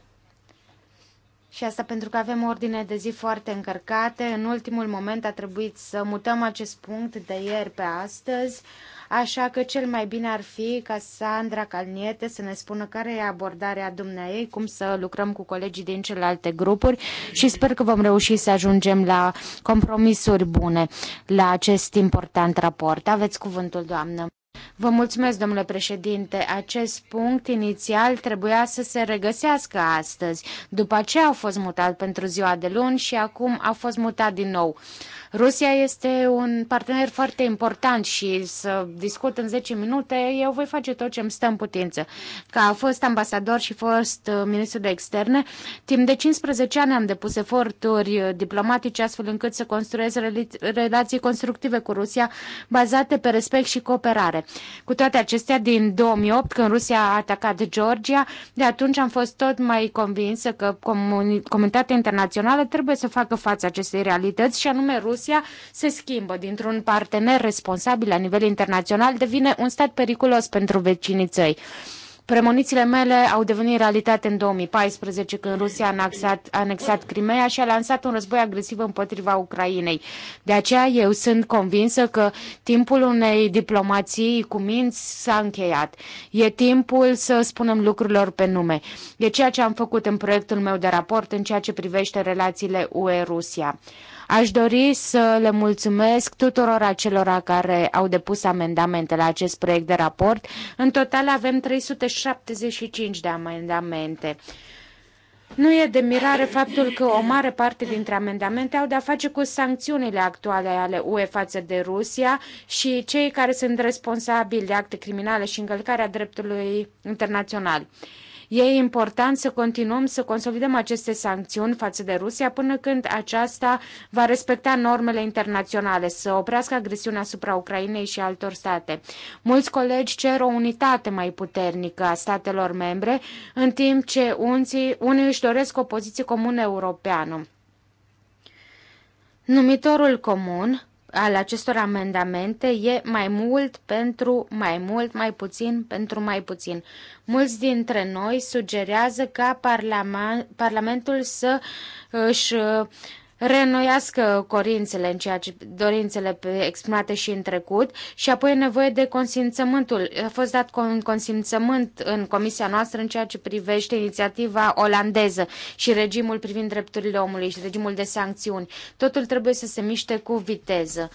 Și asta pentru că avem ordine de zi foarte încărcate. În ultimul moment a trebuit să mutăm acest punct de ieri pe astăzi, așa că cel mai bine ar fi ca Sandra Calniete să ne spună care e abordarea dumneai, cum să lucrăm cu colegii din celelalte grupuri și sper că vom reuși să ajungem la compromisuri bune la acest important raport. Aveți cuvântul, doamnă. Vă mulțumesc, domnule președinte. Acest punct inițial trebuia să se regăsească astăzi. După aceea a fost mutat pentru ziua de luni și acum a fost mutat din nou. Rusia este un partener foarte important și să discut în 10 minute, eu voi face tot ce îmi stă în putință. Ca a fost ambasador și fost uh, ministru de externe, timp de 15 ani am depus eforturi uh, diplomatice astfel încât să construiesc relații constructive cu Rusia bazate pe respect și cooperare. Cu toate acestea, din 2008, când Rusia a atacat Georgia, de atunci am fost tot mai convinsă că comunitatea internațională trebuie să facă față acestei realități și anume Rusia Rusia se schimbă dintr-un partener responsabil la nivel internațional, devine un stat periculos pentru vecinii țăi. Premonițiile mele au devenit realitate în 2014, când Rusia a anexat, a anexat Crimea și a lansat un război agresiv împotriva Ucrainei. De aceea eu sunt convinsă că timpul unei diplomații cu minți s-a încheiat. E timpul să spunem lucrurilor pe nume. E ceea ce am făcut în proiectul meu de raport în ceea ce privește relațiile UE-Rusia. Aș dori să le mulțumesc tuturor acelora care au depus amendamente la acest proiect de raport. În total avem 375 de amendamente. Nu e de mirare faptul că o mare parte dintre amendamente au de-a face cu sancțiunile actuale ale UE față de Rusia și cei care sunt responsabili de acte criminale și încălcarea dreptului internațional. E important să continuăm să consolidăm aceste sancțiuni față de Rusia până când aceasta va respecta normele internaționale, să oprească agresiunea asupra Ucrainei și altor state. Mulți colegi cer o unitate mai puternică a statelor membre, în timp ce unții, unii își doresc o poziție comună europeană. Numitorul comun al acestor amendamente e mai mult pentru mai mult, mai puțin pentru mai puțin. Mulți dintre noi sugerează ca parlament, Parlamentul să își reînnoiască corințele în ceea ce dorințele exprimate și în trecut și apoi e nevoie de consimțământul. A fost dat un consimțământ în comisia noastră în ceea ce privește inițiativa olandeză și regimul privind drepturile omului și regimul de sancțiuni. Totul trebuie să se miște cu viteză.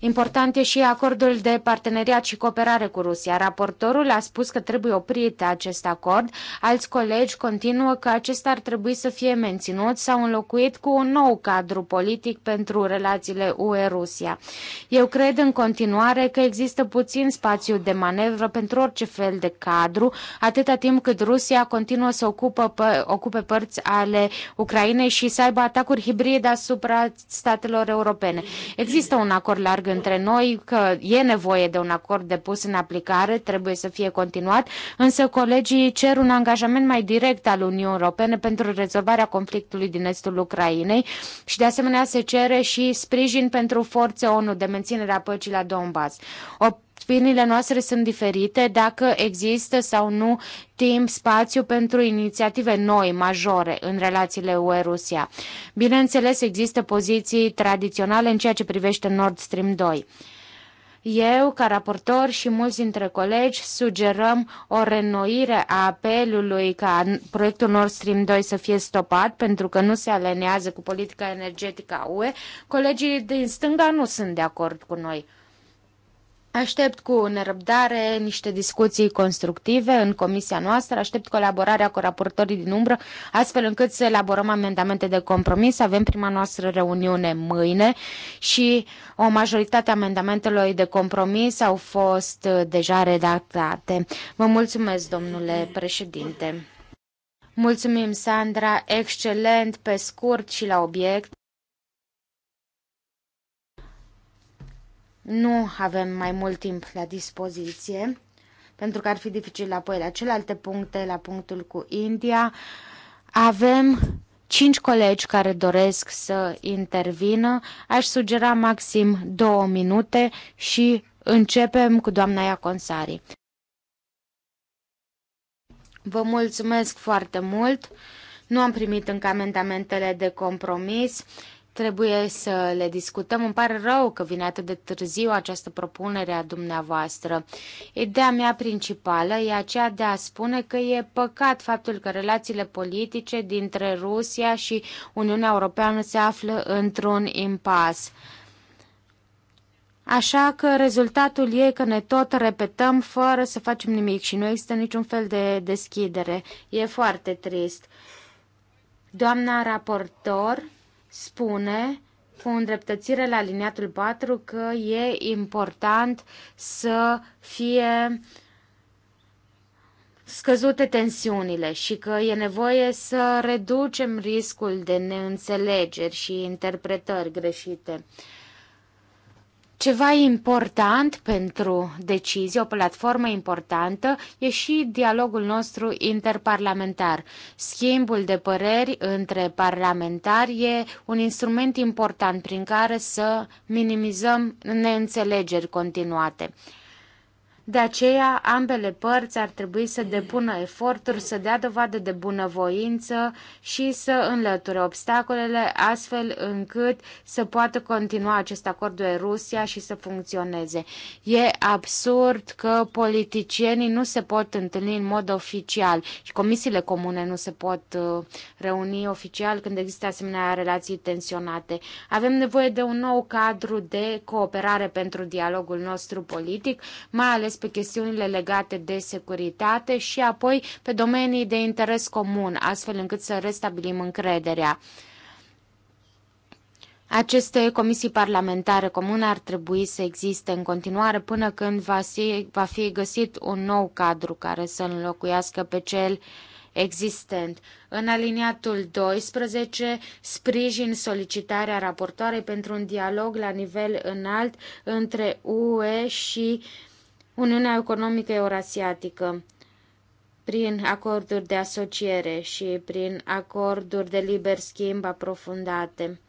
Important e și acordul de parteneriat și cooperare cu Rusia. Raportorul a spus că trebuie oprit acest acord. Alți colegi continuă că acesta ar trebui să fie menținut sau înlocuit cu un nou cadru politic pentru relațiile UE-Rusia. Eu cred în continuare că există puțin spațiu de manevră pentru orice fel de cadru, atâta timp cât Rusia continuă să ocupă, pă, ocupe părți ale Ucrainei și să aibă atacuri hibride asupra statelor europene. Există un acord larg înțeleg între noi că e nevoie de un acord depus în aplicare, trebuie să fie continuat, însă colegii cer un angajament mai direct al Uniunii Europene pentru rezolvarea conflictului din estul Ucrainei și de asemenea se cere și sprijin pentru forțe ONU de menținere a păcii la Donbass. O Opiniile noastre sunt diferite dacă există sau nu timp, spațiu pentru inițiative noi, majore, în relațiile UE-Rusia. Bineînțeles, există poziții tradiționale în ceea ce privește Nord Stream 2. Eu, ca raportor și mulți dintre colegi, sugerăm o renoire a apelului ca proiectul Nord Stream 2 să fie stopat pentru că nu se alinează cu politica energetică a UE. Colegii din stânga nu sunt de acord cu noi. Aștept cu nerăbdare niște discuții constructive în comisia noastră, aștept colaborarea cu raportorii din umbră, astfel încât să elaborăm amendamente de compromis. Avem prima noastră reuniune mâine și o majoritate a amendamentelor de compromis au fost deja redactate. Vă mulțumesc, domnule președinte. Mulțumim, Sandra. Excelent, pe scurt și la obiect. Nu avem mai mult timp la dispoziție, pentru că ar fi dificil apoi la celelalte puncte, la punctul cu India. Avem cinci colegi care doresc să intervină. Aș sugera maxim două minute și începem cu doamna Iaconsari. Vă mulțumesc foarte mult! Nu am primit încă amendamentele de compromis. Trebuie să le discutăm. Îmi pare rău că vine atât de târziu această propunere a dumneavoastră. Ideea mea principală e aceea de a spune că e păcat faptul că relațiile politice dintre Rusia și Uniunea Europeană se află într-un impas. Așa că rezultatul e că ne tot repetăm fără să facem nimic și nu există niciun fel de deschidere. E foarte trist. Doamna raportor spune cu îndreptățire la liniatul 4 că e important să fie scăzute tensiunile și că e nevoie să reducem riscul de neînțelegeri și interpretări greșite. Ceva important pentru decizie, o platformă importantă, e și dialogul nostru interparlamentar. Schimbul de păreri între parlamentari e un instrument important prin care să minimizăm neînțelegeri continuate. De aceea, ambele părți ar trebui să depună eforturi, să dea dovadă de bunăvoință și să înlăture obstacolele, astfel încât să poată continua acest acord de Rusia și să funcționeze. E absurd că politicienii nu se pot întâlni în mod oficial și comisiile comune nu se pot uh, reuni oficial când există asemenea relații tensionate. Avem nevoie de un nou cadru de cooperare pentru dialogul nostru politic, mai ales pe chestiunile legate de securitate și apoi pe domenii de interes comun, astfel încât să restabilim încrederea. Aceste comisii parlamentare comune ar trebui să existe în continuare până când va fi, va fi găsit un nou cadru care să înlocuiască pe cel existent. În aliniatul 12, sprijin solicitarea raportoarei pentru un dialog la nivel înalt între UE și Uniunea Economică Eurasiatică prin acorduri de asociere și prin acorduri de liber schimb aprofundate.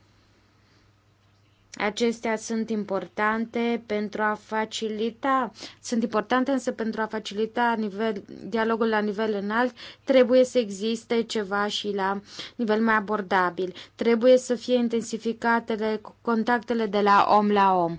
Acestea sunt importante pentru a facilita, sunt importante însă pentru a facilita nivel, dialogul la nivel înalt, trebuie să existe ceva și la nivel mai abordabil. Trebuie să fie intensificate contactele de la om la om.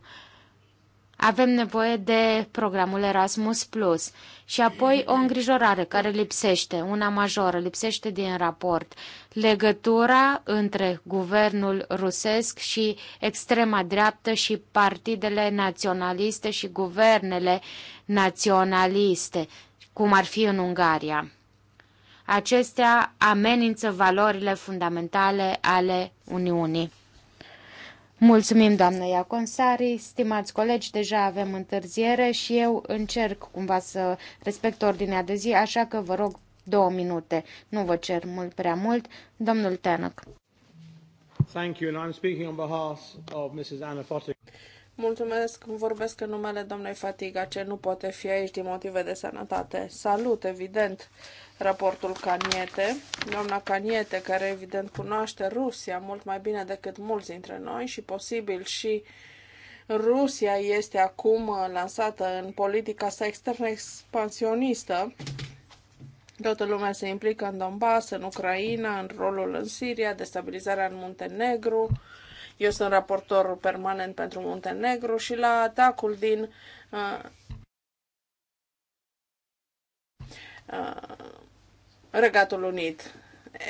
Avem nevoie de programul Erasmus Plus și apoi o îngrijorare care lipsește, una majoră, lipsește din raport. Legătura între guvernul rusesc și extrema dreaptă și partidele naționaliste și guvernele naționaliste, cum ar fi în Ungaria. Acestea amenință valorile fundamentale ale Uniunii. Mulțumim, doamnă Iaconsari. Stimați colegi, deja avem întârziere și eu încerc cumva să respect ordinea de zi, așa că vă rog două minute. Nu vă cer mult prea mult. Domnul Tenăc. Thank you, and I'm speaking on behalf of Mrs. Anna Fotic. Mulțumesc, vorbesc în numele doamnei Fatiga, ce nu poate fi aici din motive de sănătate. Salut, evident, raportul Caniete. Doamna Caniete, care evident cunoaște Rusia mult mai bine decât mulți dintre noi și posibil și Rusia este acum lansată în politica sa externă expansionistă. Toată lumea se implică în Donbass, în Ucraina, în rolul în Siria, destabilizarea în Muntenegru. Eu sunt raportor permanent pentru Muntenegru și la atacul din uh, uh, Regatul Unit.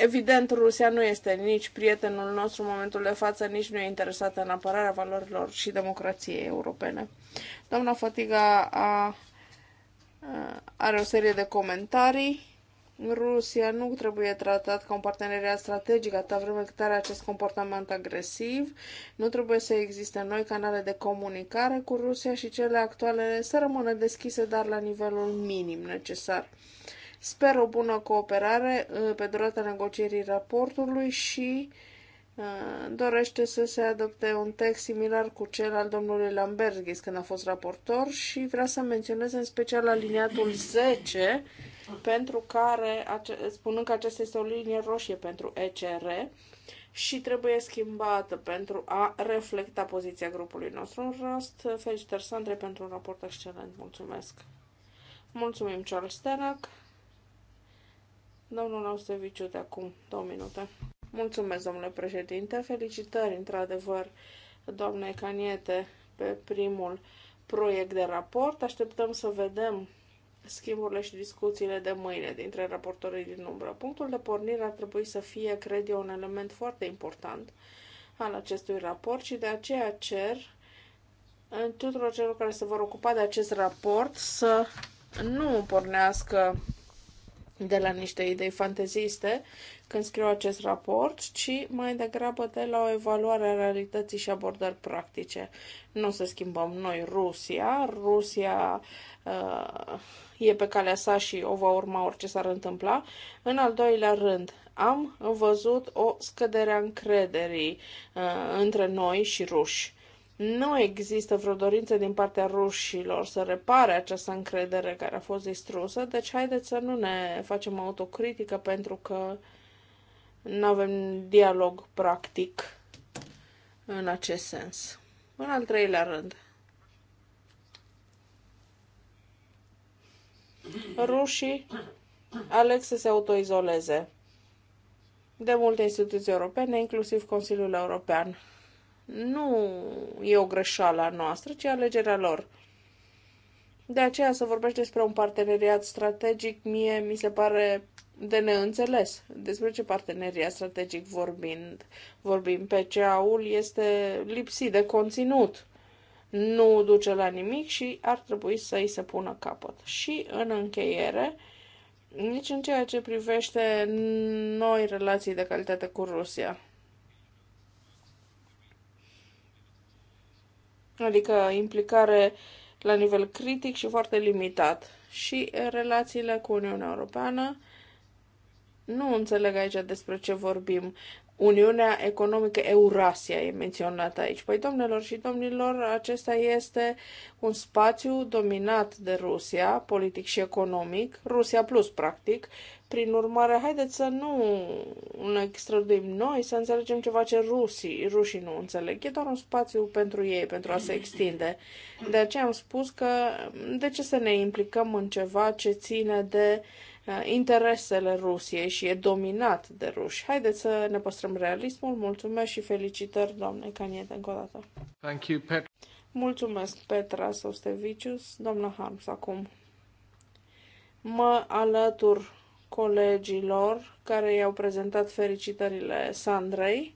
Evident, Rusia nu este nici prietenul nostru în momentul de față, nici nu e interesată în apărarea valorilor și democrației europene. Doamna Fatiga a, are o serie de comentarii. Rusia nu trebuie tratat ca un parteneriat strategic atâta vreme cât are acest comportament agresiv. Nu trebuie să existe noi canale de comunicare cu Rusia și cele actuale să rămână deschise, dar la nivelul minim necesar. Sper o bună cooperare uh, pe durata negocierii raportului și uh, dorește să se adopte un text similar cu cel al domnului Lamberghis când a fost raportor și vrea să menționez în special aliniatul 10 pentru care, spunând că aceasta este o linie roșie pentru ECR și trebuie schimbată pentru a reflecta poziția grupului nostru în rost. Felicitări, Sandre, pentru un raport excelent. Mulțumesc! Mulțumim, Charles Tenac! Domnul Austeviciu de acum, două minute. Mulțumesc, domnule președinte. Felicitări, într-adevăr, doamne Caniete, pe primul proiect de raport. Așteptăm să vedem schimburile și discuțiile de mâine dintre raportorii din umbră. Punctul de pornire ar trebui să fie, cred eu, un element foarte important al acestui raport și de aceea cer în tuturor celor care se vor ocupa de acest raport să nu pornească de la niște idei fanteziste când scriu acest raport, ci mai degrabă de la o evaluare a realității și abordări practice. Nu să schimbăm noi Rusia. Rusia uh, e pe calea sa și o va urma orice s-ar întâmpla. În al doilea rând, am văzut o scădere a încrederii uh, între noi și ruși nu există vreo dorință din partea rușilor să repare această încredere care a fost distrusă, deci haideți să nu ne facem autocritică pentru că nu avem dialog practic în acest sens. În al treilea rând, rușii aleg să se autoizoleze de multe instituții europene, inclusiv Consiliul European. Nu e o greșeală a noastră, ci alegerea lor. De aceea să vorbești despre un parteneriat strategic, mie mi se pare de neînțeles. Despre ce parteneriat strategic vorbind, vorbim? PCA-ul este lipsit de conținut. Nu duce la nimic și ar trebui să îi se pună capăt. Și în încheiere, nici în ceea ce privește noi relații de calitate cu Rusia. adică implicare la nivel critic și foarte limitat. Și relațiile cu Uniunea Europeană, nu înțeleg aici despre ce vorbim. Uniunea Economică Eurasia e menționată aici. Păi, domnilor și domnilor, acesta este un spațiu dominat de Rusia, politic și economic, Rusia plus, practic. Prin urmare, haideți să nu ne extrăduim noi, să înțelegem ceva ce rusii, rușii nu înțeleg. E doar un spațiu pentru ei, pentru a se extinde. De aceea am spus că de ce să ne implicăm în ceva ce ține de uh, Uh, interesele Rusiei și e dominat de ruși. Haideți să ne păstrăm realismul. Mulțumesc și felicitări, doamne Caniete, încă o dată. Thank you, Pet- Mulțumesc, Petra Sostevicius. Doamna Harms, acum. Mă alătur colegilor care i-au prezentat felicitările Sandrei.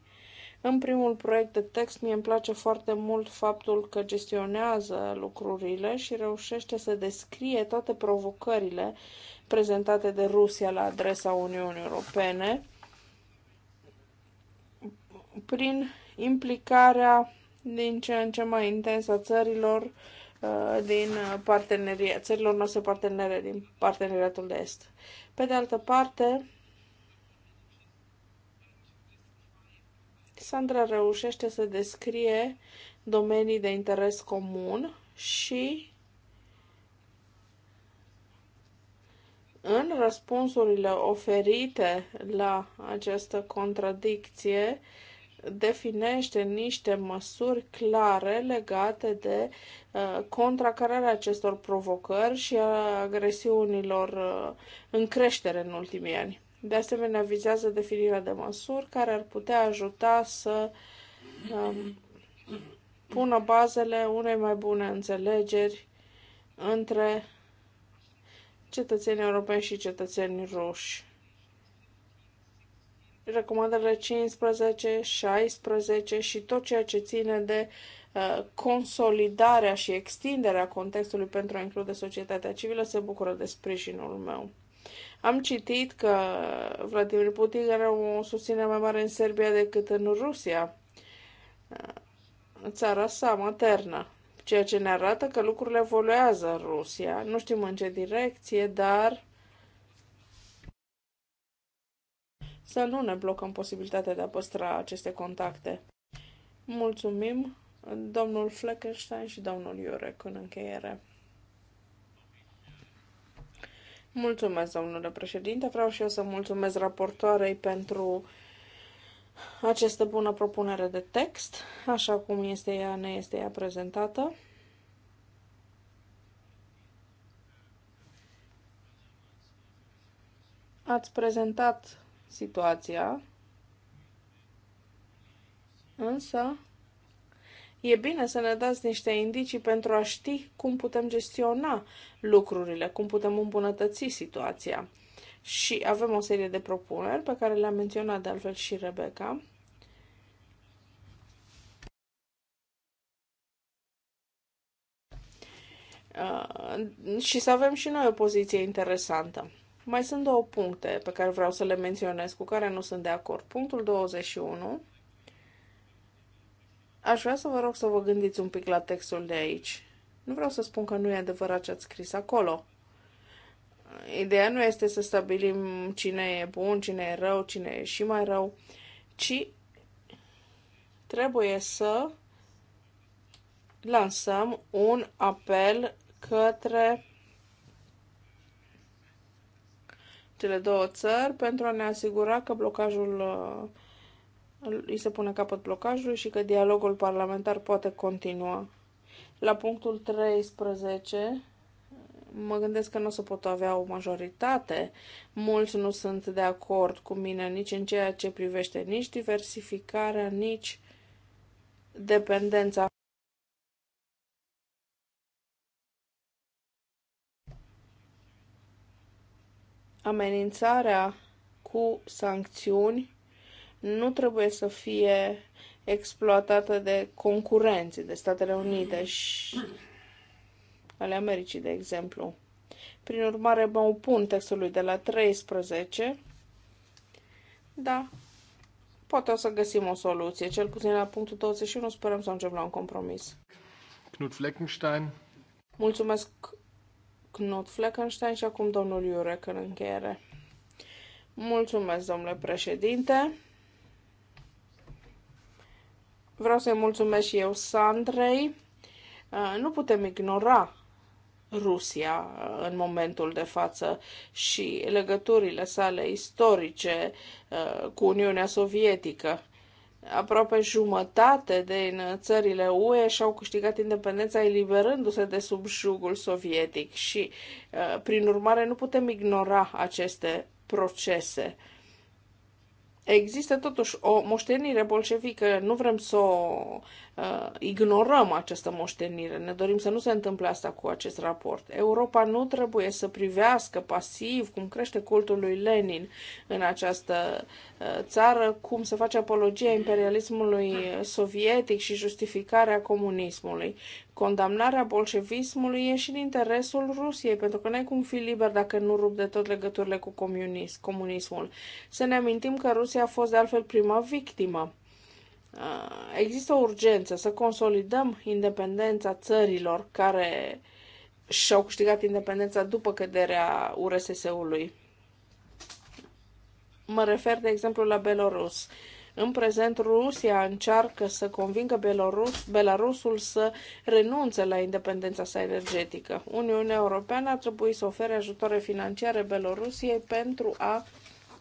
În primul proiect de text, mie îmi place foarte mult faptul că gestionează lucrurile și reușește să descrie toate provocările prezentate de Rusia la adresa Uniunii Europene prin implicarea din ce în ce mai intensă a țărilor uh, din parteneria, țărilor noastre partenere din parteneriatul de est. Pe de altă parte, Sandra reușește să descrie domenii de interes comun și În răspunsurile oferite la această contradicție, definește niște măsuri clare legate de uh, contracararea acestor provocări și a agresiunilor uh, în creștere în ultimii ani. De asemenea, vizează definirea de măsuri care ar putea ajuta să uh, pună bazele unei mai bune înțelegeri între cetățeni europeni și cetățeni ruși. Recomandările 15, 16 și tot ceea ce ține de uh, consolidarea și extinderea contextului pentru a include societatea civilă se bucură de sprijinul meu. Am citit că Vladimir Putin are o susținere mai mare în Serbia decât în Rusia, uh, țara sa maternă ceea ce ne arată că lucrurile evoluează în Rusia. Nu știm în ce direcție, dar să nu ne blocăm posibilitatea de a păstra aceste contacte. Mulțumim, domnul Fleckenstein și domnul Iurec, în încheiere. Mulțumesc, domnule președinte. Vreau și eu să mulțumesc raportoarei pentru această bună propunere de text, așa cum este ea, ne este ea prezentată. Ați prezentat situația, însă e bine să ne dați niște indicii pentru a ști cum putem gestiona lucrurile, cum putem îmbunătăți situația și avem o serie de propuneri pe care le-a menționat de altfel și Rebecca. Uh, și să avem și noi o poziție interesantă. Mai sunt două puncte pe care vreau să le menționez, cu care nu sunt de acord. Punctul 21. Aș vrea să vă rog să vă gândiți un pic la textul de aici. Nu vreau să spun că nu e adevărat ce ați scris acolo. Ideea nu este să stabilim cine e bun, cine e rău, cine e și mai rău, ci trebuie să lansăm un apel către cele două țări pentru a ne asigura că blocajul uh, îi se pune capăt blocajului și că dialogul parlamentar poate continua. La punctul 13 mă gândesc că nu o să pot avea o majoritate. Mulți nu sunt de acord cu mine nici în ceea ce privește nici diversificarea, nici dependența. Amenințarea cu sancțiuni nu trebuie să fie exploatată de concurenții de Statele Unite și ale Americii, de exemplu. Prin urmare, mă opun textului de la 13. Da, poate o să găsim o soluție. Cel puțin la punctul 21 sperăm să ajungem la un compromis. Knut Fleckenstein. Mulțumesc, Knut Fleckenstein și acum domnul Iurec în încheiere. Mulțumesc, domnule președinte. Vreau să-i mulțumesc și eu Sandrei. Uh, nu putem ignora Rusia în momentul de față și legăturile sale istorice uh, cu Uniunea Sovietică. Aproape jumătate din țările UE și-au câștigat independența eliberându-se de sub jugul sovietic și, uh, prin urmare, nu putem ignora aceste procese. Există totuși o moștenire bolșevică, nu vrem să o uh, ignorăm această moștenire. Ne dorim să nu se întâmple asta cu acest raport. Europa nu trebuie să privească pasiv cum crește cultul lui Lenin în această uh, țară, cum se face apologia imperialismului sovietic și justificarea comunismului. Condamnarea bolșevismului e și în interesul Rusiei, pentru că n-ai cum fi liber dacă nu rup de tot legăturile cu comunism, comunismul. Să ne amintim că Rusia a fost de altfel prima victimă Ah, există o urgență să consolidăm independența țărilor care și-au câștigat independența după căderea URSS-ului. Mă refer, de exemplu, la Belarus. În prezent, Rusia încearcă să convingă Belarus, Belarusul să renunțe la independența sa energetică. Uniunea Europeană a trebuit să ofere ajutoare financiare Belarusiei pentru a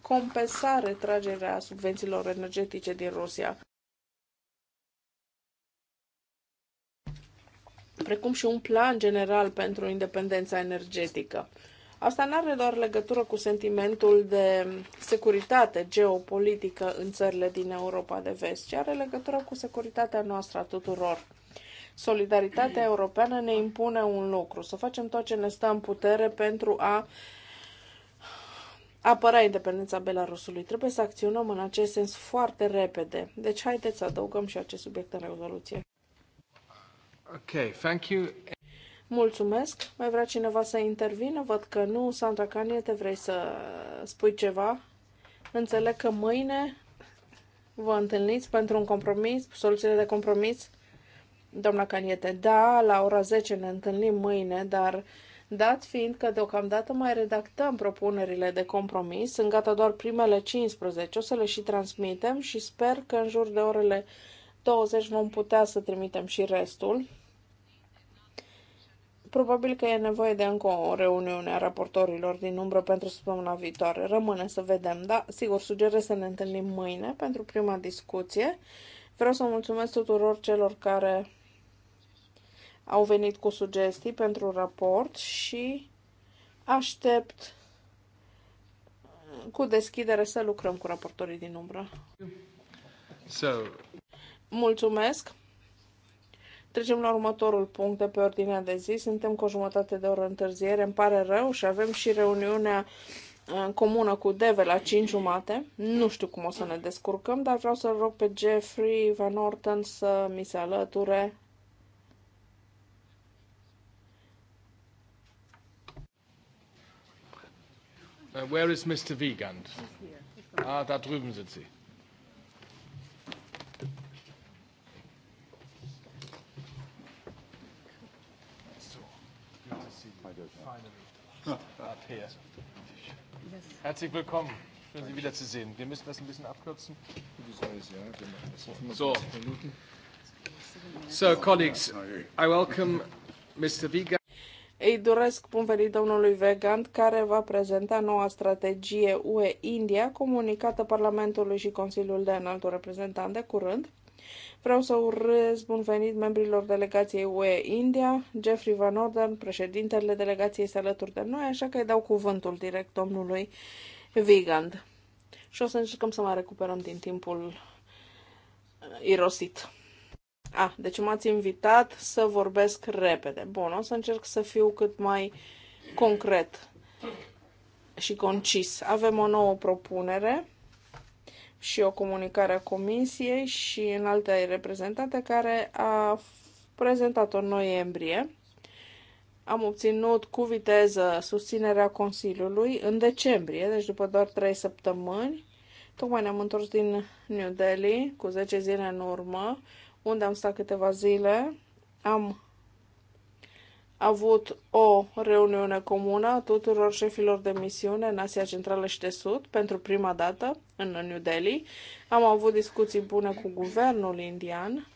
compensa retragerea subvențiilor energetice din Rusia. precum și un plan general pentru independența energetică. Asta nu are doar legătură cu sentimentul de securitate geopolitică în țările din Europa de vest, ci are legătură cu securitatea noastră a tuturor. Solidaritatea europeană ne impune un lucru, să facem tot ce ne stă în putere pentru a apăra independența Belarusului. Trebuie să acționăm în acest sens foarte repede. Deci haideți să adăugăm și acest subiect în rezoluție thank you. Mulțumesc. Mai vrea cineva să intervină? Văd că nu. Sandra Te vrei să spui ceva? Înțeleg că mâine vă întâlniți pentru un compromis, soluțiile de compromis? Doamna Caniete, da, la ora 10 ne întâlnim mâine, dar dat fiind că deocamdată mai redactăm propunerile de compromis, sunt gata doar primele 15, o să le și transmitem și sper că în jur de orele 20 vom putea să trimitem și restul. Probabil că e nevoie de încă o reuniune a raportorilor din umbră pentru săptămâna viitoare. Rămâne să vedem, da? Sigur, sugerez să ne întâlnim mâine pentru prima discuție. Vreau să mulțumesc tuturor celor care au venit cu sugestii pentru raport și aștept cu deschidere să lucrăm cu raportorii din umbră. So. Mulțumesc! Trecem la următorul punct de pe ordinea de zi. Suntem cu o jumătate de oră întârziere. Îmi pare rău și avem și reuniunea uh, în comună cu Deve la 5 jumate. Nu știu cum o să ne descurcăm, dar vreau să-l rog pe Jeffrey Van Orton să mi se alăture. Uh, where is Mr. Wiegand? Ah, da drüben sunt sie. Herzlich willkommen. Schön, Sie wiederzusehen. Wir müssen das ein bisschen abkürzen. So. So, colleagues, I welcome Mr. Vega. Îi doresc bun venit domnului Vegand, care va prezenta noua strategie UE-India, comunicată Parlamentului și Consiliul de Înaltul Reprezentant de curând Vreau să urez bun venit membrilor delegației UE-India. Jeffrey Van Orden, președintele delegației, este alături de noi, așa că îi dau cuvântul direct domnului Vigand. Și o să încercăm să mai recuperăm din timpul uh, irosit. Ah, deci m-ați invitat să vorbesc repede. Bun, o să încerc să fiu cât mai concret și concis. Avem o nouă propunere și o comunicare a Comisiei și în alte reprezentante care a prezentat-o în noiembrie. Am obținut cu viteză susținerea Consiliului în decembrie, deci după doar trei săptămâni. Tocmai ne-am întors din New Delhi cu 10 zile în urmă, unde am stat câteva zile. Am avut o reuniune comună a tuturor șefilor de misiune în Asia Centrală și de Sud pentru prima dată în New Delhi. Am avut discuții bune cu guvernul indian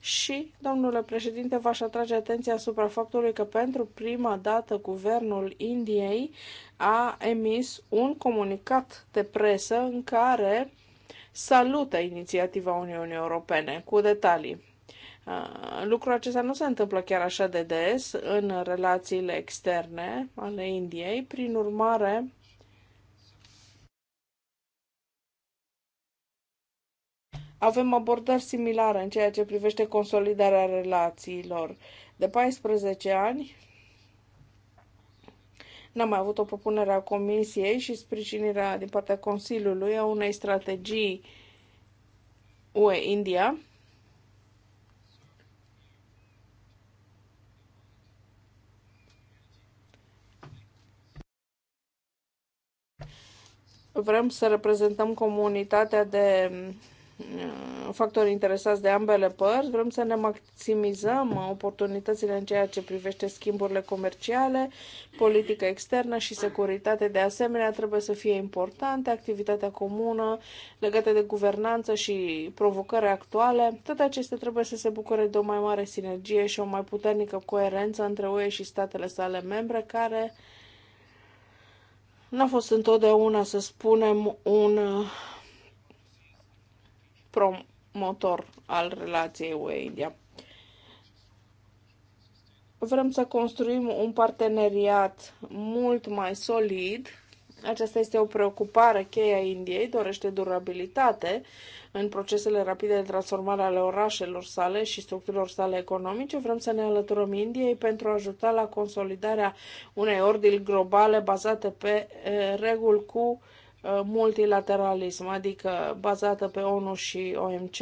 și, domnule președinte, v-aș atrage atenția asupra faptului că pentru prima dată guvernul Indiei a emis un comunicat de presă în care salută inițiativa Uniunii Europene cu detalii. Ah, lucrul acesta nu se întâmplă chiar așa de des în relațiile externe ale Indiei, prin urmare, avem abordări similare în ceea ce privește consolidarea relațiilor. De 14 ani n-am mai avut o propunere a Comisiei și sprijinirea din partea Consiliului a unei strategii UE-India vrem să reprezentăm comunitatea de uh, factori interesați de ambele părți, vrem să ne maximizăm oportunitățile în ceea ce privește schimburile comerciale, politică externă și securitate. De asemenea, trebuie să fie importante activitatea comună legată de guvernanță și provocări actuale. Toate acestea trebuie să se bucure de o mai mare sinergie și o mai puternică coerență între UE și statele sale membre care n-a fost întotdeauna, să spunem, un uh, promotor al relației UE-India. Vrem să construim un parteneriat mult mai solid aceasta este o preocupare cheie a Indiei, dorește durabilitate în procesele rapide de transformare ale orașelor sale și structurilor sale economice. Vrem să ne alăturăm Indiei pentru a ajuta la consolidarea unei ordini globale bazate pe reguli cu multilateralism, adică bazată pe ONU și OMC.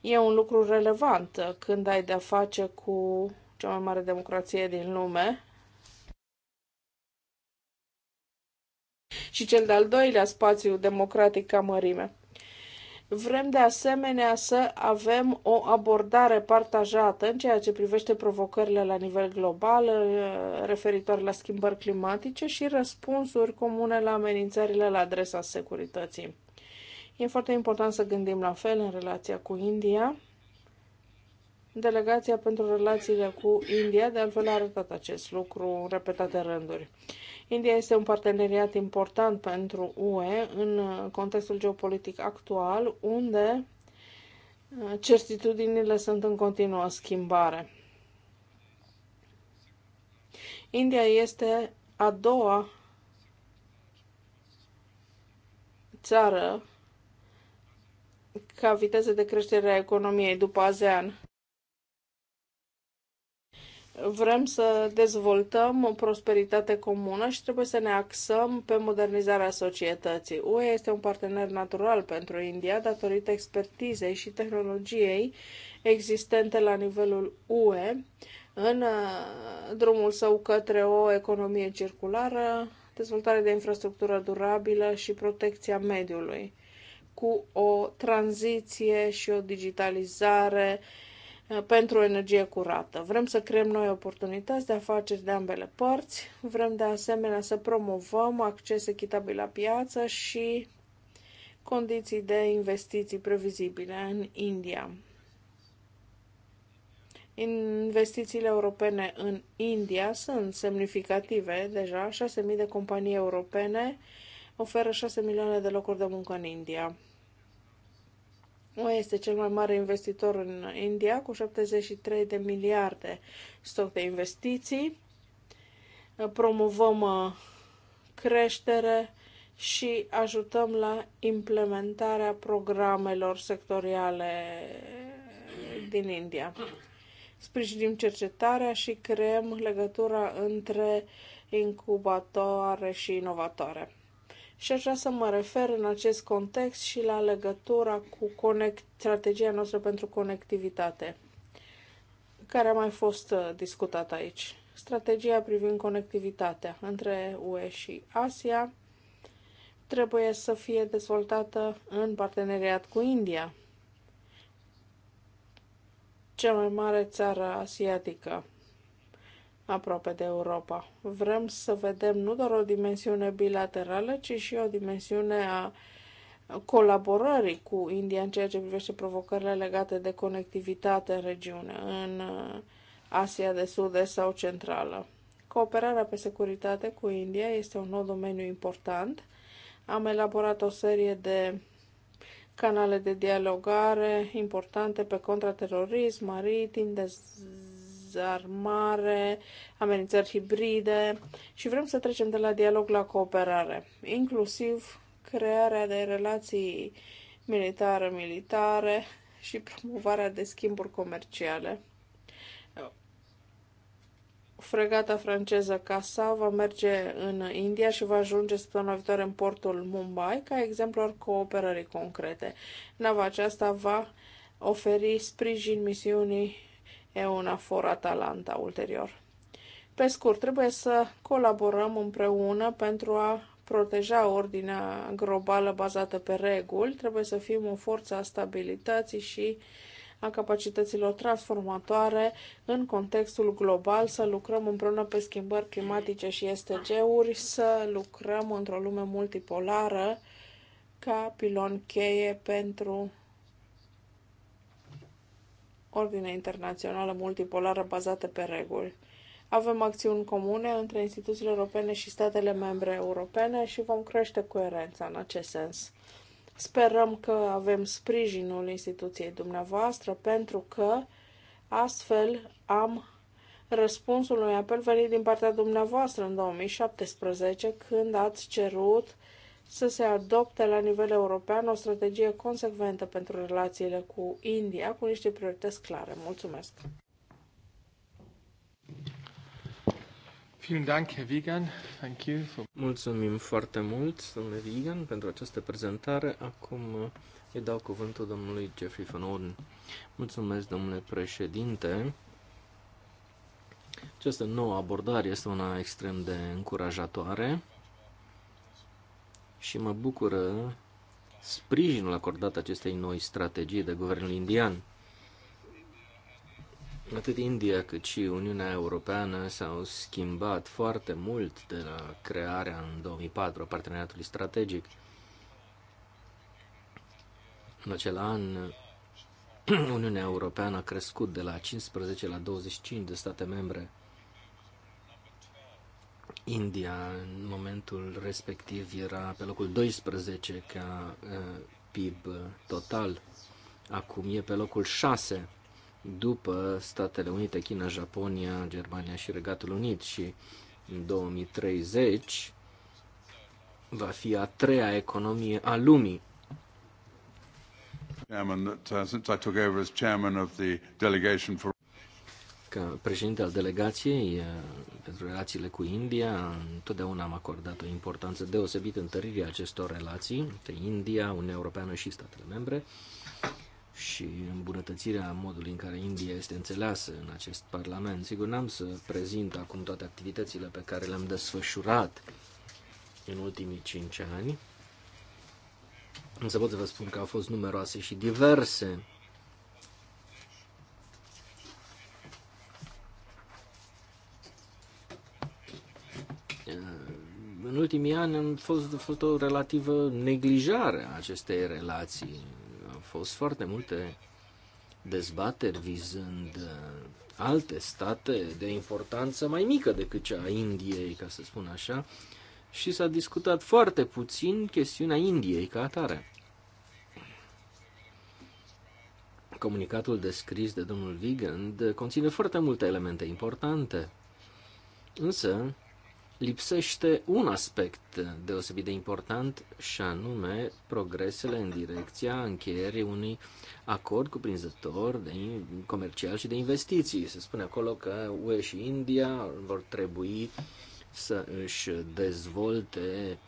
E un lucru relevant când ai de-a face cu cea mai mare democrație din lume, și cel de-al doilea spațiu democratic ca mărime. Vrem de asemenea să avem o abordare partajată în ceea ce privește provocările la nivel global eh, referitor la schimbări climatice și răspunsuri comune la amenințările la adresa securității. E foarte important să gândim la fel în relația cu India. Delegația pentru relațiile cu India, de altfel, a arătat acest lucru în repetate rânduri. India este un parteneriat important pentru UE în contextul geopolitic actual, unde uh, certitudinile sunt în continuă schimbare. India este a doua țară ca viteză de creștere a economiei după ASEAN. Vrem să dezvoltăm o prosperitate comună și trebuie să ne axăm pe modernizarea societății. UE este un partener natural pentru India datorită expertizei și tehnologiei existente la nivelul UE în uh, drumul său către o economie circulară, dezvoltare de infrastructură durabilă și protecția mediului, cu o tranziție și o digitalizare uh, pentru energie curată. Vrem să creăm noi oportunități de afaceri de ambele părți, vrem de asemenea să promovăm acces echitabil la piață și condiții de investiții previzibile în India. Investițiile europene în India sunt semnificative deja. 6.000 de companii europene oferă 6 milioane de locuri de muncă în India. UE este cel mai mare investitor în India, cu 73 de miliarde stoc de investiții. Promovăm uh, creștere și ajutăm la implementarea programelor sectoriale din India. Sprijinim cercetarea și creăm legătura între incubatoare și inovatoare. Și aș vrea să mă refer în acest context și la legătura cu conect, strategia noastră pentru conectivitate, care a mai fost uh, discutată aici. Strategia privind conectivitatea între UE și Asia trebuie să fie dezvoltată în parteneriat cu India, cea mai mare țară asiatică aproape de Europa. Vrem să vedem nu doar o dimensiune bilaterală, ci și o dimensiune a colaborării cu India în ceea ce privește provocările legate de conectivitate în regiune, în uh, Asia de Sud-Est sau Centrală. Cooperarea pe securitate cu India este un nou domeniu important. Am elaborat o serie de canale de dialogare importante pe contraterorism, maritim, dez dezarmare, amenințări hibride și vrem să trecem de la dialog la cooperare, inclusiv crearea de relații militare-militare și promovarea de schimburi comerciale. Fregata franceză Casa va merge în India și va ajunge săptămâna viitoare în portul Mumbai ca exemplu al cooperării concrete. Nava aceasta va oferi sprijin misiunii EUNAFOR Atalanta ulterior. Pe scurt, trebuie să colaborăm împreună pentru a proteja ordinea globală bazată pe reguli, trebuie să fim o forță a stabilității și a capacităților transformatoare în contextul global, să lucrăm împreună pe schimbări climatice și STG-uri, să lucrăm într-o lume multipolară ca pilon cheie pentru ordine internațională multipolară bazată pe reguli. Avem acțiuni comune între instituțiile europene și statele membre europene și vom crește coerența în acest sens. Sperăm că avem sprijinul instituției dumneavoastră pentru că astfel am răspunsul unui apel venit din partea dumneavoastră în 2017 când ați cerut să se adopte la nivel european o strategie consecventă pentru relațiile cu India, cu niște priorități clare. Mulțumesc! Mulțumim foarte mult, domnule Vigan, pentru această prezentare. Acum uh, îi dau cuvântul domnului Jeffrey Van Orden. Mulțumesc, domnule președinte. Această nouă abordare este una extrem de încurajatoare și mă bucură sprijinul acordat acestei noi strategii de guvernul indian. Atât India cât și Uniunea Europeană s-au schimbat foarte mult de la crearea în 2004 a parteneriatului strategic. În acel an, <clears throat> Uniunea Europeană a crescut de la 15 la 25 de state membre. India în momentul respectiv era pe locul 12 ca uh, PIB total. Acum e pe locul 6 după Statele Unite, China, Japonia, Germania și Regatul Unit și în 2030 va fi a treia economie a lumii. Chairman, that, uh, since I took over as chairman of the delegation for ca președinte al delegației eh, pentru relațiile cu India, întotdeauna am acordat o importanță deosebită întăririi acestor relații între India, Uniunea Europeană și statele membre și îmbunătățirea modului în care India este înțeleasă în acest Parlament. Sigur, n-am să prezint acum toate activitățile pe care le-am desfășurat în ultimii cinci ani, însă pot să vă spun că au fost numeroase și diverse în ultimii ani a fost, a fost o relativă neglijare a acestei relații. Au fost foarte multe dezbateri vizând uh, alte state de importanță mai mică decât cea a Indiei, ca să spun așa, și s-a discutat foarte puțin chestiunea Indiei ca atare. Comunicatul descris de domnul Vigand conține foarte multe elemente importante, însă lipsește un aspect deosebit de important și anume progresele în direcția încheierii unui acord cuprinzător de comercial și de investiții. Se spune acolo că UE și India vor trebui să își dezvolte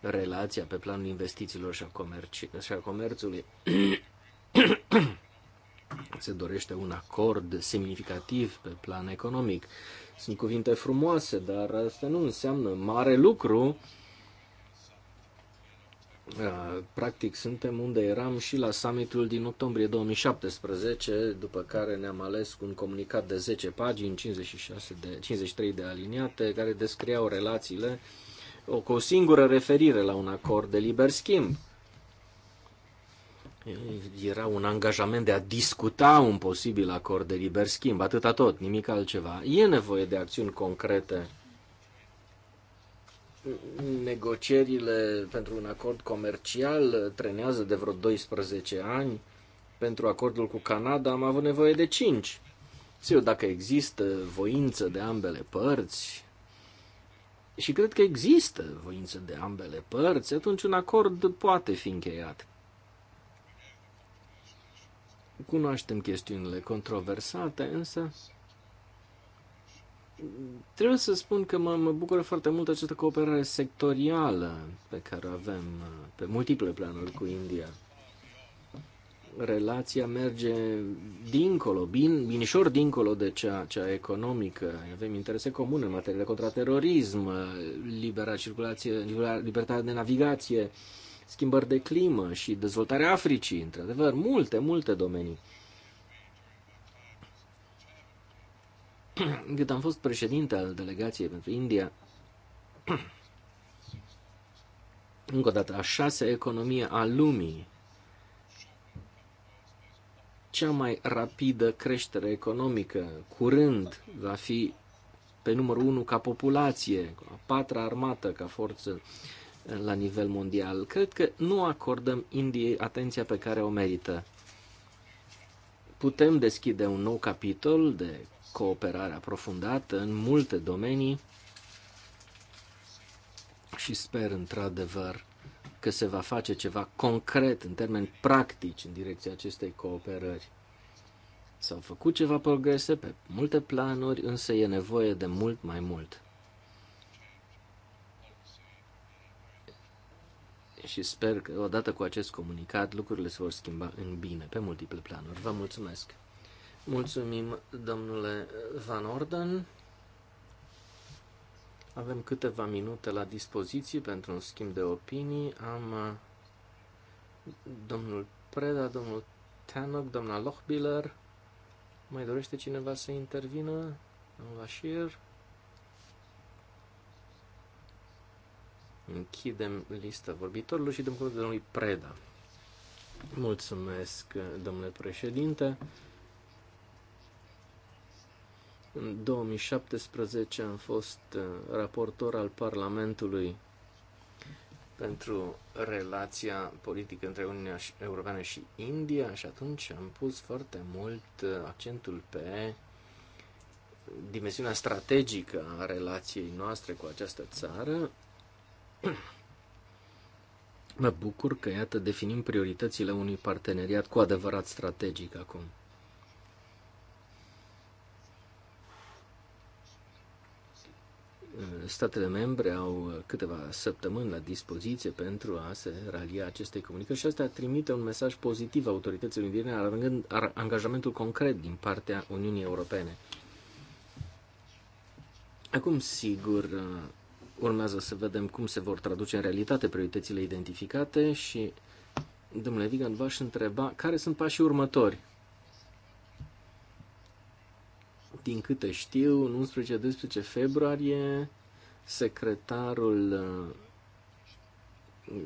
relația pe planul investițiilor și a, comerci- și a comerțului. Se dorește un acord semnificativ pe plan economic. Sunt cuvinte frumoase, dar asta nu înseamnă mare lucru. Uh, practic, suntem unde eram și la summitul din octombrie 2017, după care ne-am ales cu un comunicat de 10 pagini, 56 de, 53 de aliniate, care descriau relațiile cu o singură referire la un acord de liber schimb era un angajament de a discuta un posibil acord de liber schimb, atâta tot, nimic altceva. E nevoie de acțiuni concrete. Negocierile pentru un acord comercial trenează de vreo 12 ani. Pentru acordul cu Canada am avut nevoie de 5. Sigur, dacă există voință de ambele părți, și cred că există voință de ambele părți, atunci un acord poate fi încheiat Cunoaștem chestiunile controversate, însă trebuie să spun că mă, mă bucură foarte mult această cooperare sectorială pe care o avem uh, pe multiple planuri cu India. Relația merge dincolo, bin, binișor dincolo de cea, cea economică. Avem interese comune în materie de contraterorism, uh, libera circulație, libera, libertatea de navigație, uh, schimbări de climă și dezvoltarea Africii, într-adevăr, multe, multe domenii. <clears throat> Cât am fost președinte al delegației pentru India, <clears throat> încă o dată, a șasea economie a lumii, cea mai rapidă creștere economică, curând va fi pe numărul 1 ca populație, a patra armată ca forță la nivel mondial. Cred că nu acordăm Indiei atenția pe care o merită. Putem deschide un nou capitol de cooperare aprofundată în multe domenii și sper într-adevăr că se va face ceva concret în termeni practici în direcția acestei cooperări. S-au făcut ceva progrese pe multe planuri, însă e nevoie de mult mai mult. și sper că odată cu acest comunicat lucrurile se vor schimba în bine pe multiple planuri. Vă mulțumesc! Mulțumim, domnule Van Orden. Avem câteva minute la dispoziție pentru un schimb de opinii. Am uh, domnul Preda, domnul Tanok, doamna Lochbiller. Mai dorește cineva să intervină? Domnul Ashir? Închidem lista vorbitorilor și dăm cuvântul domnului Preda. Mulțumesc, domnule președinte. În 2017 am fost uh, raportor al Parlamentului pentru relația politică între Uniunea Europeană și India și atunci am pus foarte mult uh, accentul pe dimensiunea strategică a relației noastre cu această țară <coughs> Mă bucur că, iată, definim prioritățile unui parteneriat cu adevărat strategic acum. Statele membre au câteva săptămâni la dispoziție pentru a se ralia acestei comunicări și asta trimite un mesaj pozitiv autorităților indiene, arătând angajamentul concret din partea Uniunii Europene. Acum, sigur, Urmează să vedem cum se vor traduce în realitate prioritățile identificate și, domnule Vigan, v-aș întreba care sunt pașii următori. Din câte știu, în 11-12 februarie, secretarul uh,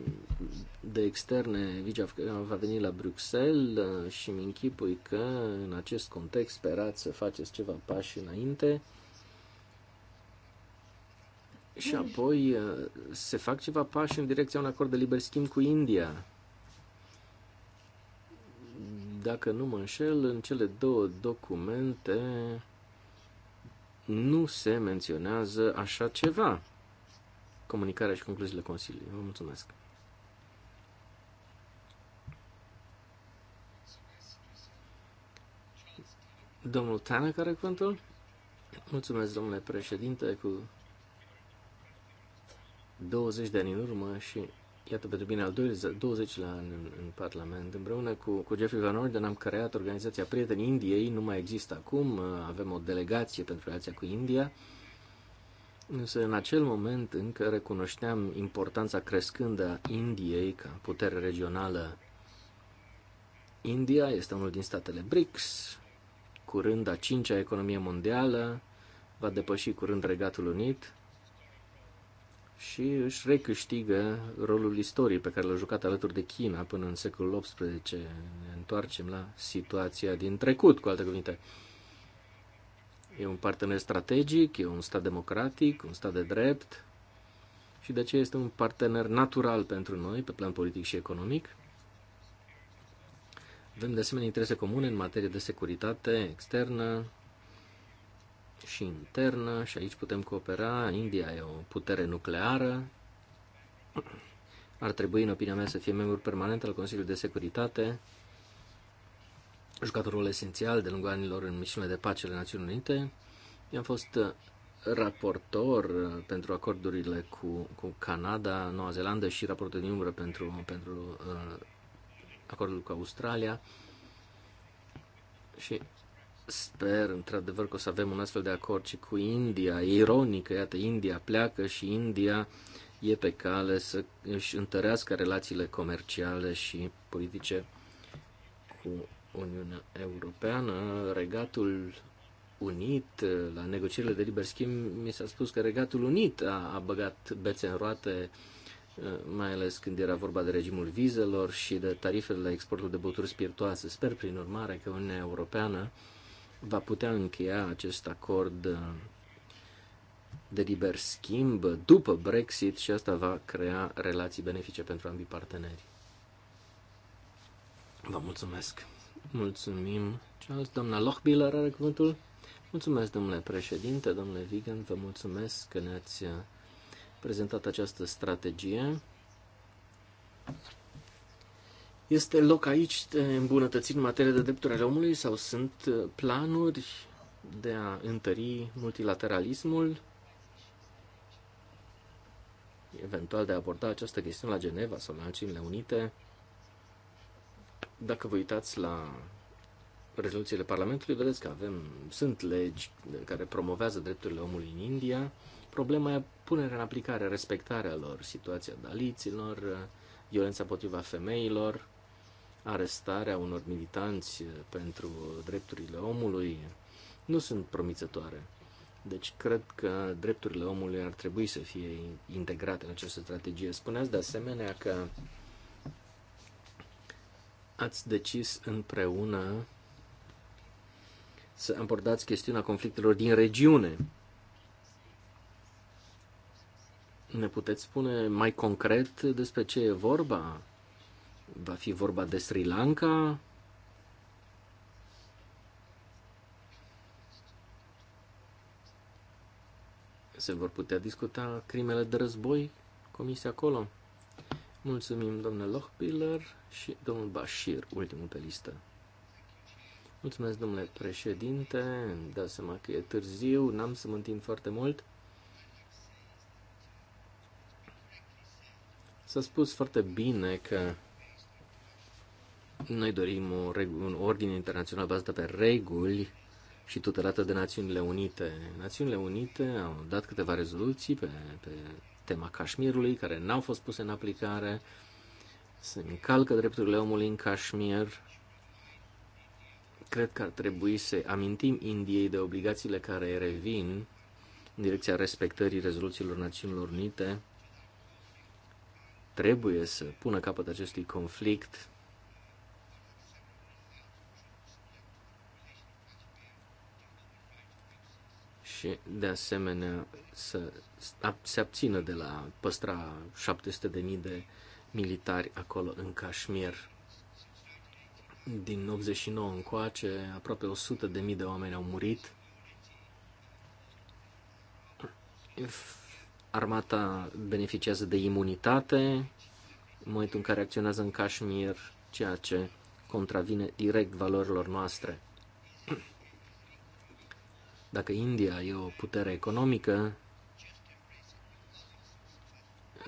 de externe Vigea va veni la Bruxelles uh, și mi închipui că în acest context sperați să faceți ceva pași înainte și apoi uh, se fac ceva pași în direcția un acord de liber schimb cu India. Dacă nu mă înșel, în cele două documente nu se menționează așa ceva. Comunicarea și concluziile Consiliului. Vă mulțumesc. Domnul Tanaka are cuvântul? Mulțumesc, domnule președinte, cu 20 de ani în urmă și iată pentru bine al 20 la an în, în Parlament. Împreună cu, cu Jeffrey Van Orden am creat organizația Prieteni Indiei, nu mai există acum, avem o delegație pentru relația cu India, însă în acel moment încă recunoșteam importanța crescândă a Indiei ca putere regională. India este unul din statele BRICS, curând a cincea economie mondială, va depăși curând Regatul Unit, și își recâștigă rolul istoriei pe care l-a jucat alături de China până în secolul XVIII. Ne întoarcem la situația din trecut, cu alte cuvinte. E un partener strategic, e un stat democratic, un stat de drept și de aceea este un partener natural pentru noi pe plan politic și economic. Avem de asemenea interese comune în materie de securitate externă, și internă și aici putem coopera. India e o putere nucleară. Ar trebui, în opinia mea, să fie membru permanent al Consiliului de Securitate. A jucat un rol esențial de lungul anilor în misiunile de pace ale Națiunilor Unite. Eu am fost uh, raportor uh, pentru acordurile cu, cu Canada, Noua Zeelandă și raportor din umbră pentru, pentru uh, acordul cu Australia. Și Sper într-adevăr că o să avem un astfel de acord și cu India. E ironic că, iată, India pleacă și India e pe cale să își întărească relațiile comerciale și politice cu Uniunea Europeană. Regatul Unit, la negocierile de liber schimb, mi s-a spus că Regatul Unit a, a băgat bețe în roate, uh, mai ales când era vorba de regimul vizelor și de tarifele la exportul de băuturi spiritoase. Sper, prin urmare, că Uniunea Europeană va putea încheia acest acord uh, de liber schimb după Brexit și asta va crea relații benefice pentru ambii parteneri. Vă mulțumesc. Mulțumim. Charles, doamna Lochbiller are cuvântul. Mulțumesc, domnule președinte, domnule Vigan, vă mulțumesc că ne-ați prezentat această strategie. Este loc aici de îmbunătățiri în materie de drepturi ale omului sau sunt uh, planuri de a întări multilateralismul, eventual de a aborda această chestiune la Geneva sau la Națiunile Unite? Dacă vă uitați la rezoluțiile Parlamentului, vedeți că avem, sunt legi care promovează drepturile omului în India. Problema e punerea în aplicare, respectarea lor, situația daliților, uh, violența potriva femeilor, arestarea unor militanți eh, pentru drepturile omului nu sunt promițătoare. Deci cred că drepturile omului ar trebui să fie integrate în această strategie. Spuneați de asemenea că ați decis împreună să abordați chestiunea conflictelor din regiune. Ne puteți spune mai concret despre ce e vorba? Va fi vorba de Sri Lanka. Se vor putea discuta crimele de război comise acolo. Mulțumim, domnule Lochbiller și domnul Bashir, ultimul pe listă. Mulțumesc, domnule președinte. Îmi dau seama că e târziu, n-am să mă întind foarte mult. S-a spus foarte bine că noi dorim o, un ordine internațional bazată pe reguli și tutelată de Națiunile Unite. Națiunile Unite au dat câteva rezoluții pe, pe tema Cașmirului, care n-au fost puse în aplicare. Se încalcă drepturile omului în Cașmir. Cred că ar trebui să amintim Indiei de obligațiile care revin în direcția respectării rezoluțiilor Națiunilor Unite trebuie să pună capăt acestui conflict și de asemenea să se abțină de la păstra 700.000 de militari acolo în Kashmir. Din 89 încoace, aproape 100.000 de oameni au murit. Armata beneficiază de imunitate în momentul în care acționează în Kashmir, ceea ce contravine direct valorilor noastre. Dacă India e o putere economică,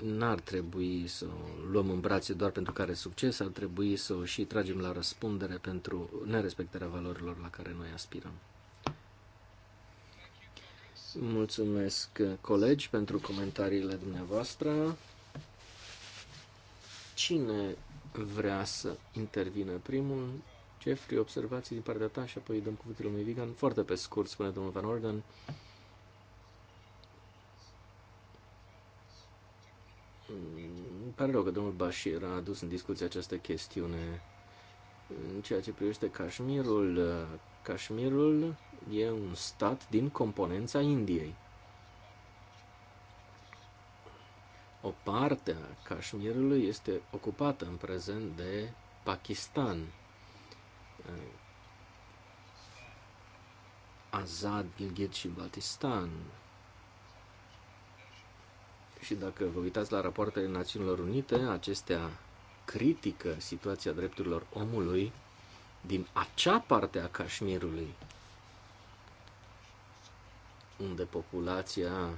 n-ar trebui să o luăm în brațe doar pentru care succes, ar trebui să o și tragem la răspundere pentru nerespectarea valorilor la care noi aspirăm. Mulțumesc, colegi, pentru comentariile dumneavoastră. Cine vrea să intervină primul? Jeffrey, observații din partea ta și apoi dăm cuvântul lui Vigan. Foarte pe scurt, spune domnul Van Orden. Îmi pare rău că domnul Bashir a adus în discuție această chestiune în ceea ce privește Cașmirul. Cașmirul e un stat din componența Indiei. O parte a Cașmirului este ocupată în prezent de Pakistan. Eh, Azad, Gilgit și Baltistan. Și dacă vă uitați la rapoartele Națiunilor Unite, acestea critică situația drepturilor omului din acea parte a Cașmirului, unde populația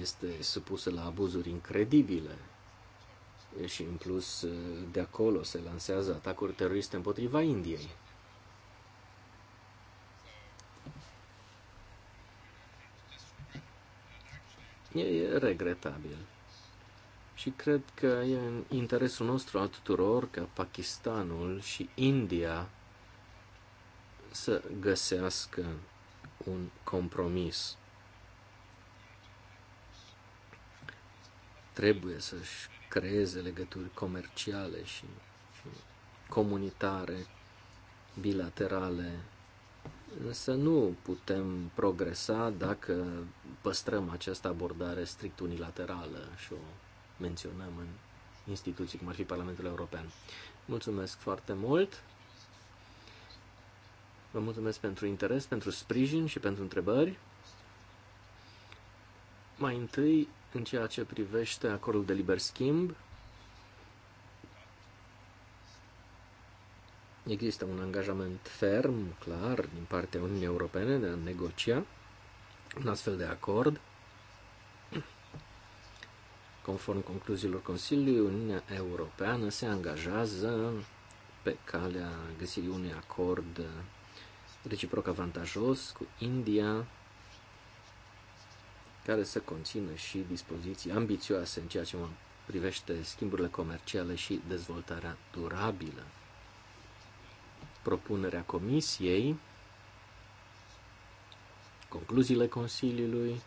este supusă la abuzuri incredibile și în plus uh, de acolo se lansează atacuri teroriste împotriva Indiei. E, e regretabil. Și cred că e în interesul nostru al tuturor ca Pakistanul și India să găsească un compromis. Trebuie să-și creeze legături comerciale și, și comunitare, bilaterale. Însă nu putem progresa dacă păstrăm această abordare strict unilaterală și o menționăm în instituții cum ar fi Parlamentul European. Mulțumesc foarte mult! Vă mulțumesc pentru interes, pentru sprijin și pentru întrebări. Mai întâi în ceea ce privește acordul de liber schimb, există un angajament ferm, clar, din partea Uniunii Europene de a negocia un astfel de acord. Conform concluziilor Consiliului, Uniunea Europeană se angajează pe calea găsirii unui acord reciproc avantajos cu India, care să conțină și dispoziții ambițioase în ceea ce mă privește schimburile comerciale și dezvoltarea durabilă. Propunerea Comisiei, concluziile Consiliului,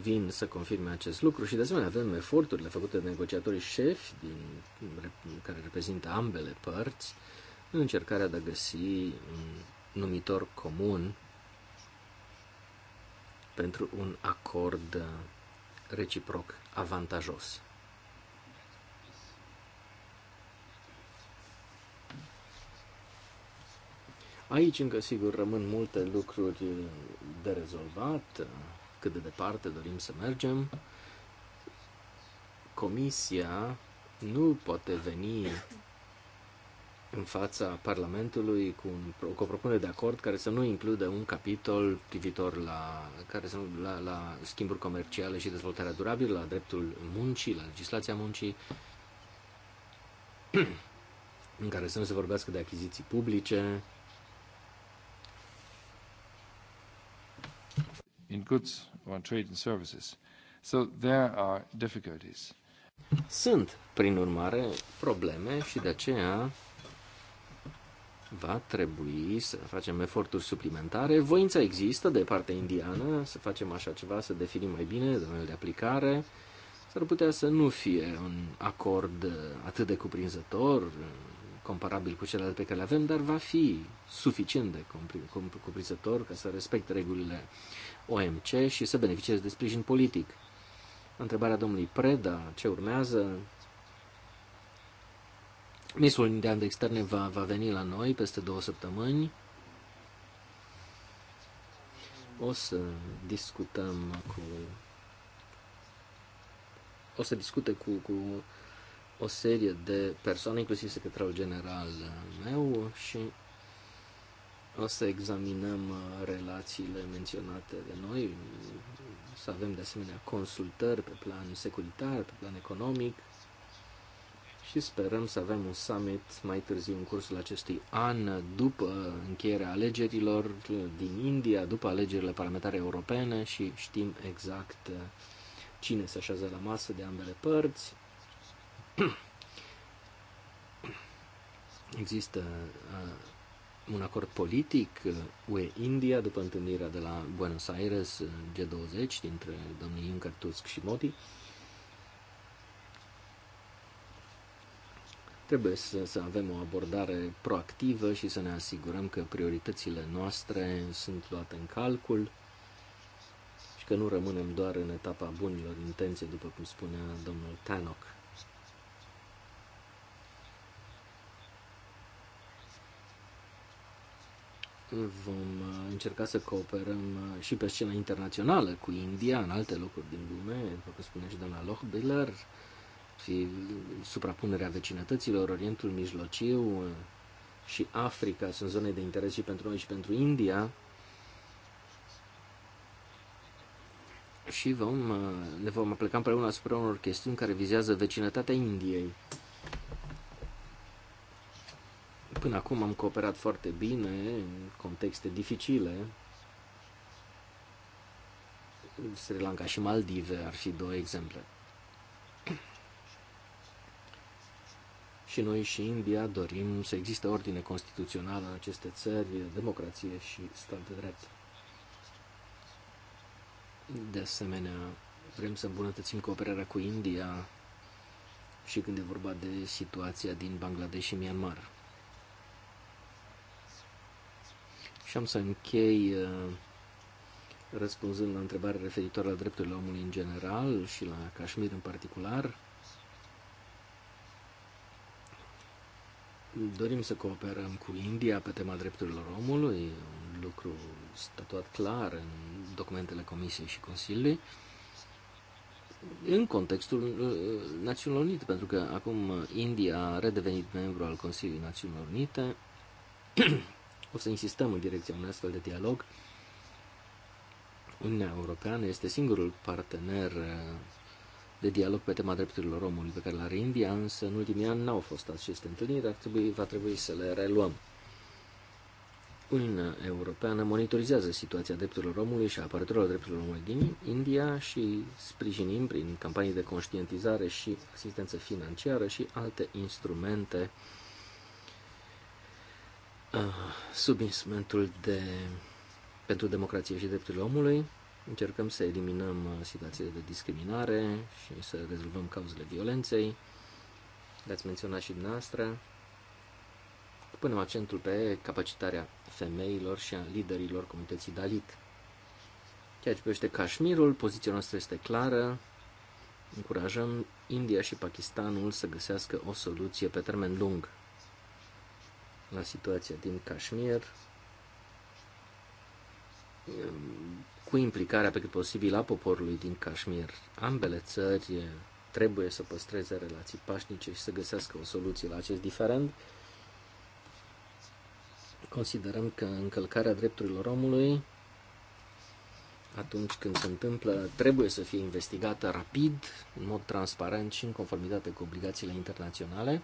vin să confirme acest lucru și de asemenea avem eforturile făcute de negociatorii șefi din, care reprezintă ambele părți în încercarea de a găsi un numitor comun pentru un acord uh, reciproc avantajos. Aici încă sigur rămân multe lucruri de rezolvat, cât de departe dorim să mergem. Comisia nu poate veni în fața Parlamentului cu, un, cu o propunere de acord care să nu includă un capitol privitor la, care să, la, la schimburi comerciale și dezvoltarea durabilă, la dreptul muncii, la legislația muncii, <clears throat> în care să nu se vorbească de achiziții publice. In goods or trade and services. So there are difficulties. Sunt, prin urmare, probleme și de aceea va trebui să facem eforturi suplimentare. Voința există de partea indiană să facem așa ceva, să definim mai bine domeniul de aplicare. S-ar putea să nu fie un acord atât de cuprinzător, comparabil cu celelalte pe care le avem, dar va fi suficient de cuprinzător ca să respecte regulile OMC și să beneficieze de sprijin politic. Întrebarea domnului Preda, ce urmează, Ministrul de externe va, va veni la noi peste două săptămâni. O să discutăm cu... O să discute cu, cu o serie de persoane, inclusiv secretarul general meu și o să examinăm uh, relațiile menționate de noi, o să avem de asemenea consultări pe plan securitar, pe plan economic, și sperăm să avem un summit mai târziu în cursul acestui an, după încheierea alegerilor din India, după alegerile parlamentare europene și știm exact uh, cine se așează la masă de ambele părți. <clears throat> Există uh, un acord politic uh, UE-India după întâlnirea de la Buenos Aires G20 dintre domnii Juncker, Tusk și Modi. Trebuie să, să avem o abordare proactivă și să ne asigurăm că prioritățile noastre sunt luate în calcul și că nu rămânem doar în etapa bunilor intenții, după cum spunea domnul Tanok. vom uh, încerca să cooperăm uh, și pe scena internațională cu India, în alte locuri din lume, după cum spune și doamna Lochbiller, fi suprapunerea vecinătăților, Orientul Mijlociu și Africa sunt zone de interes și pentru noi și pentru India. Și vom, ne vom pleca împreună asupra unor chestiuni care vizează vecinătatea Indiei. Până acum am cooperat foarte bine în contexte dificile, Sri Lanka și Maldive ar fi două exemple. și noi și India dorim să existe ordine constituțională în aceste țări, democrație și stat de drept. De asemenea, vrem să îmbunătățim cooperarea cu India și când e vorba de situația din Bangladesh și Myanmar. Și am să închei uh, răspunzând la întrebarea referitoare la drepturile omului în general și la Kashmir în particular. Dorim să cooperăm cu India pe tema drepturilor omului, un lucru statuat clar în documentele Comisiei și Consiliului, în contextul uh, Națiunilor Unite, pentru că acum India a redevenit membru al Consiliului Națiunilor Unite. <clears throat> o să insistăm în direcția unui astfel de dialog. Uniunea Europeană este singurul partener uh, de dialog pe tema drepturilor omului pe care le are India, însă în ultimii ani n-au fost aceste întâlniri, dar trebui, va trebui să le reluăm. Uniunea Europeană monitorizează situația drepturilor omului și a apărătorilor drepturilor omului din India și sprijinim prin campanii de conștientizare și asistență financiară și alte instrumente ah, sub instrumentul de, pentru democrație și drepturile omului. Încercăm să eliminăm uh, situațiile de discriminare și să rezolvăm cauzele violenței. Le-ați menționat și dumneavoastră. Punem accentul pe capacitarea femeilor și a liderilor comunității Dalit. Ceea ce privește Cașmirul, poziția noastră este clară. Încurajăm India și Pakistanul să găsească o soluție pe termen lung la situația din Kashmir, cu implicarea pe cât posibil a poporului din Kashmir. Ambele țări eh, trebuie să păstreze relații pașnice și să găsească o soluție la acest diferend. Considerăm că încălcarea drepturilor omului, atunci când se întâmplă, trebuie să fie investigată rapid, în mod transparent și în conformitate cu obligațiile internaționale.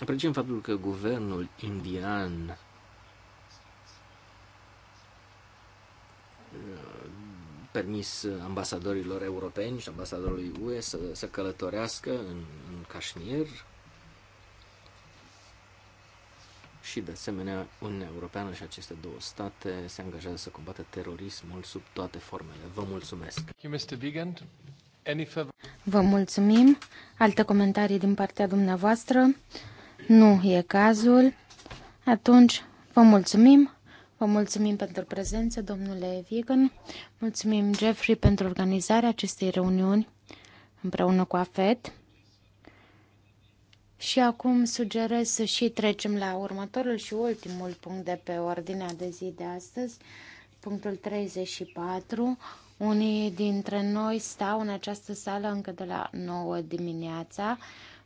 Apreciem faptul că guvernul indian permis ambasadorilor europeni și ambasadorului UE să, să călătorească în, în Cașmir și, de asemenea, Uniunea Europeană și aceste două state se angajează să combată terorismul sub toate formele. Vă mulțumesc! Vă mulțumim! Alte comentarii din partea dumneavoastră? Nu e cazul. Atunci, vă mulțumim! Vă mulțumim pentru prezență, domnule Vigan. Mulțumim, Jeffrey, pentru organizarea acestei reuniuni împreună cu AFET. Și acum sugerez să și trecem la următorul și ultimul punct de pe ordinea de zi de astăzi, punctul 34. Unii dintre noi stau în această sală încă de la 9 dimineața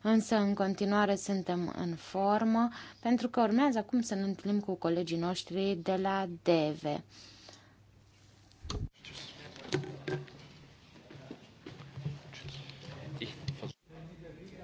însă în continuare suntem în formă pentru că urmează acum să ne întâlnim cu colegii noștri de la DEVE.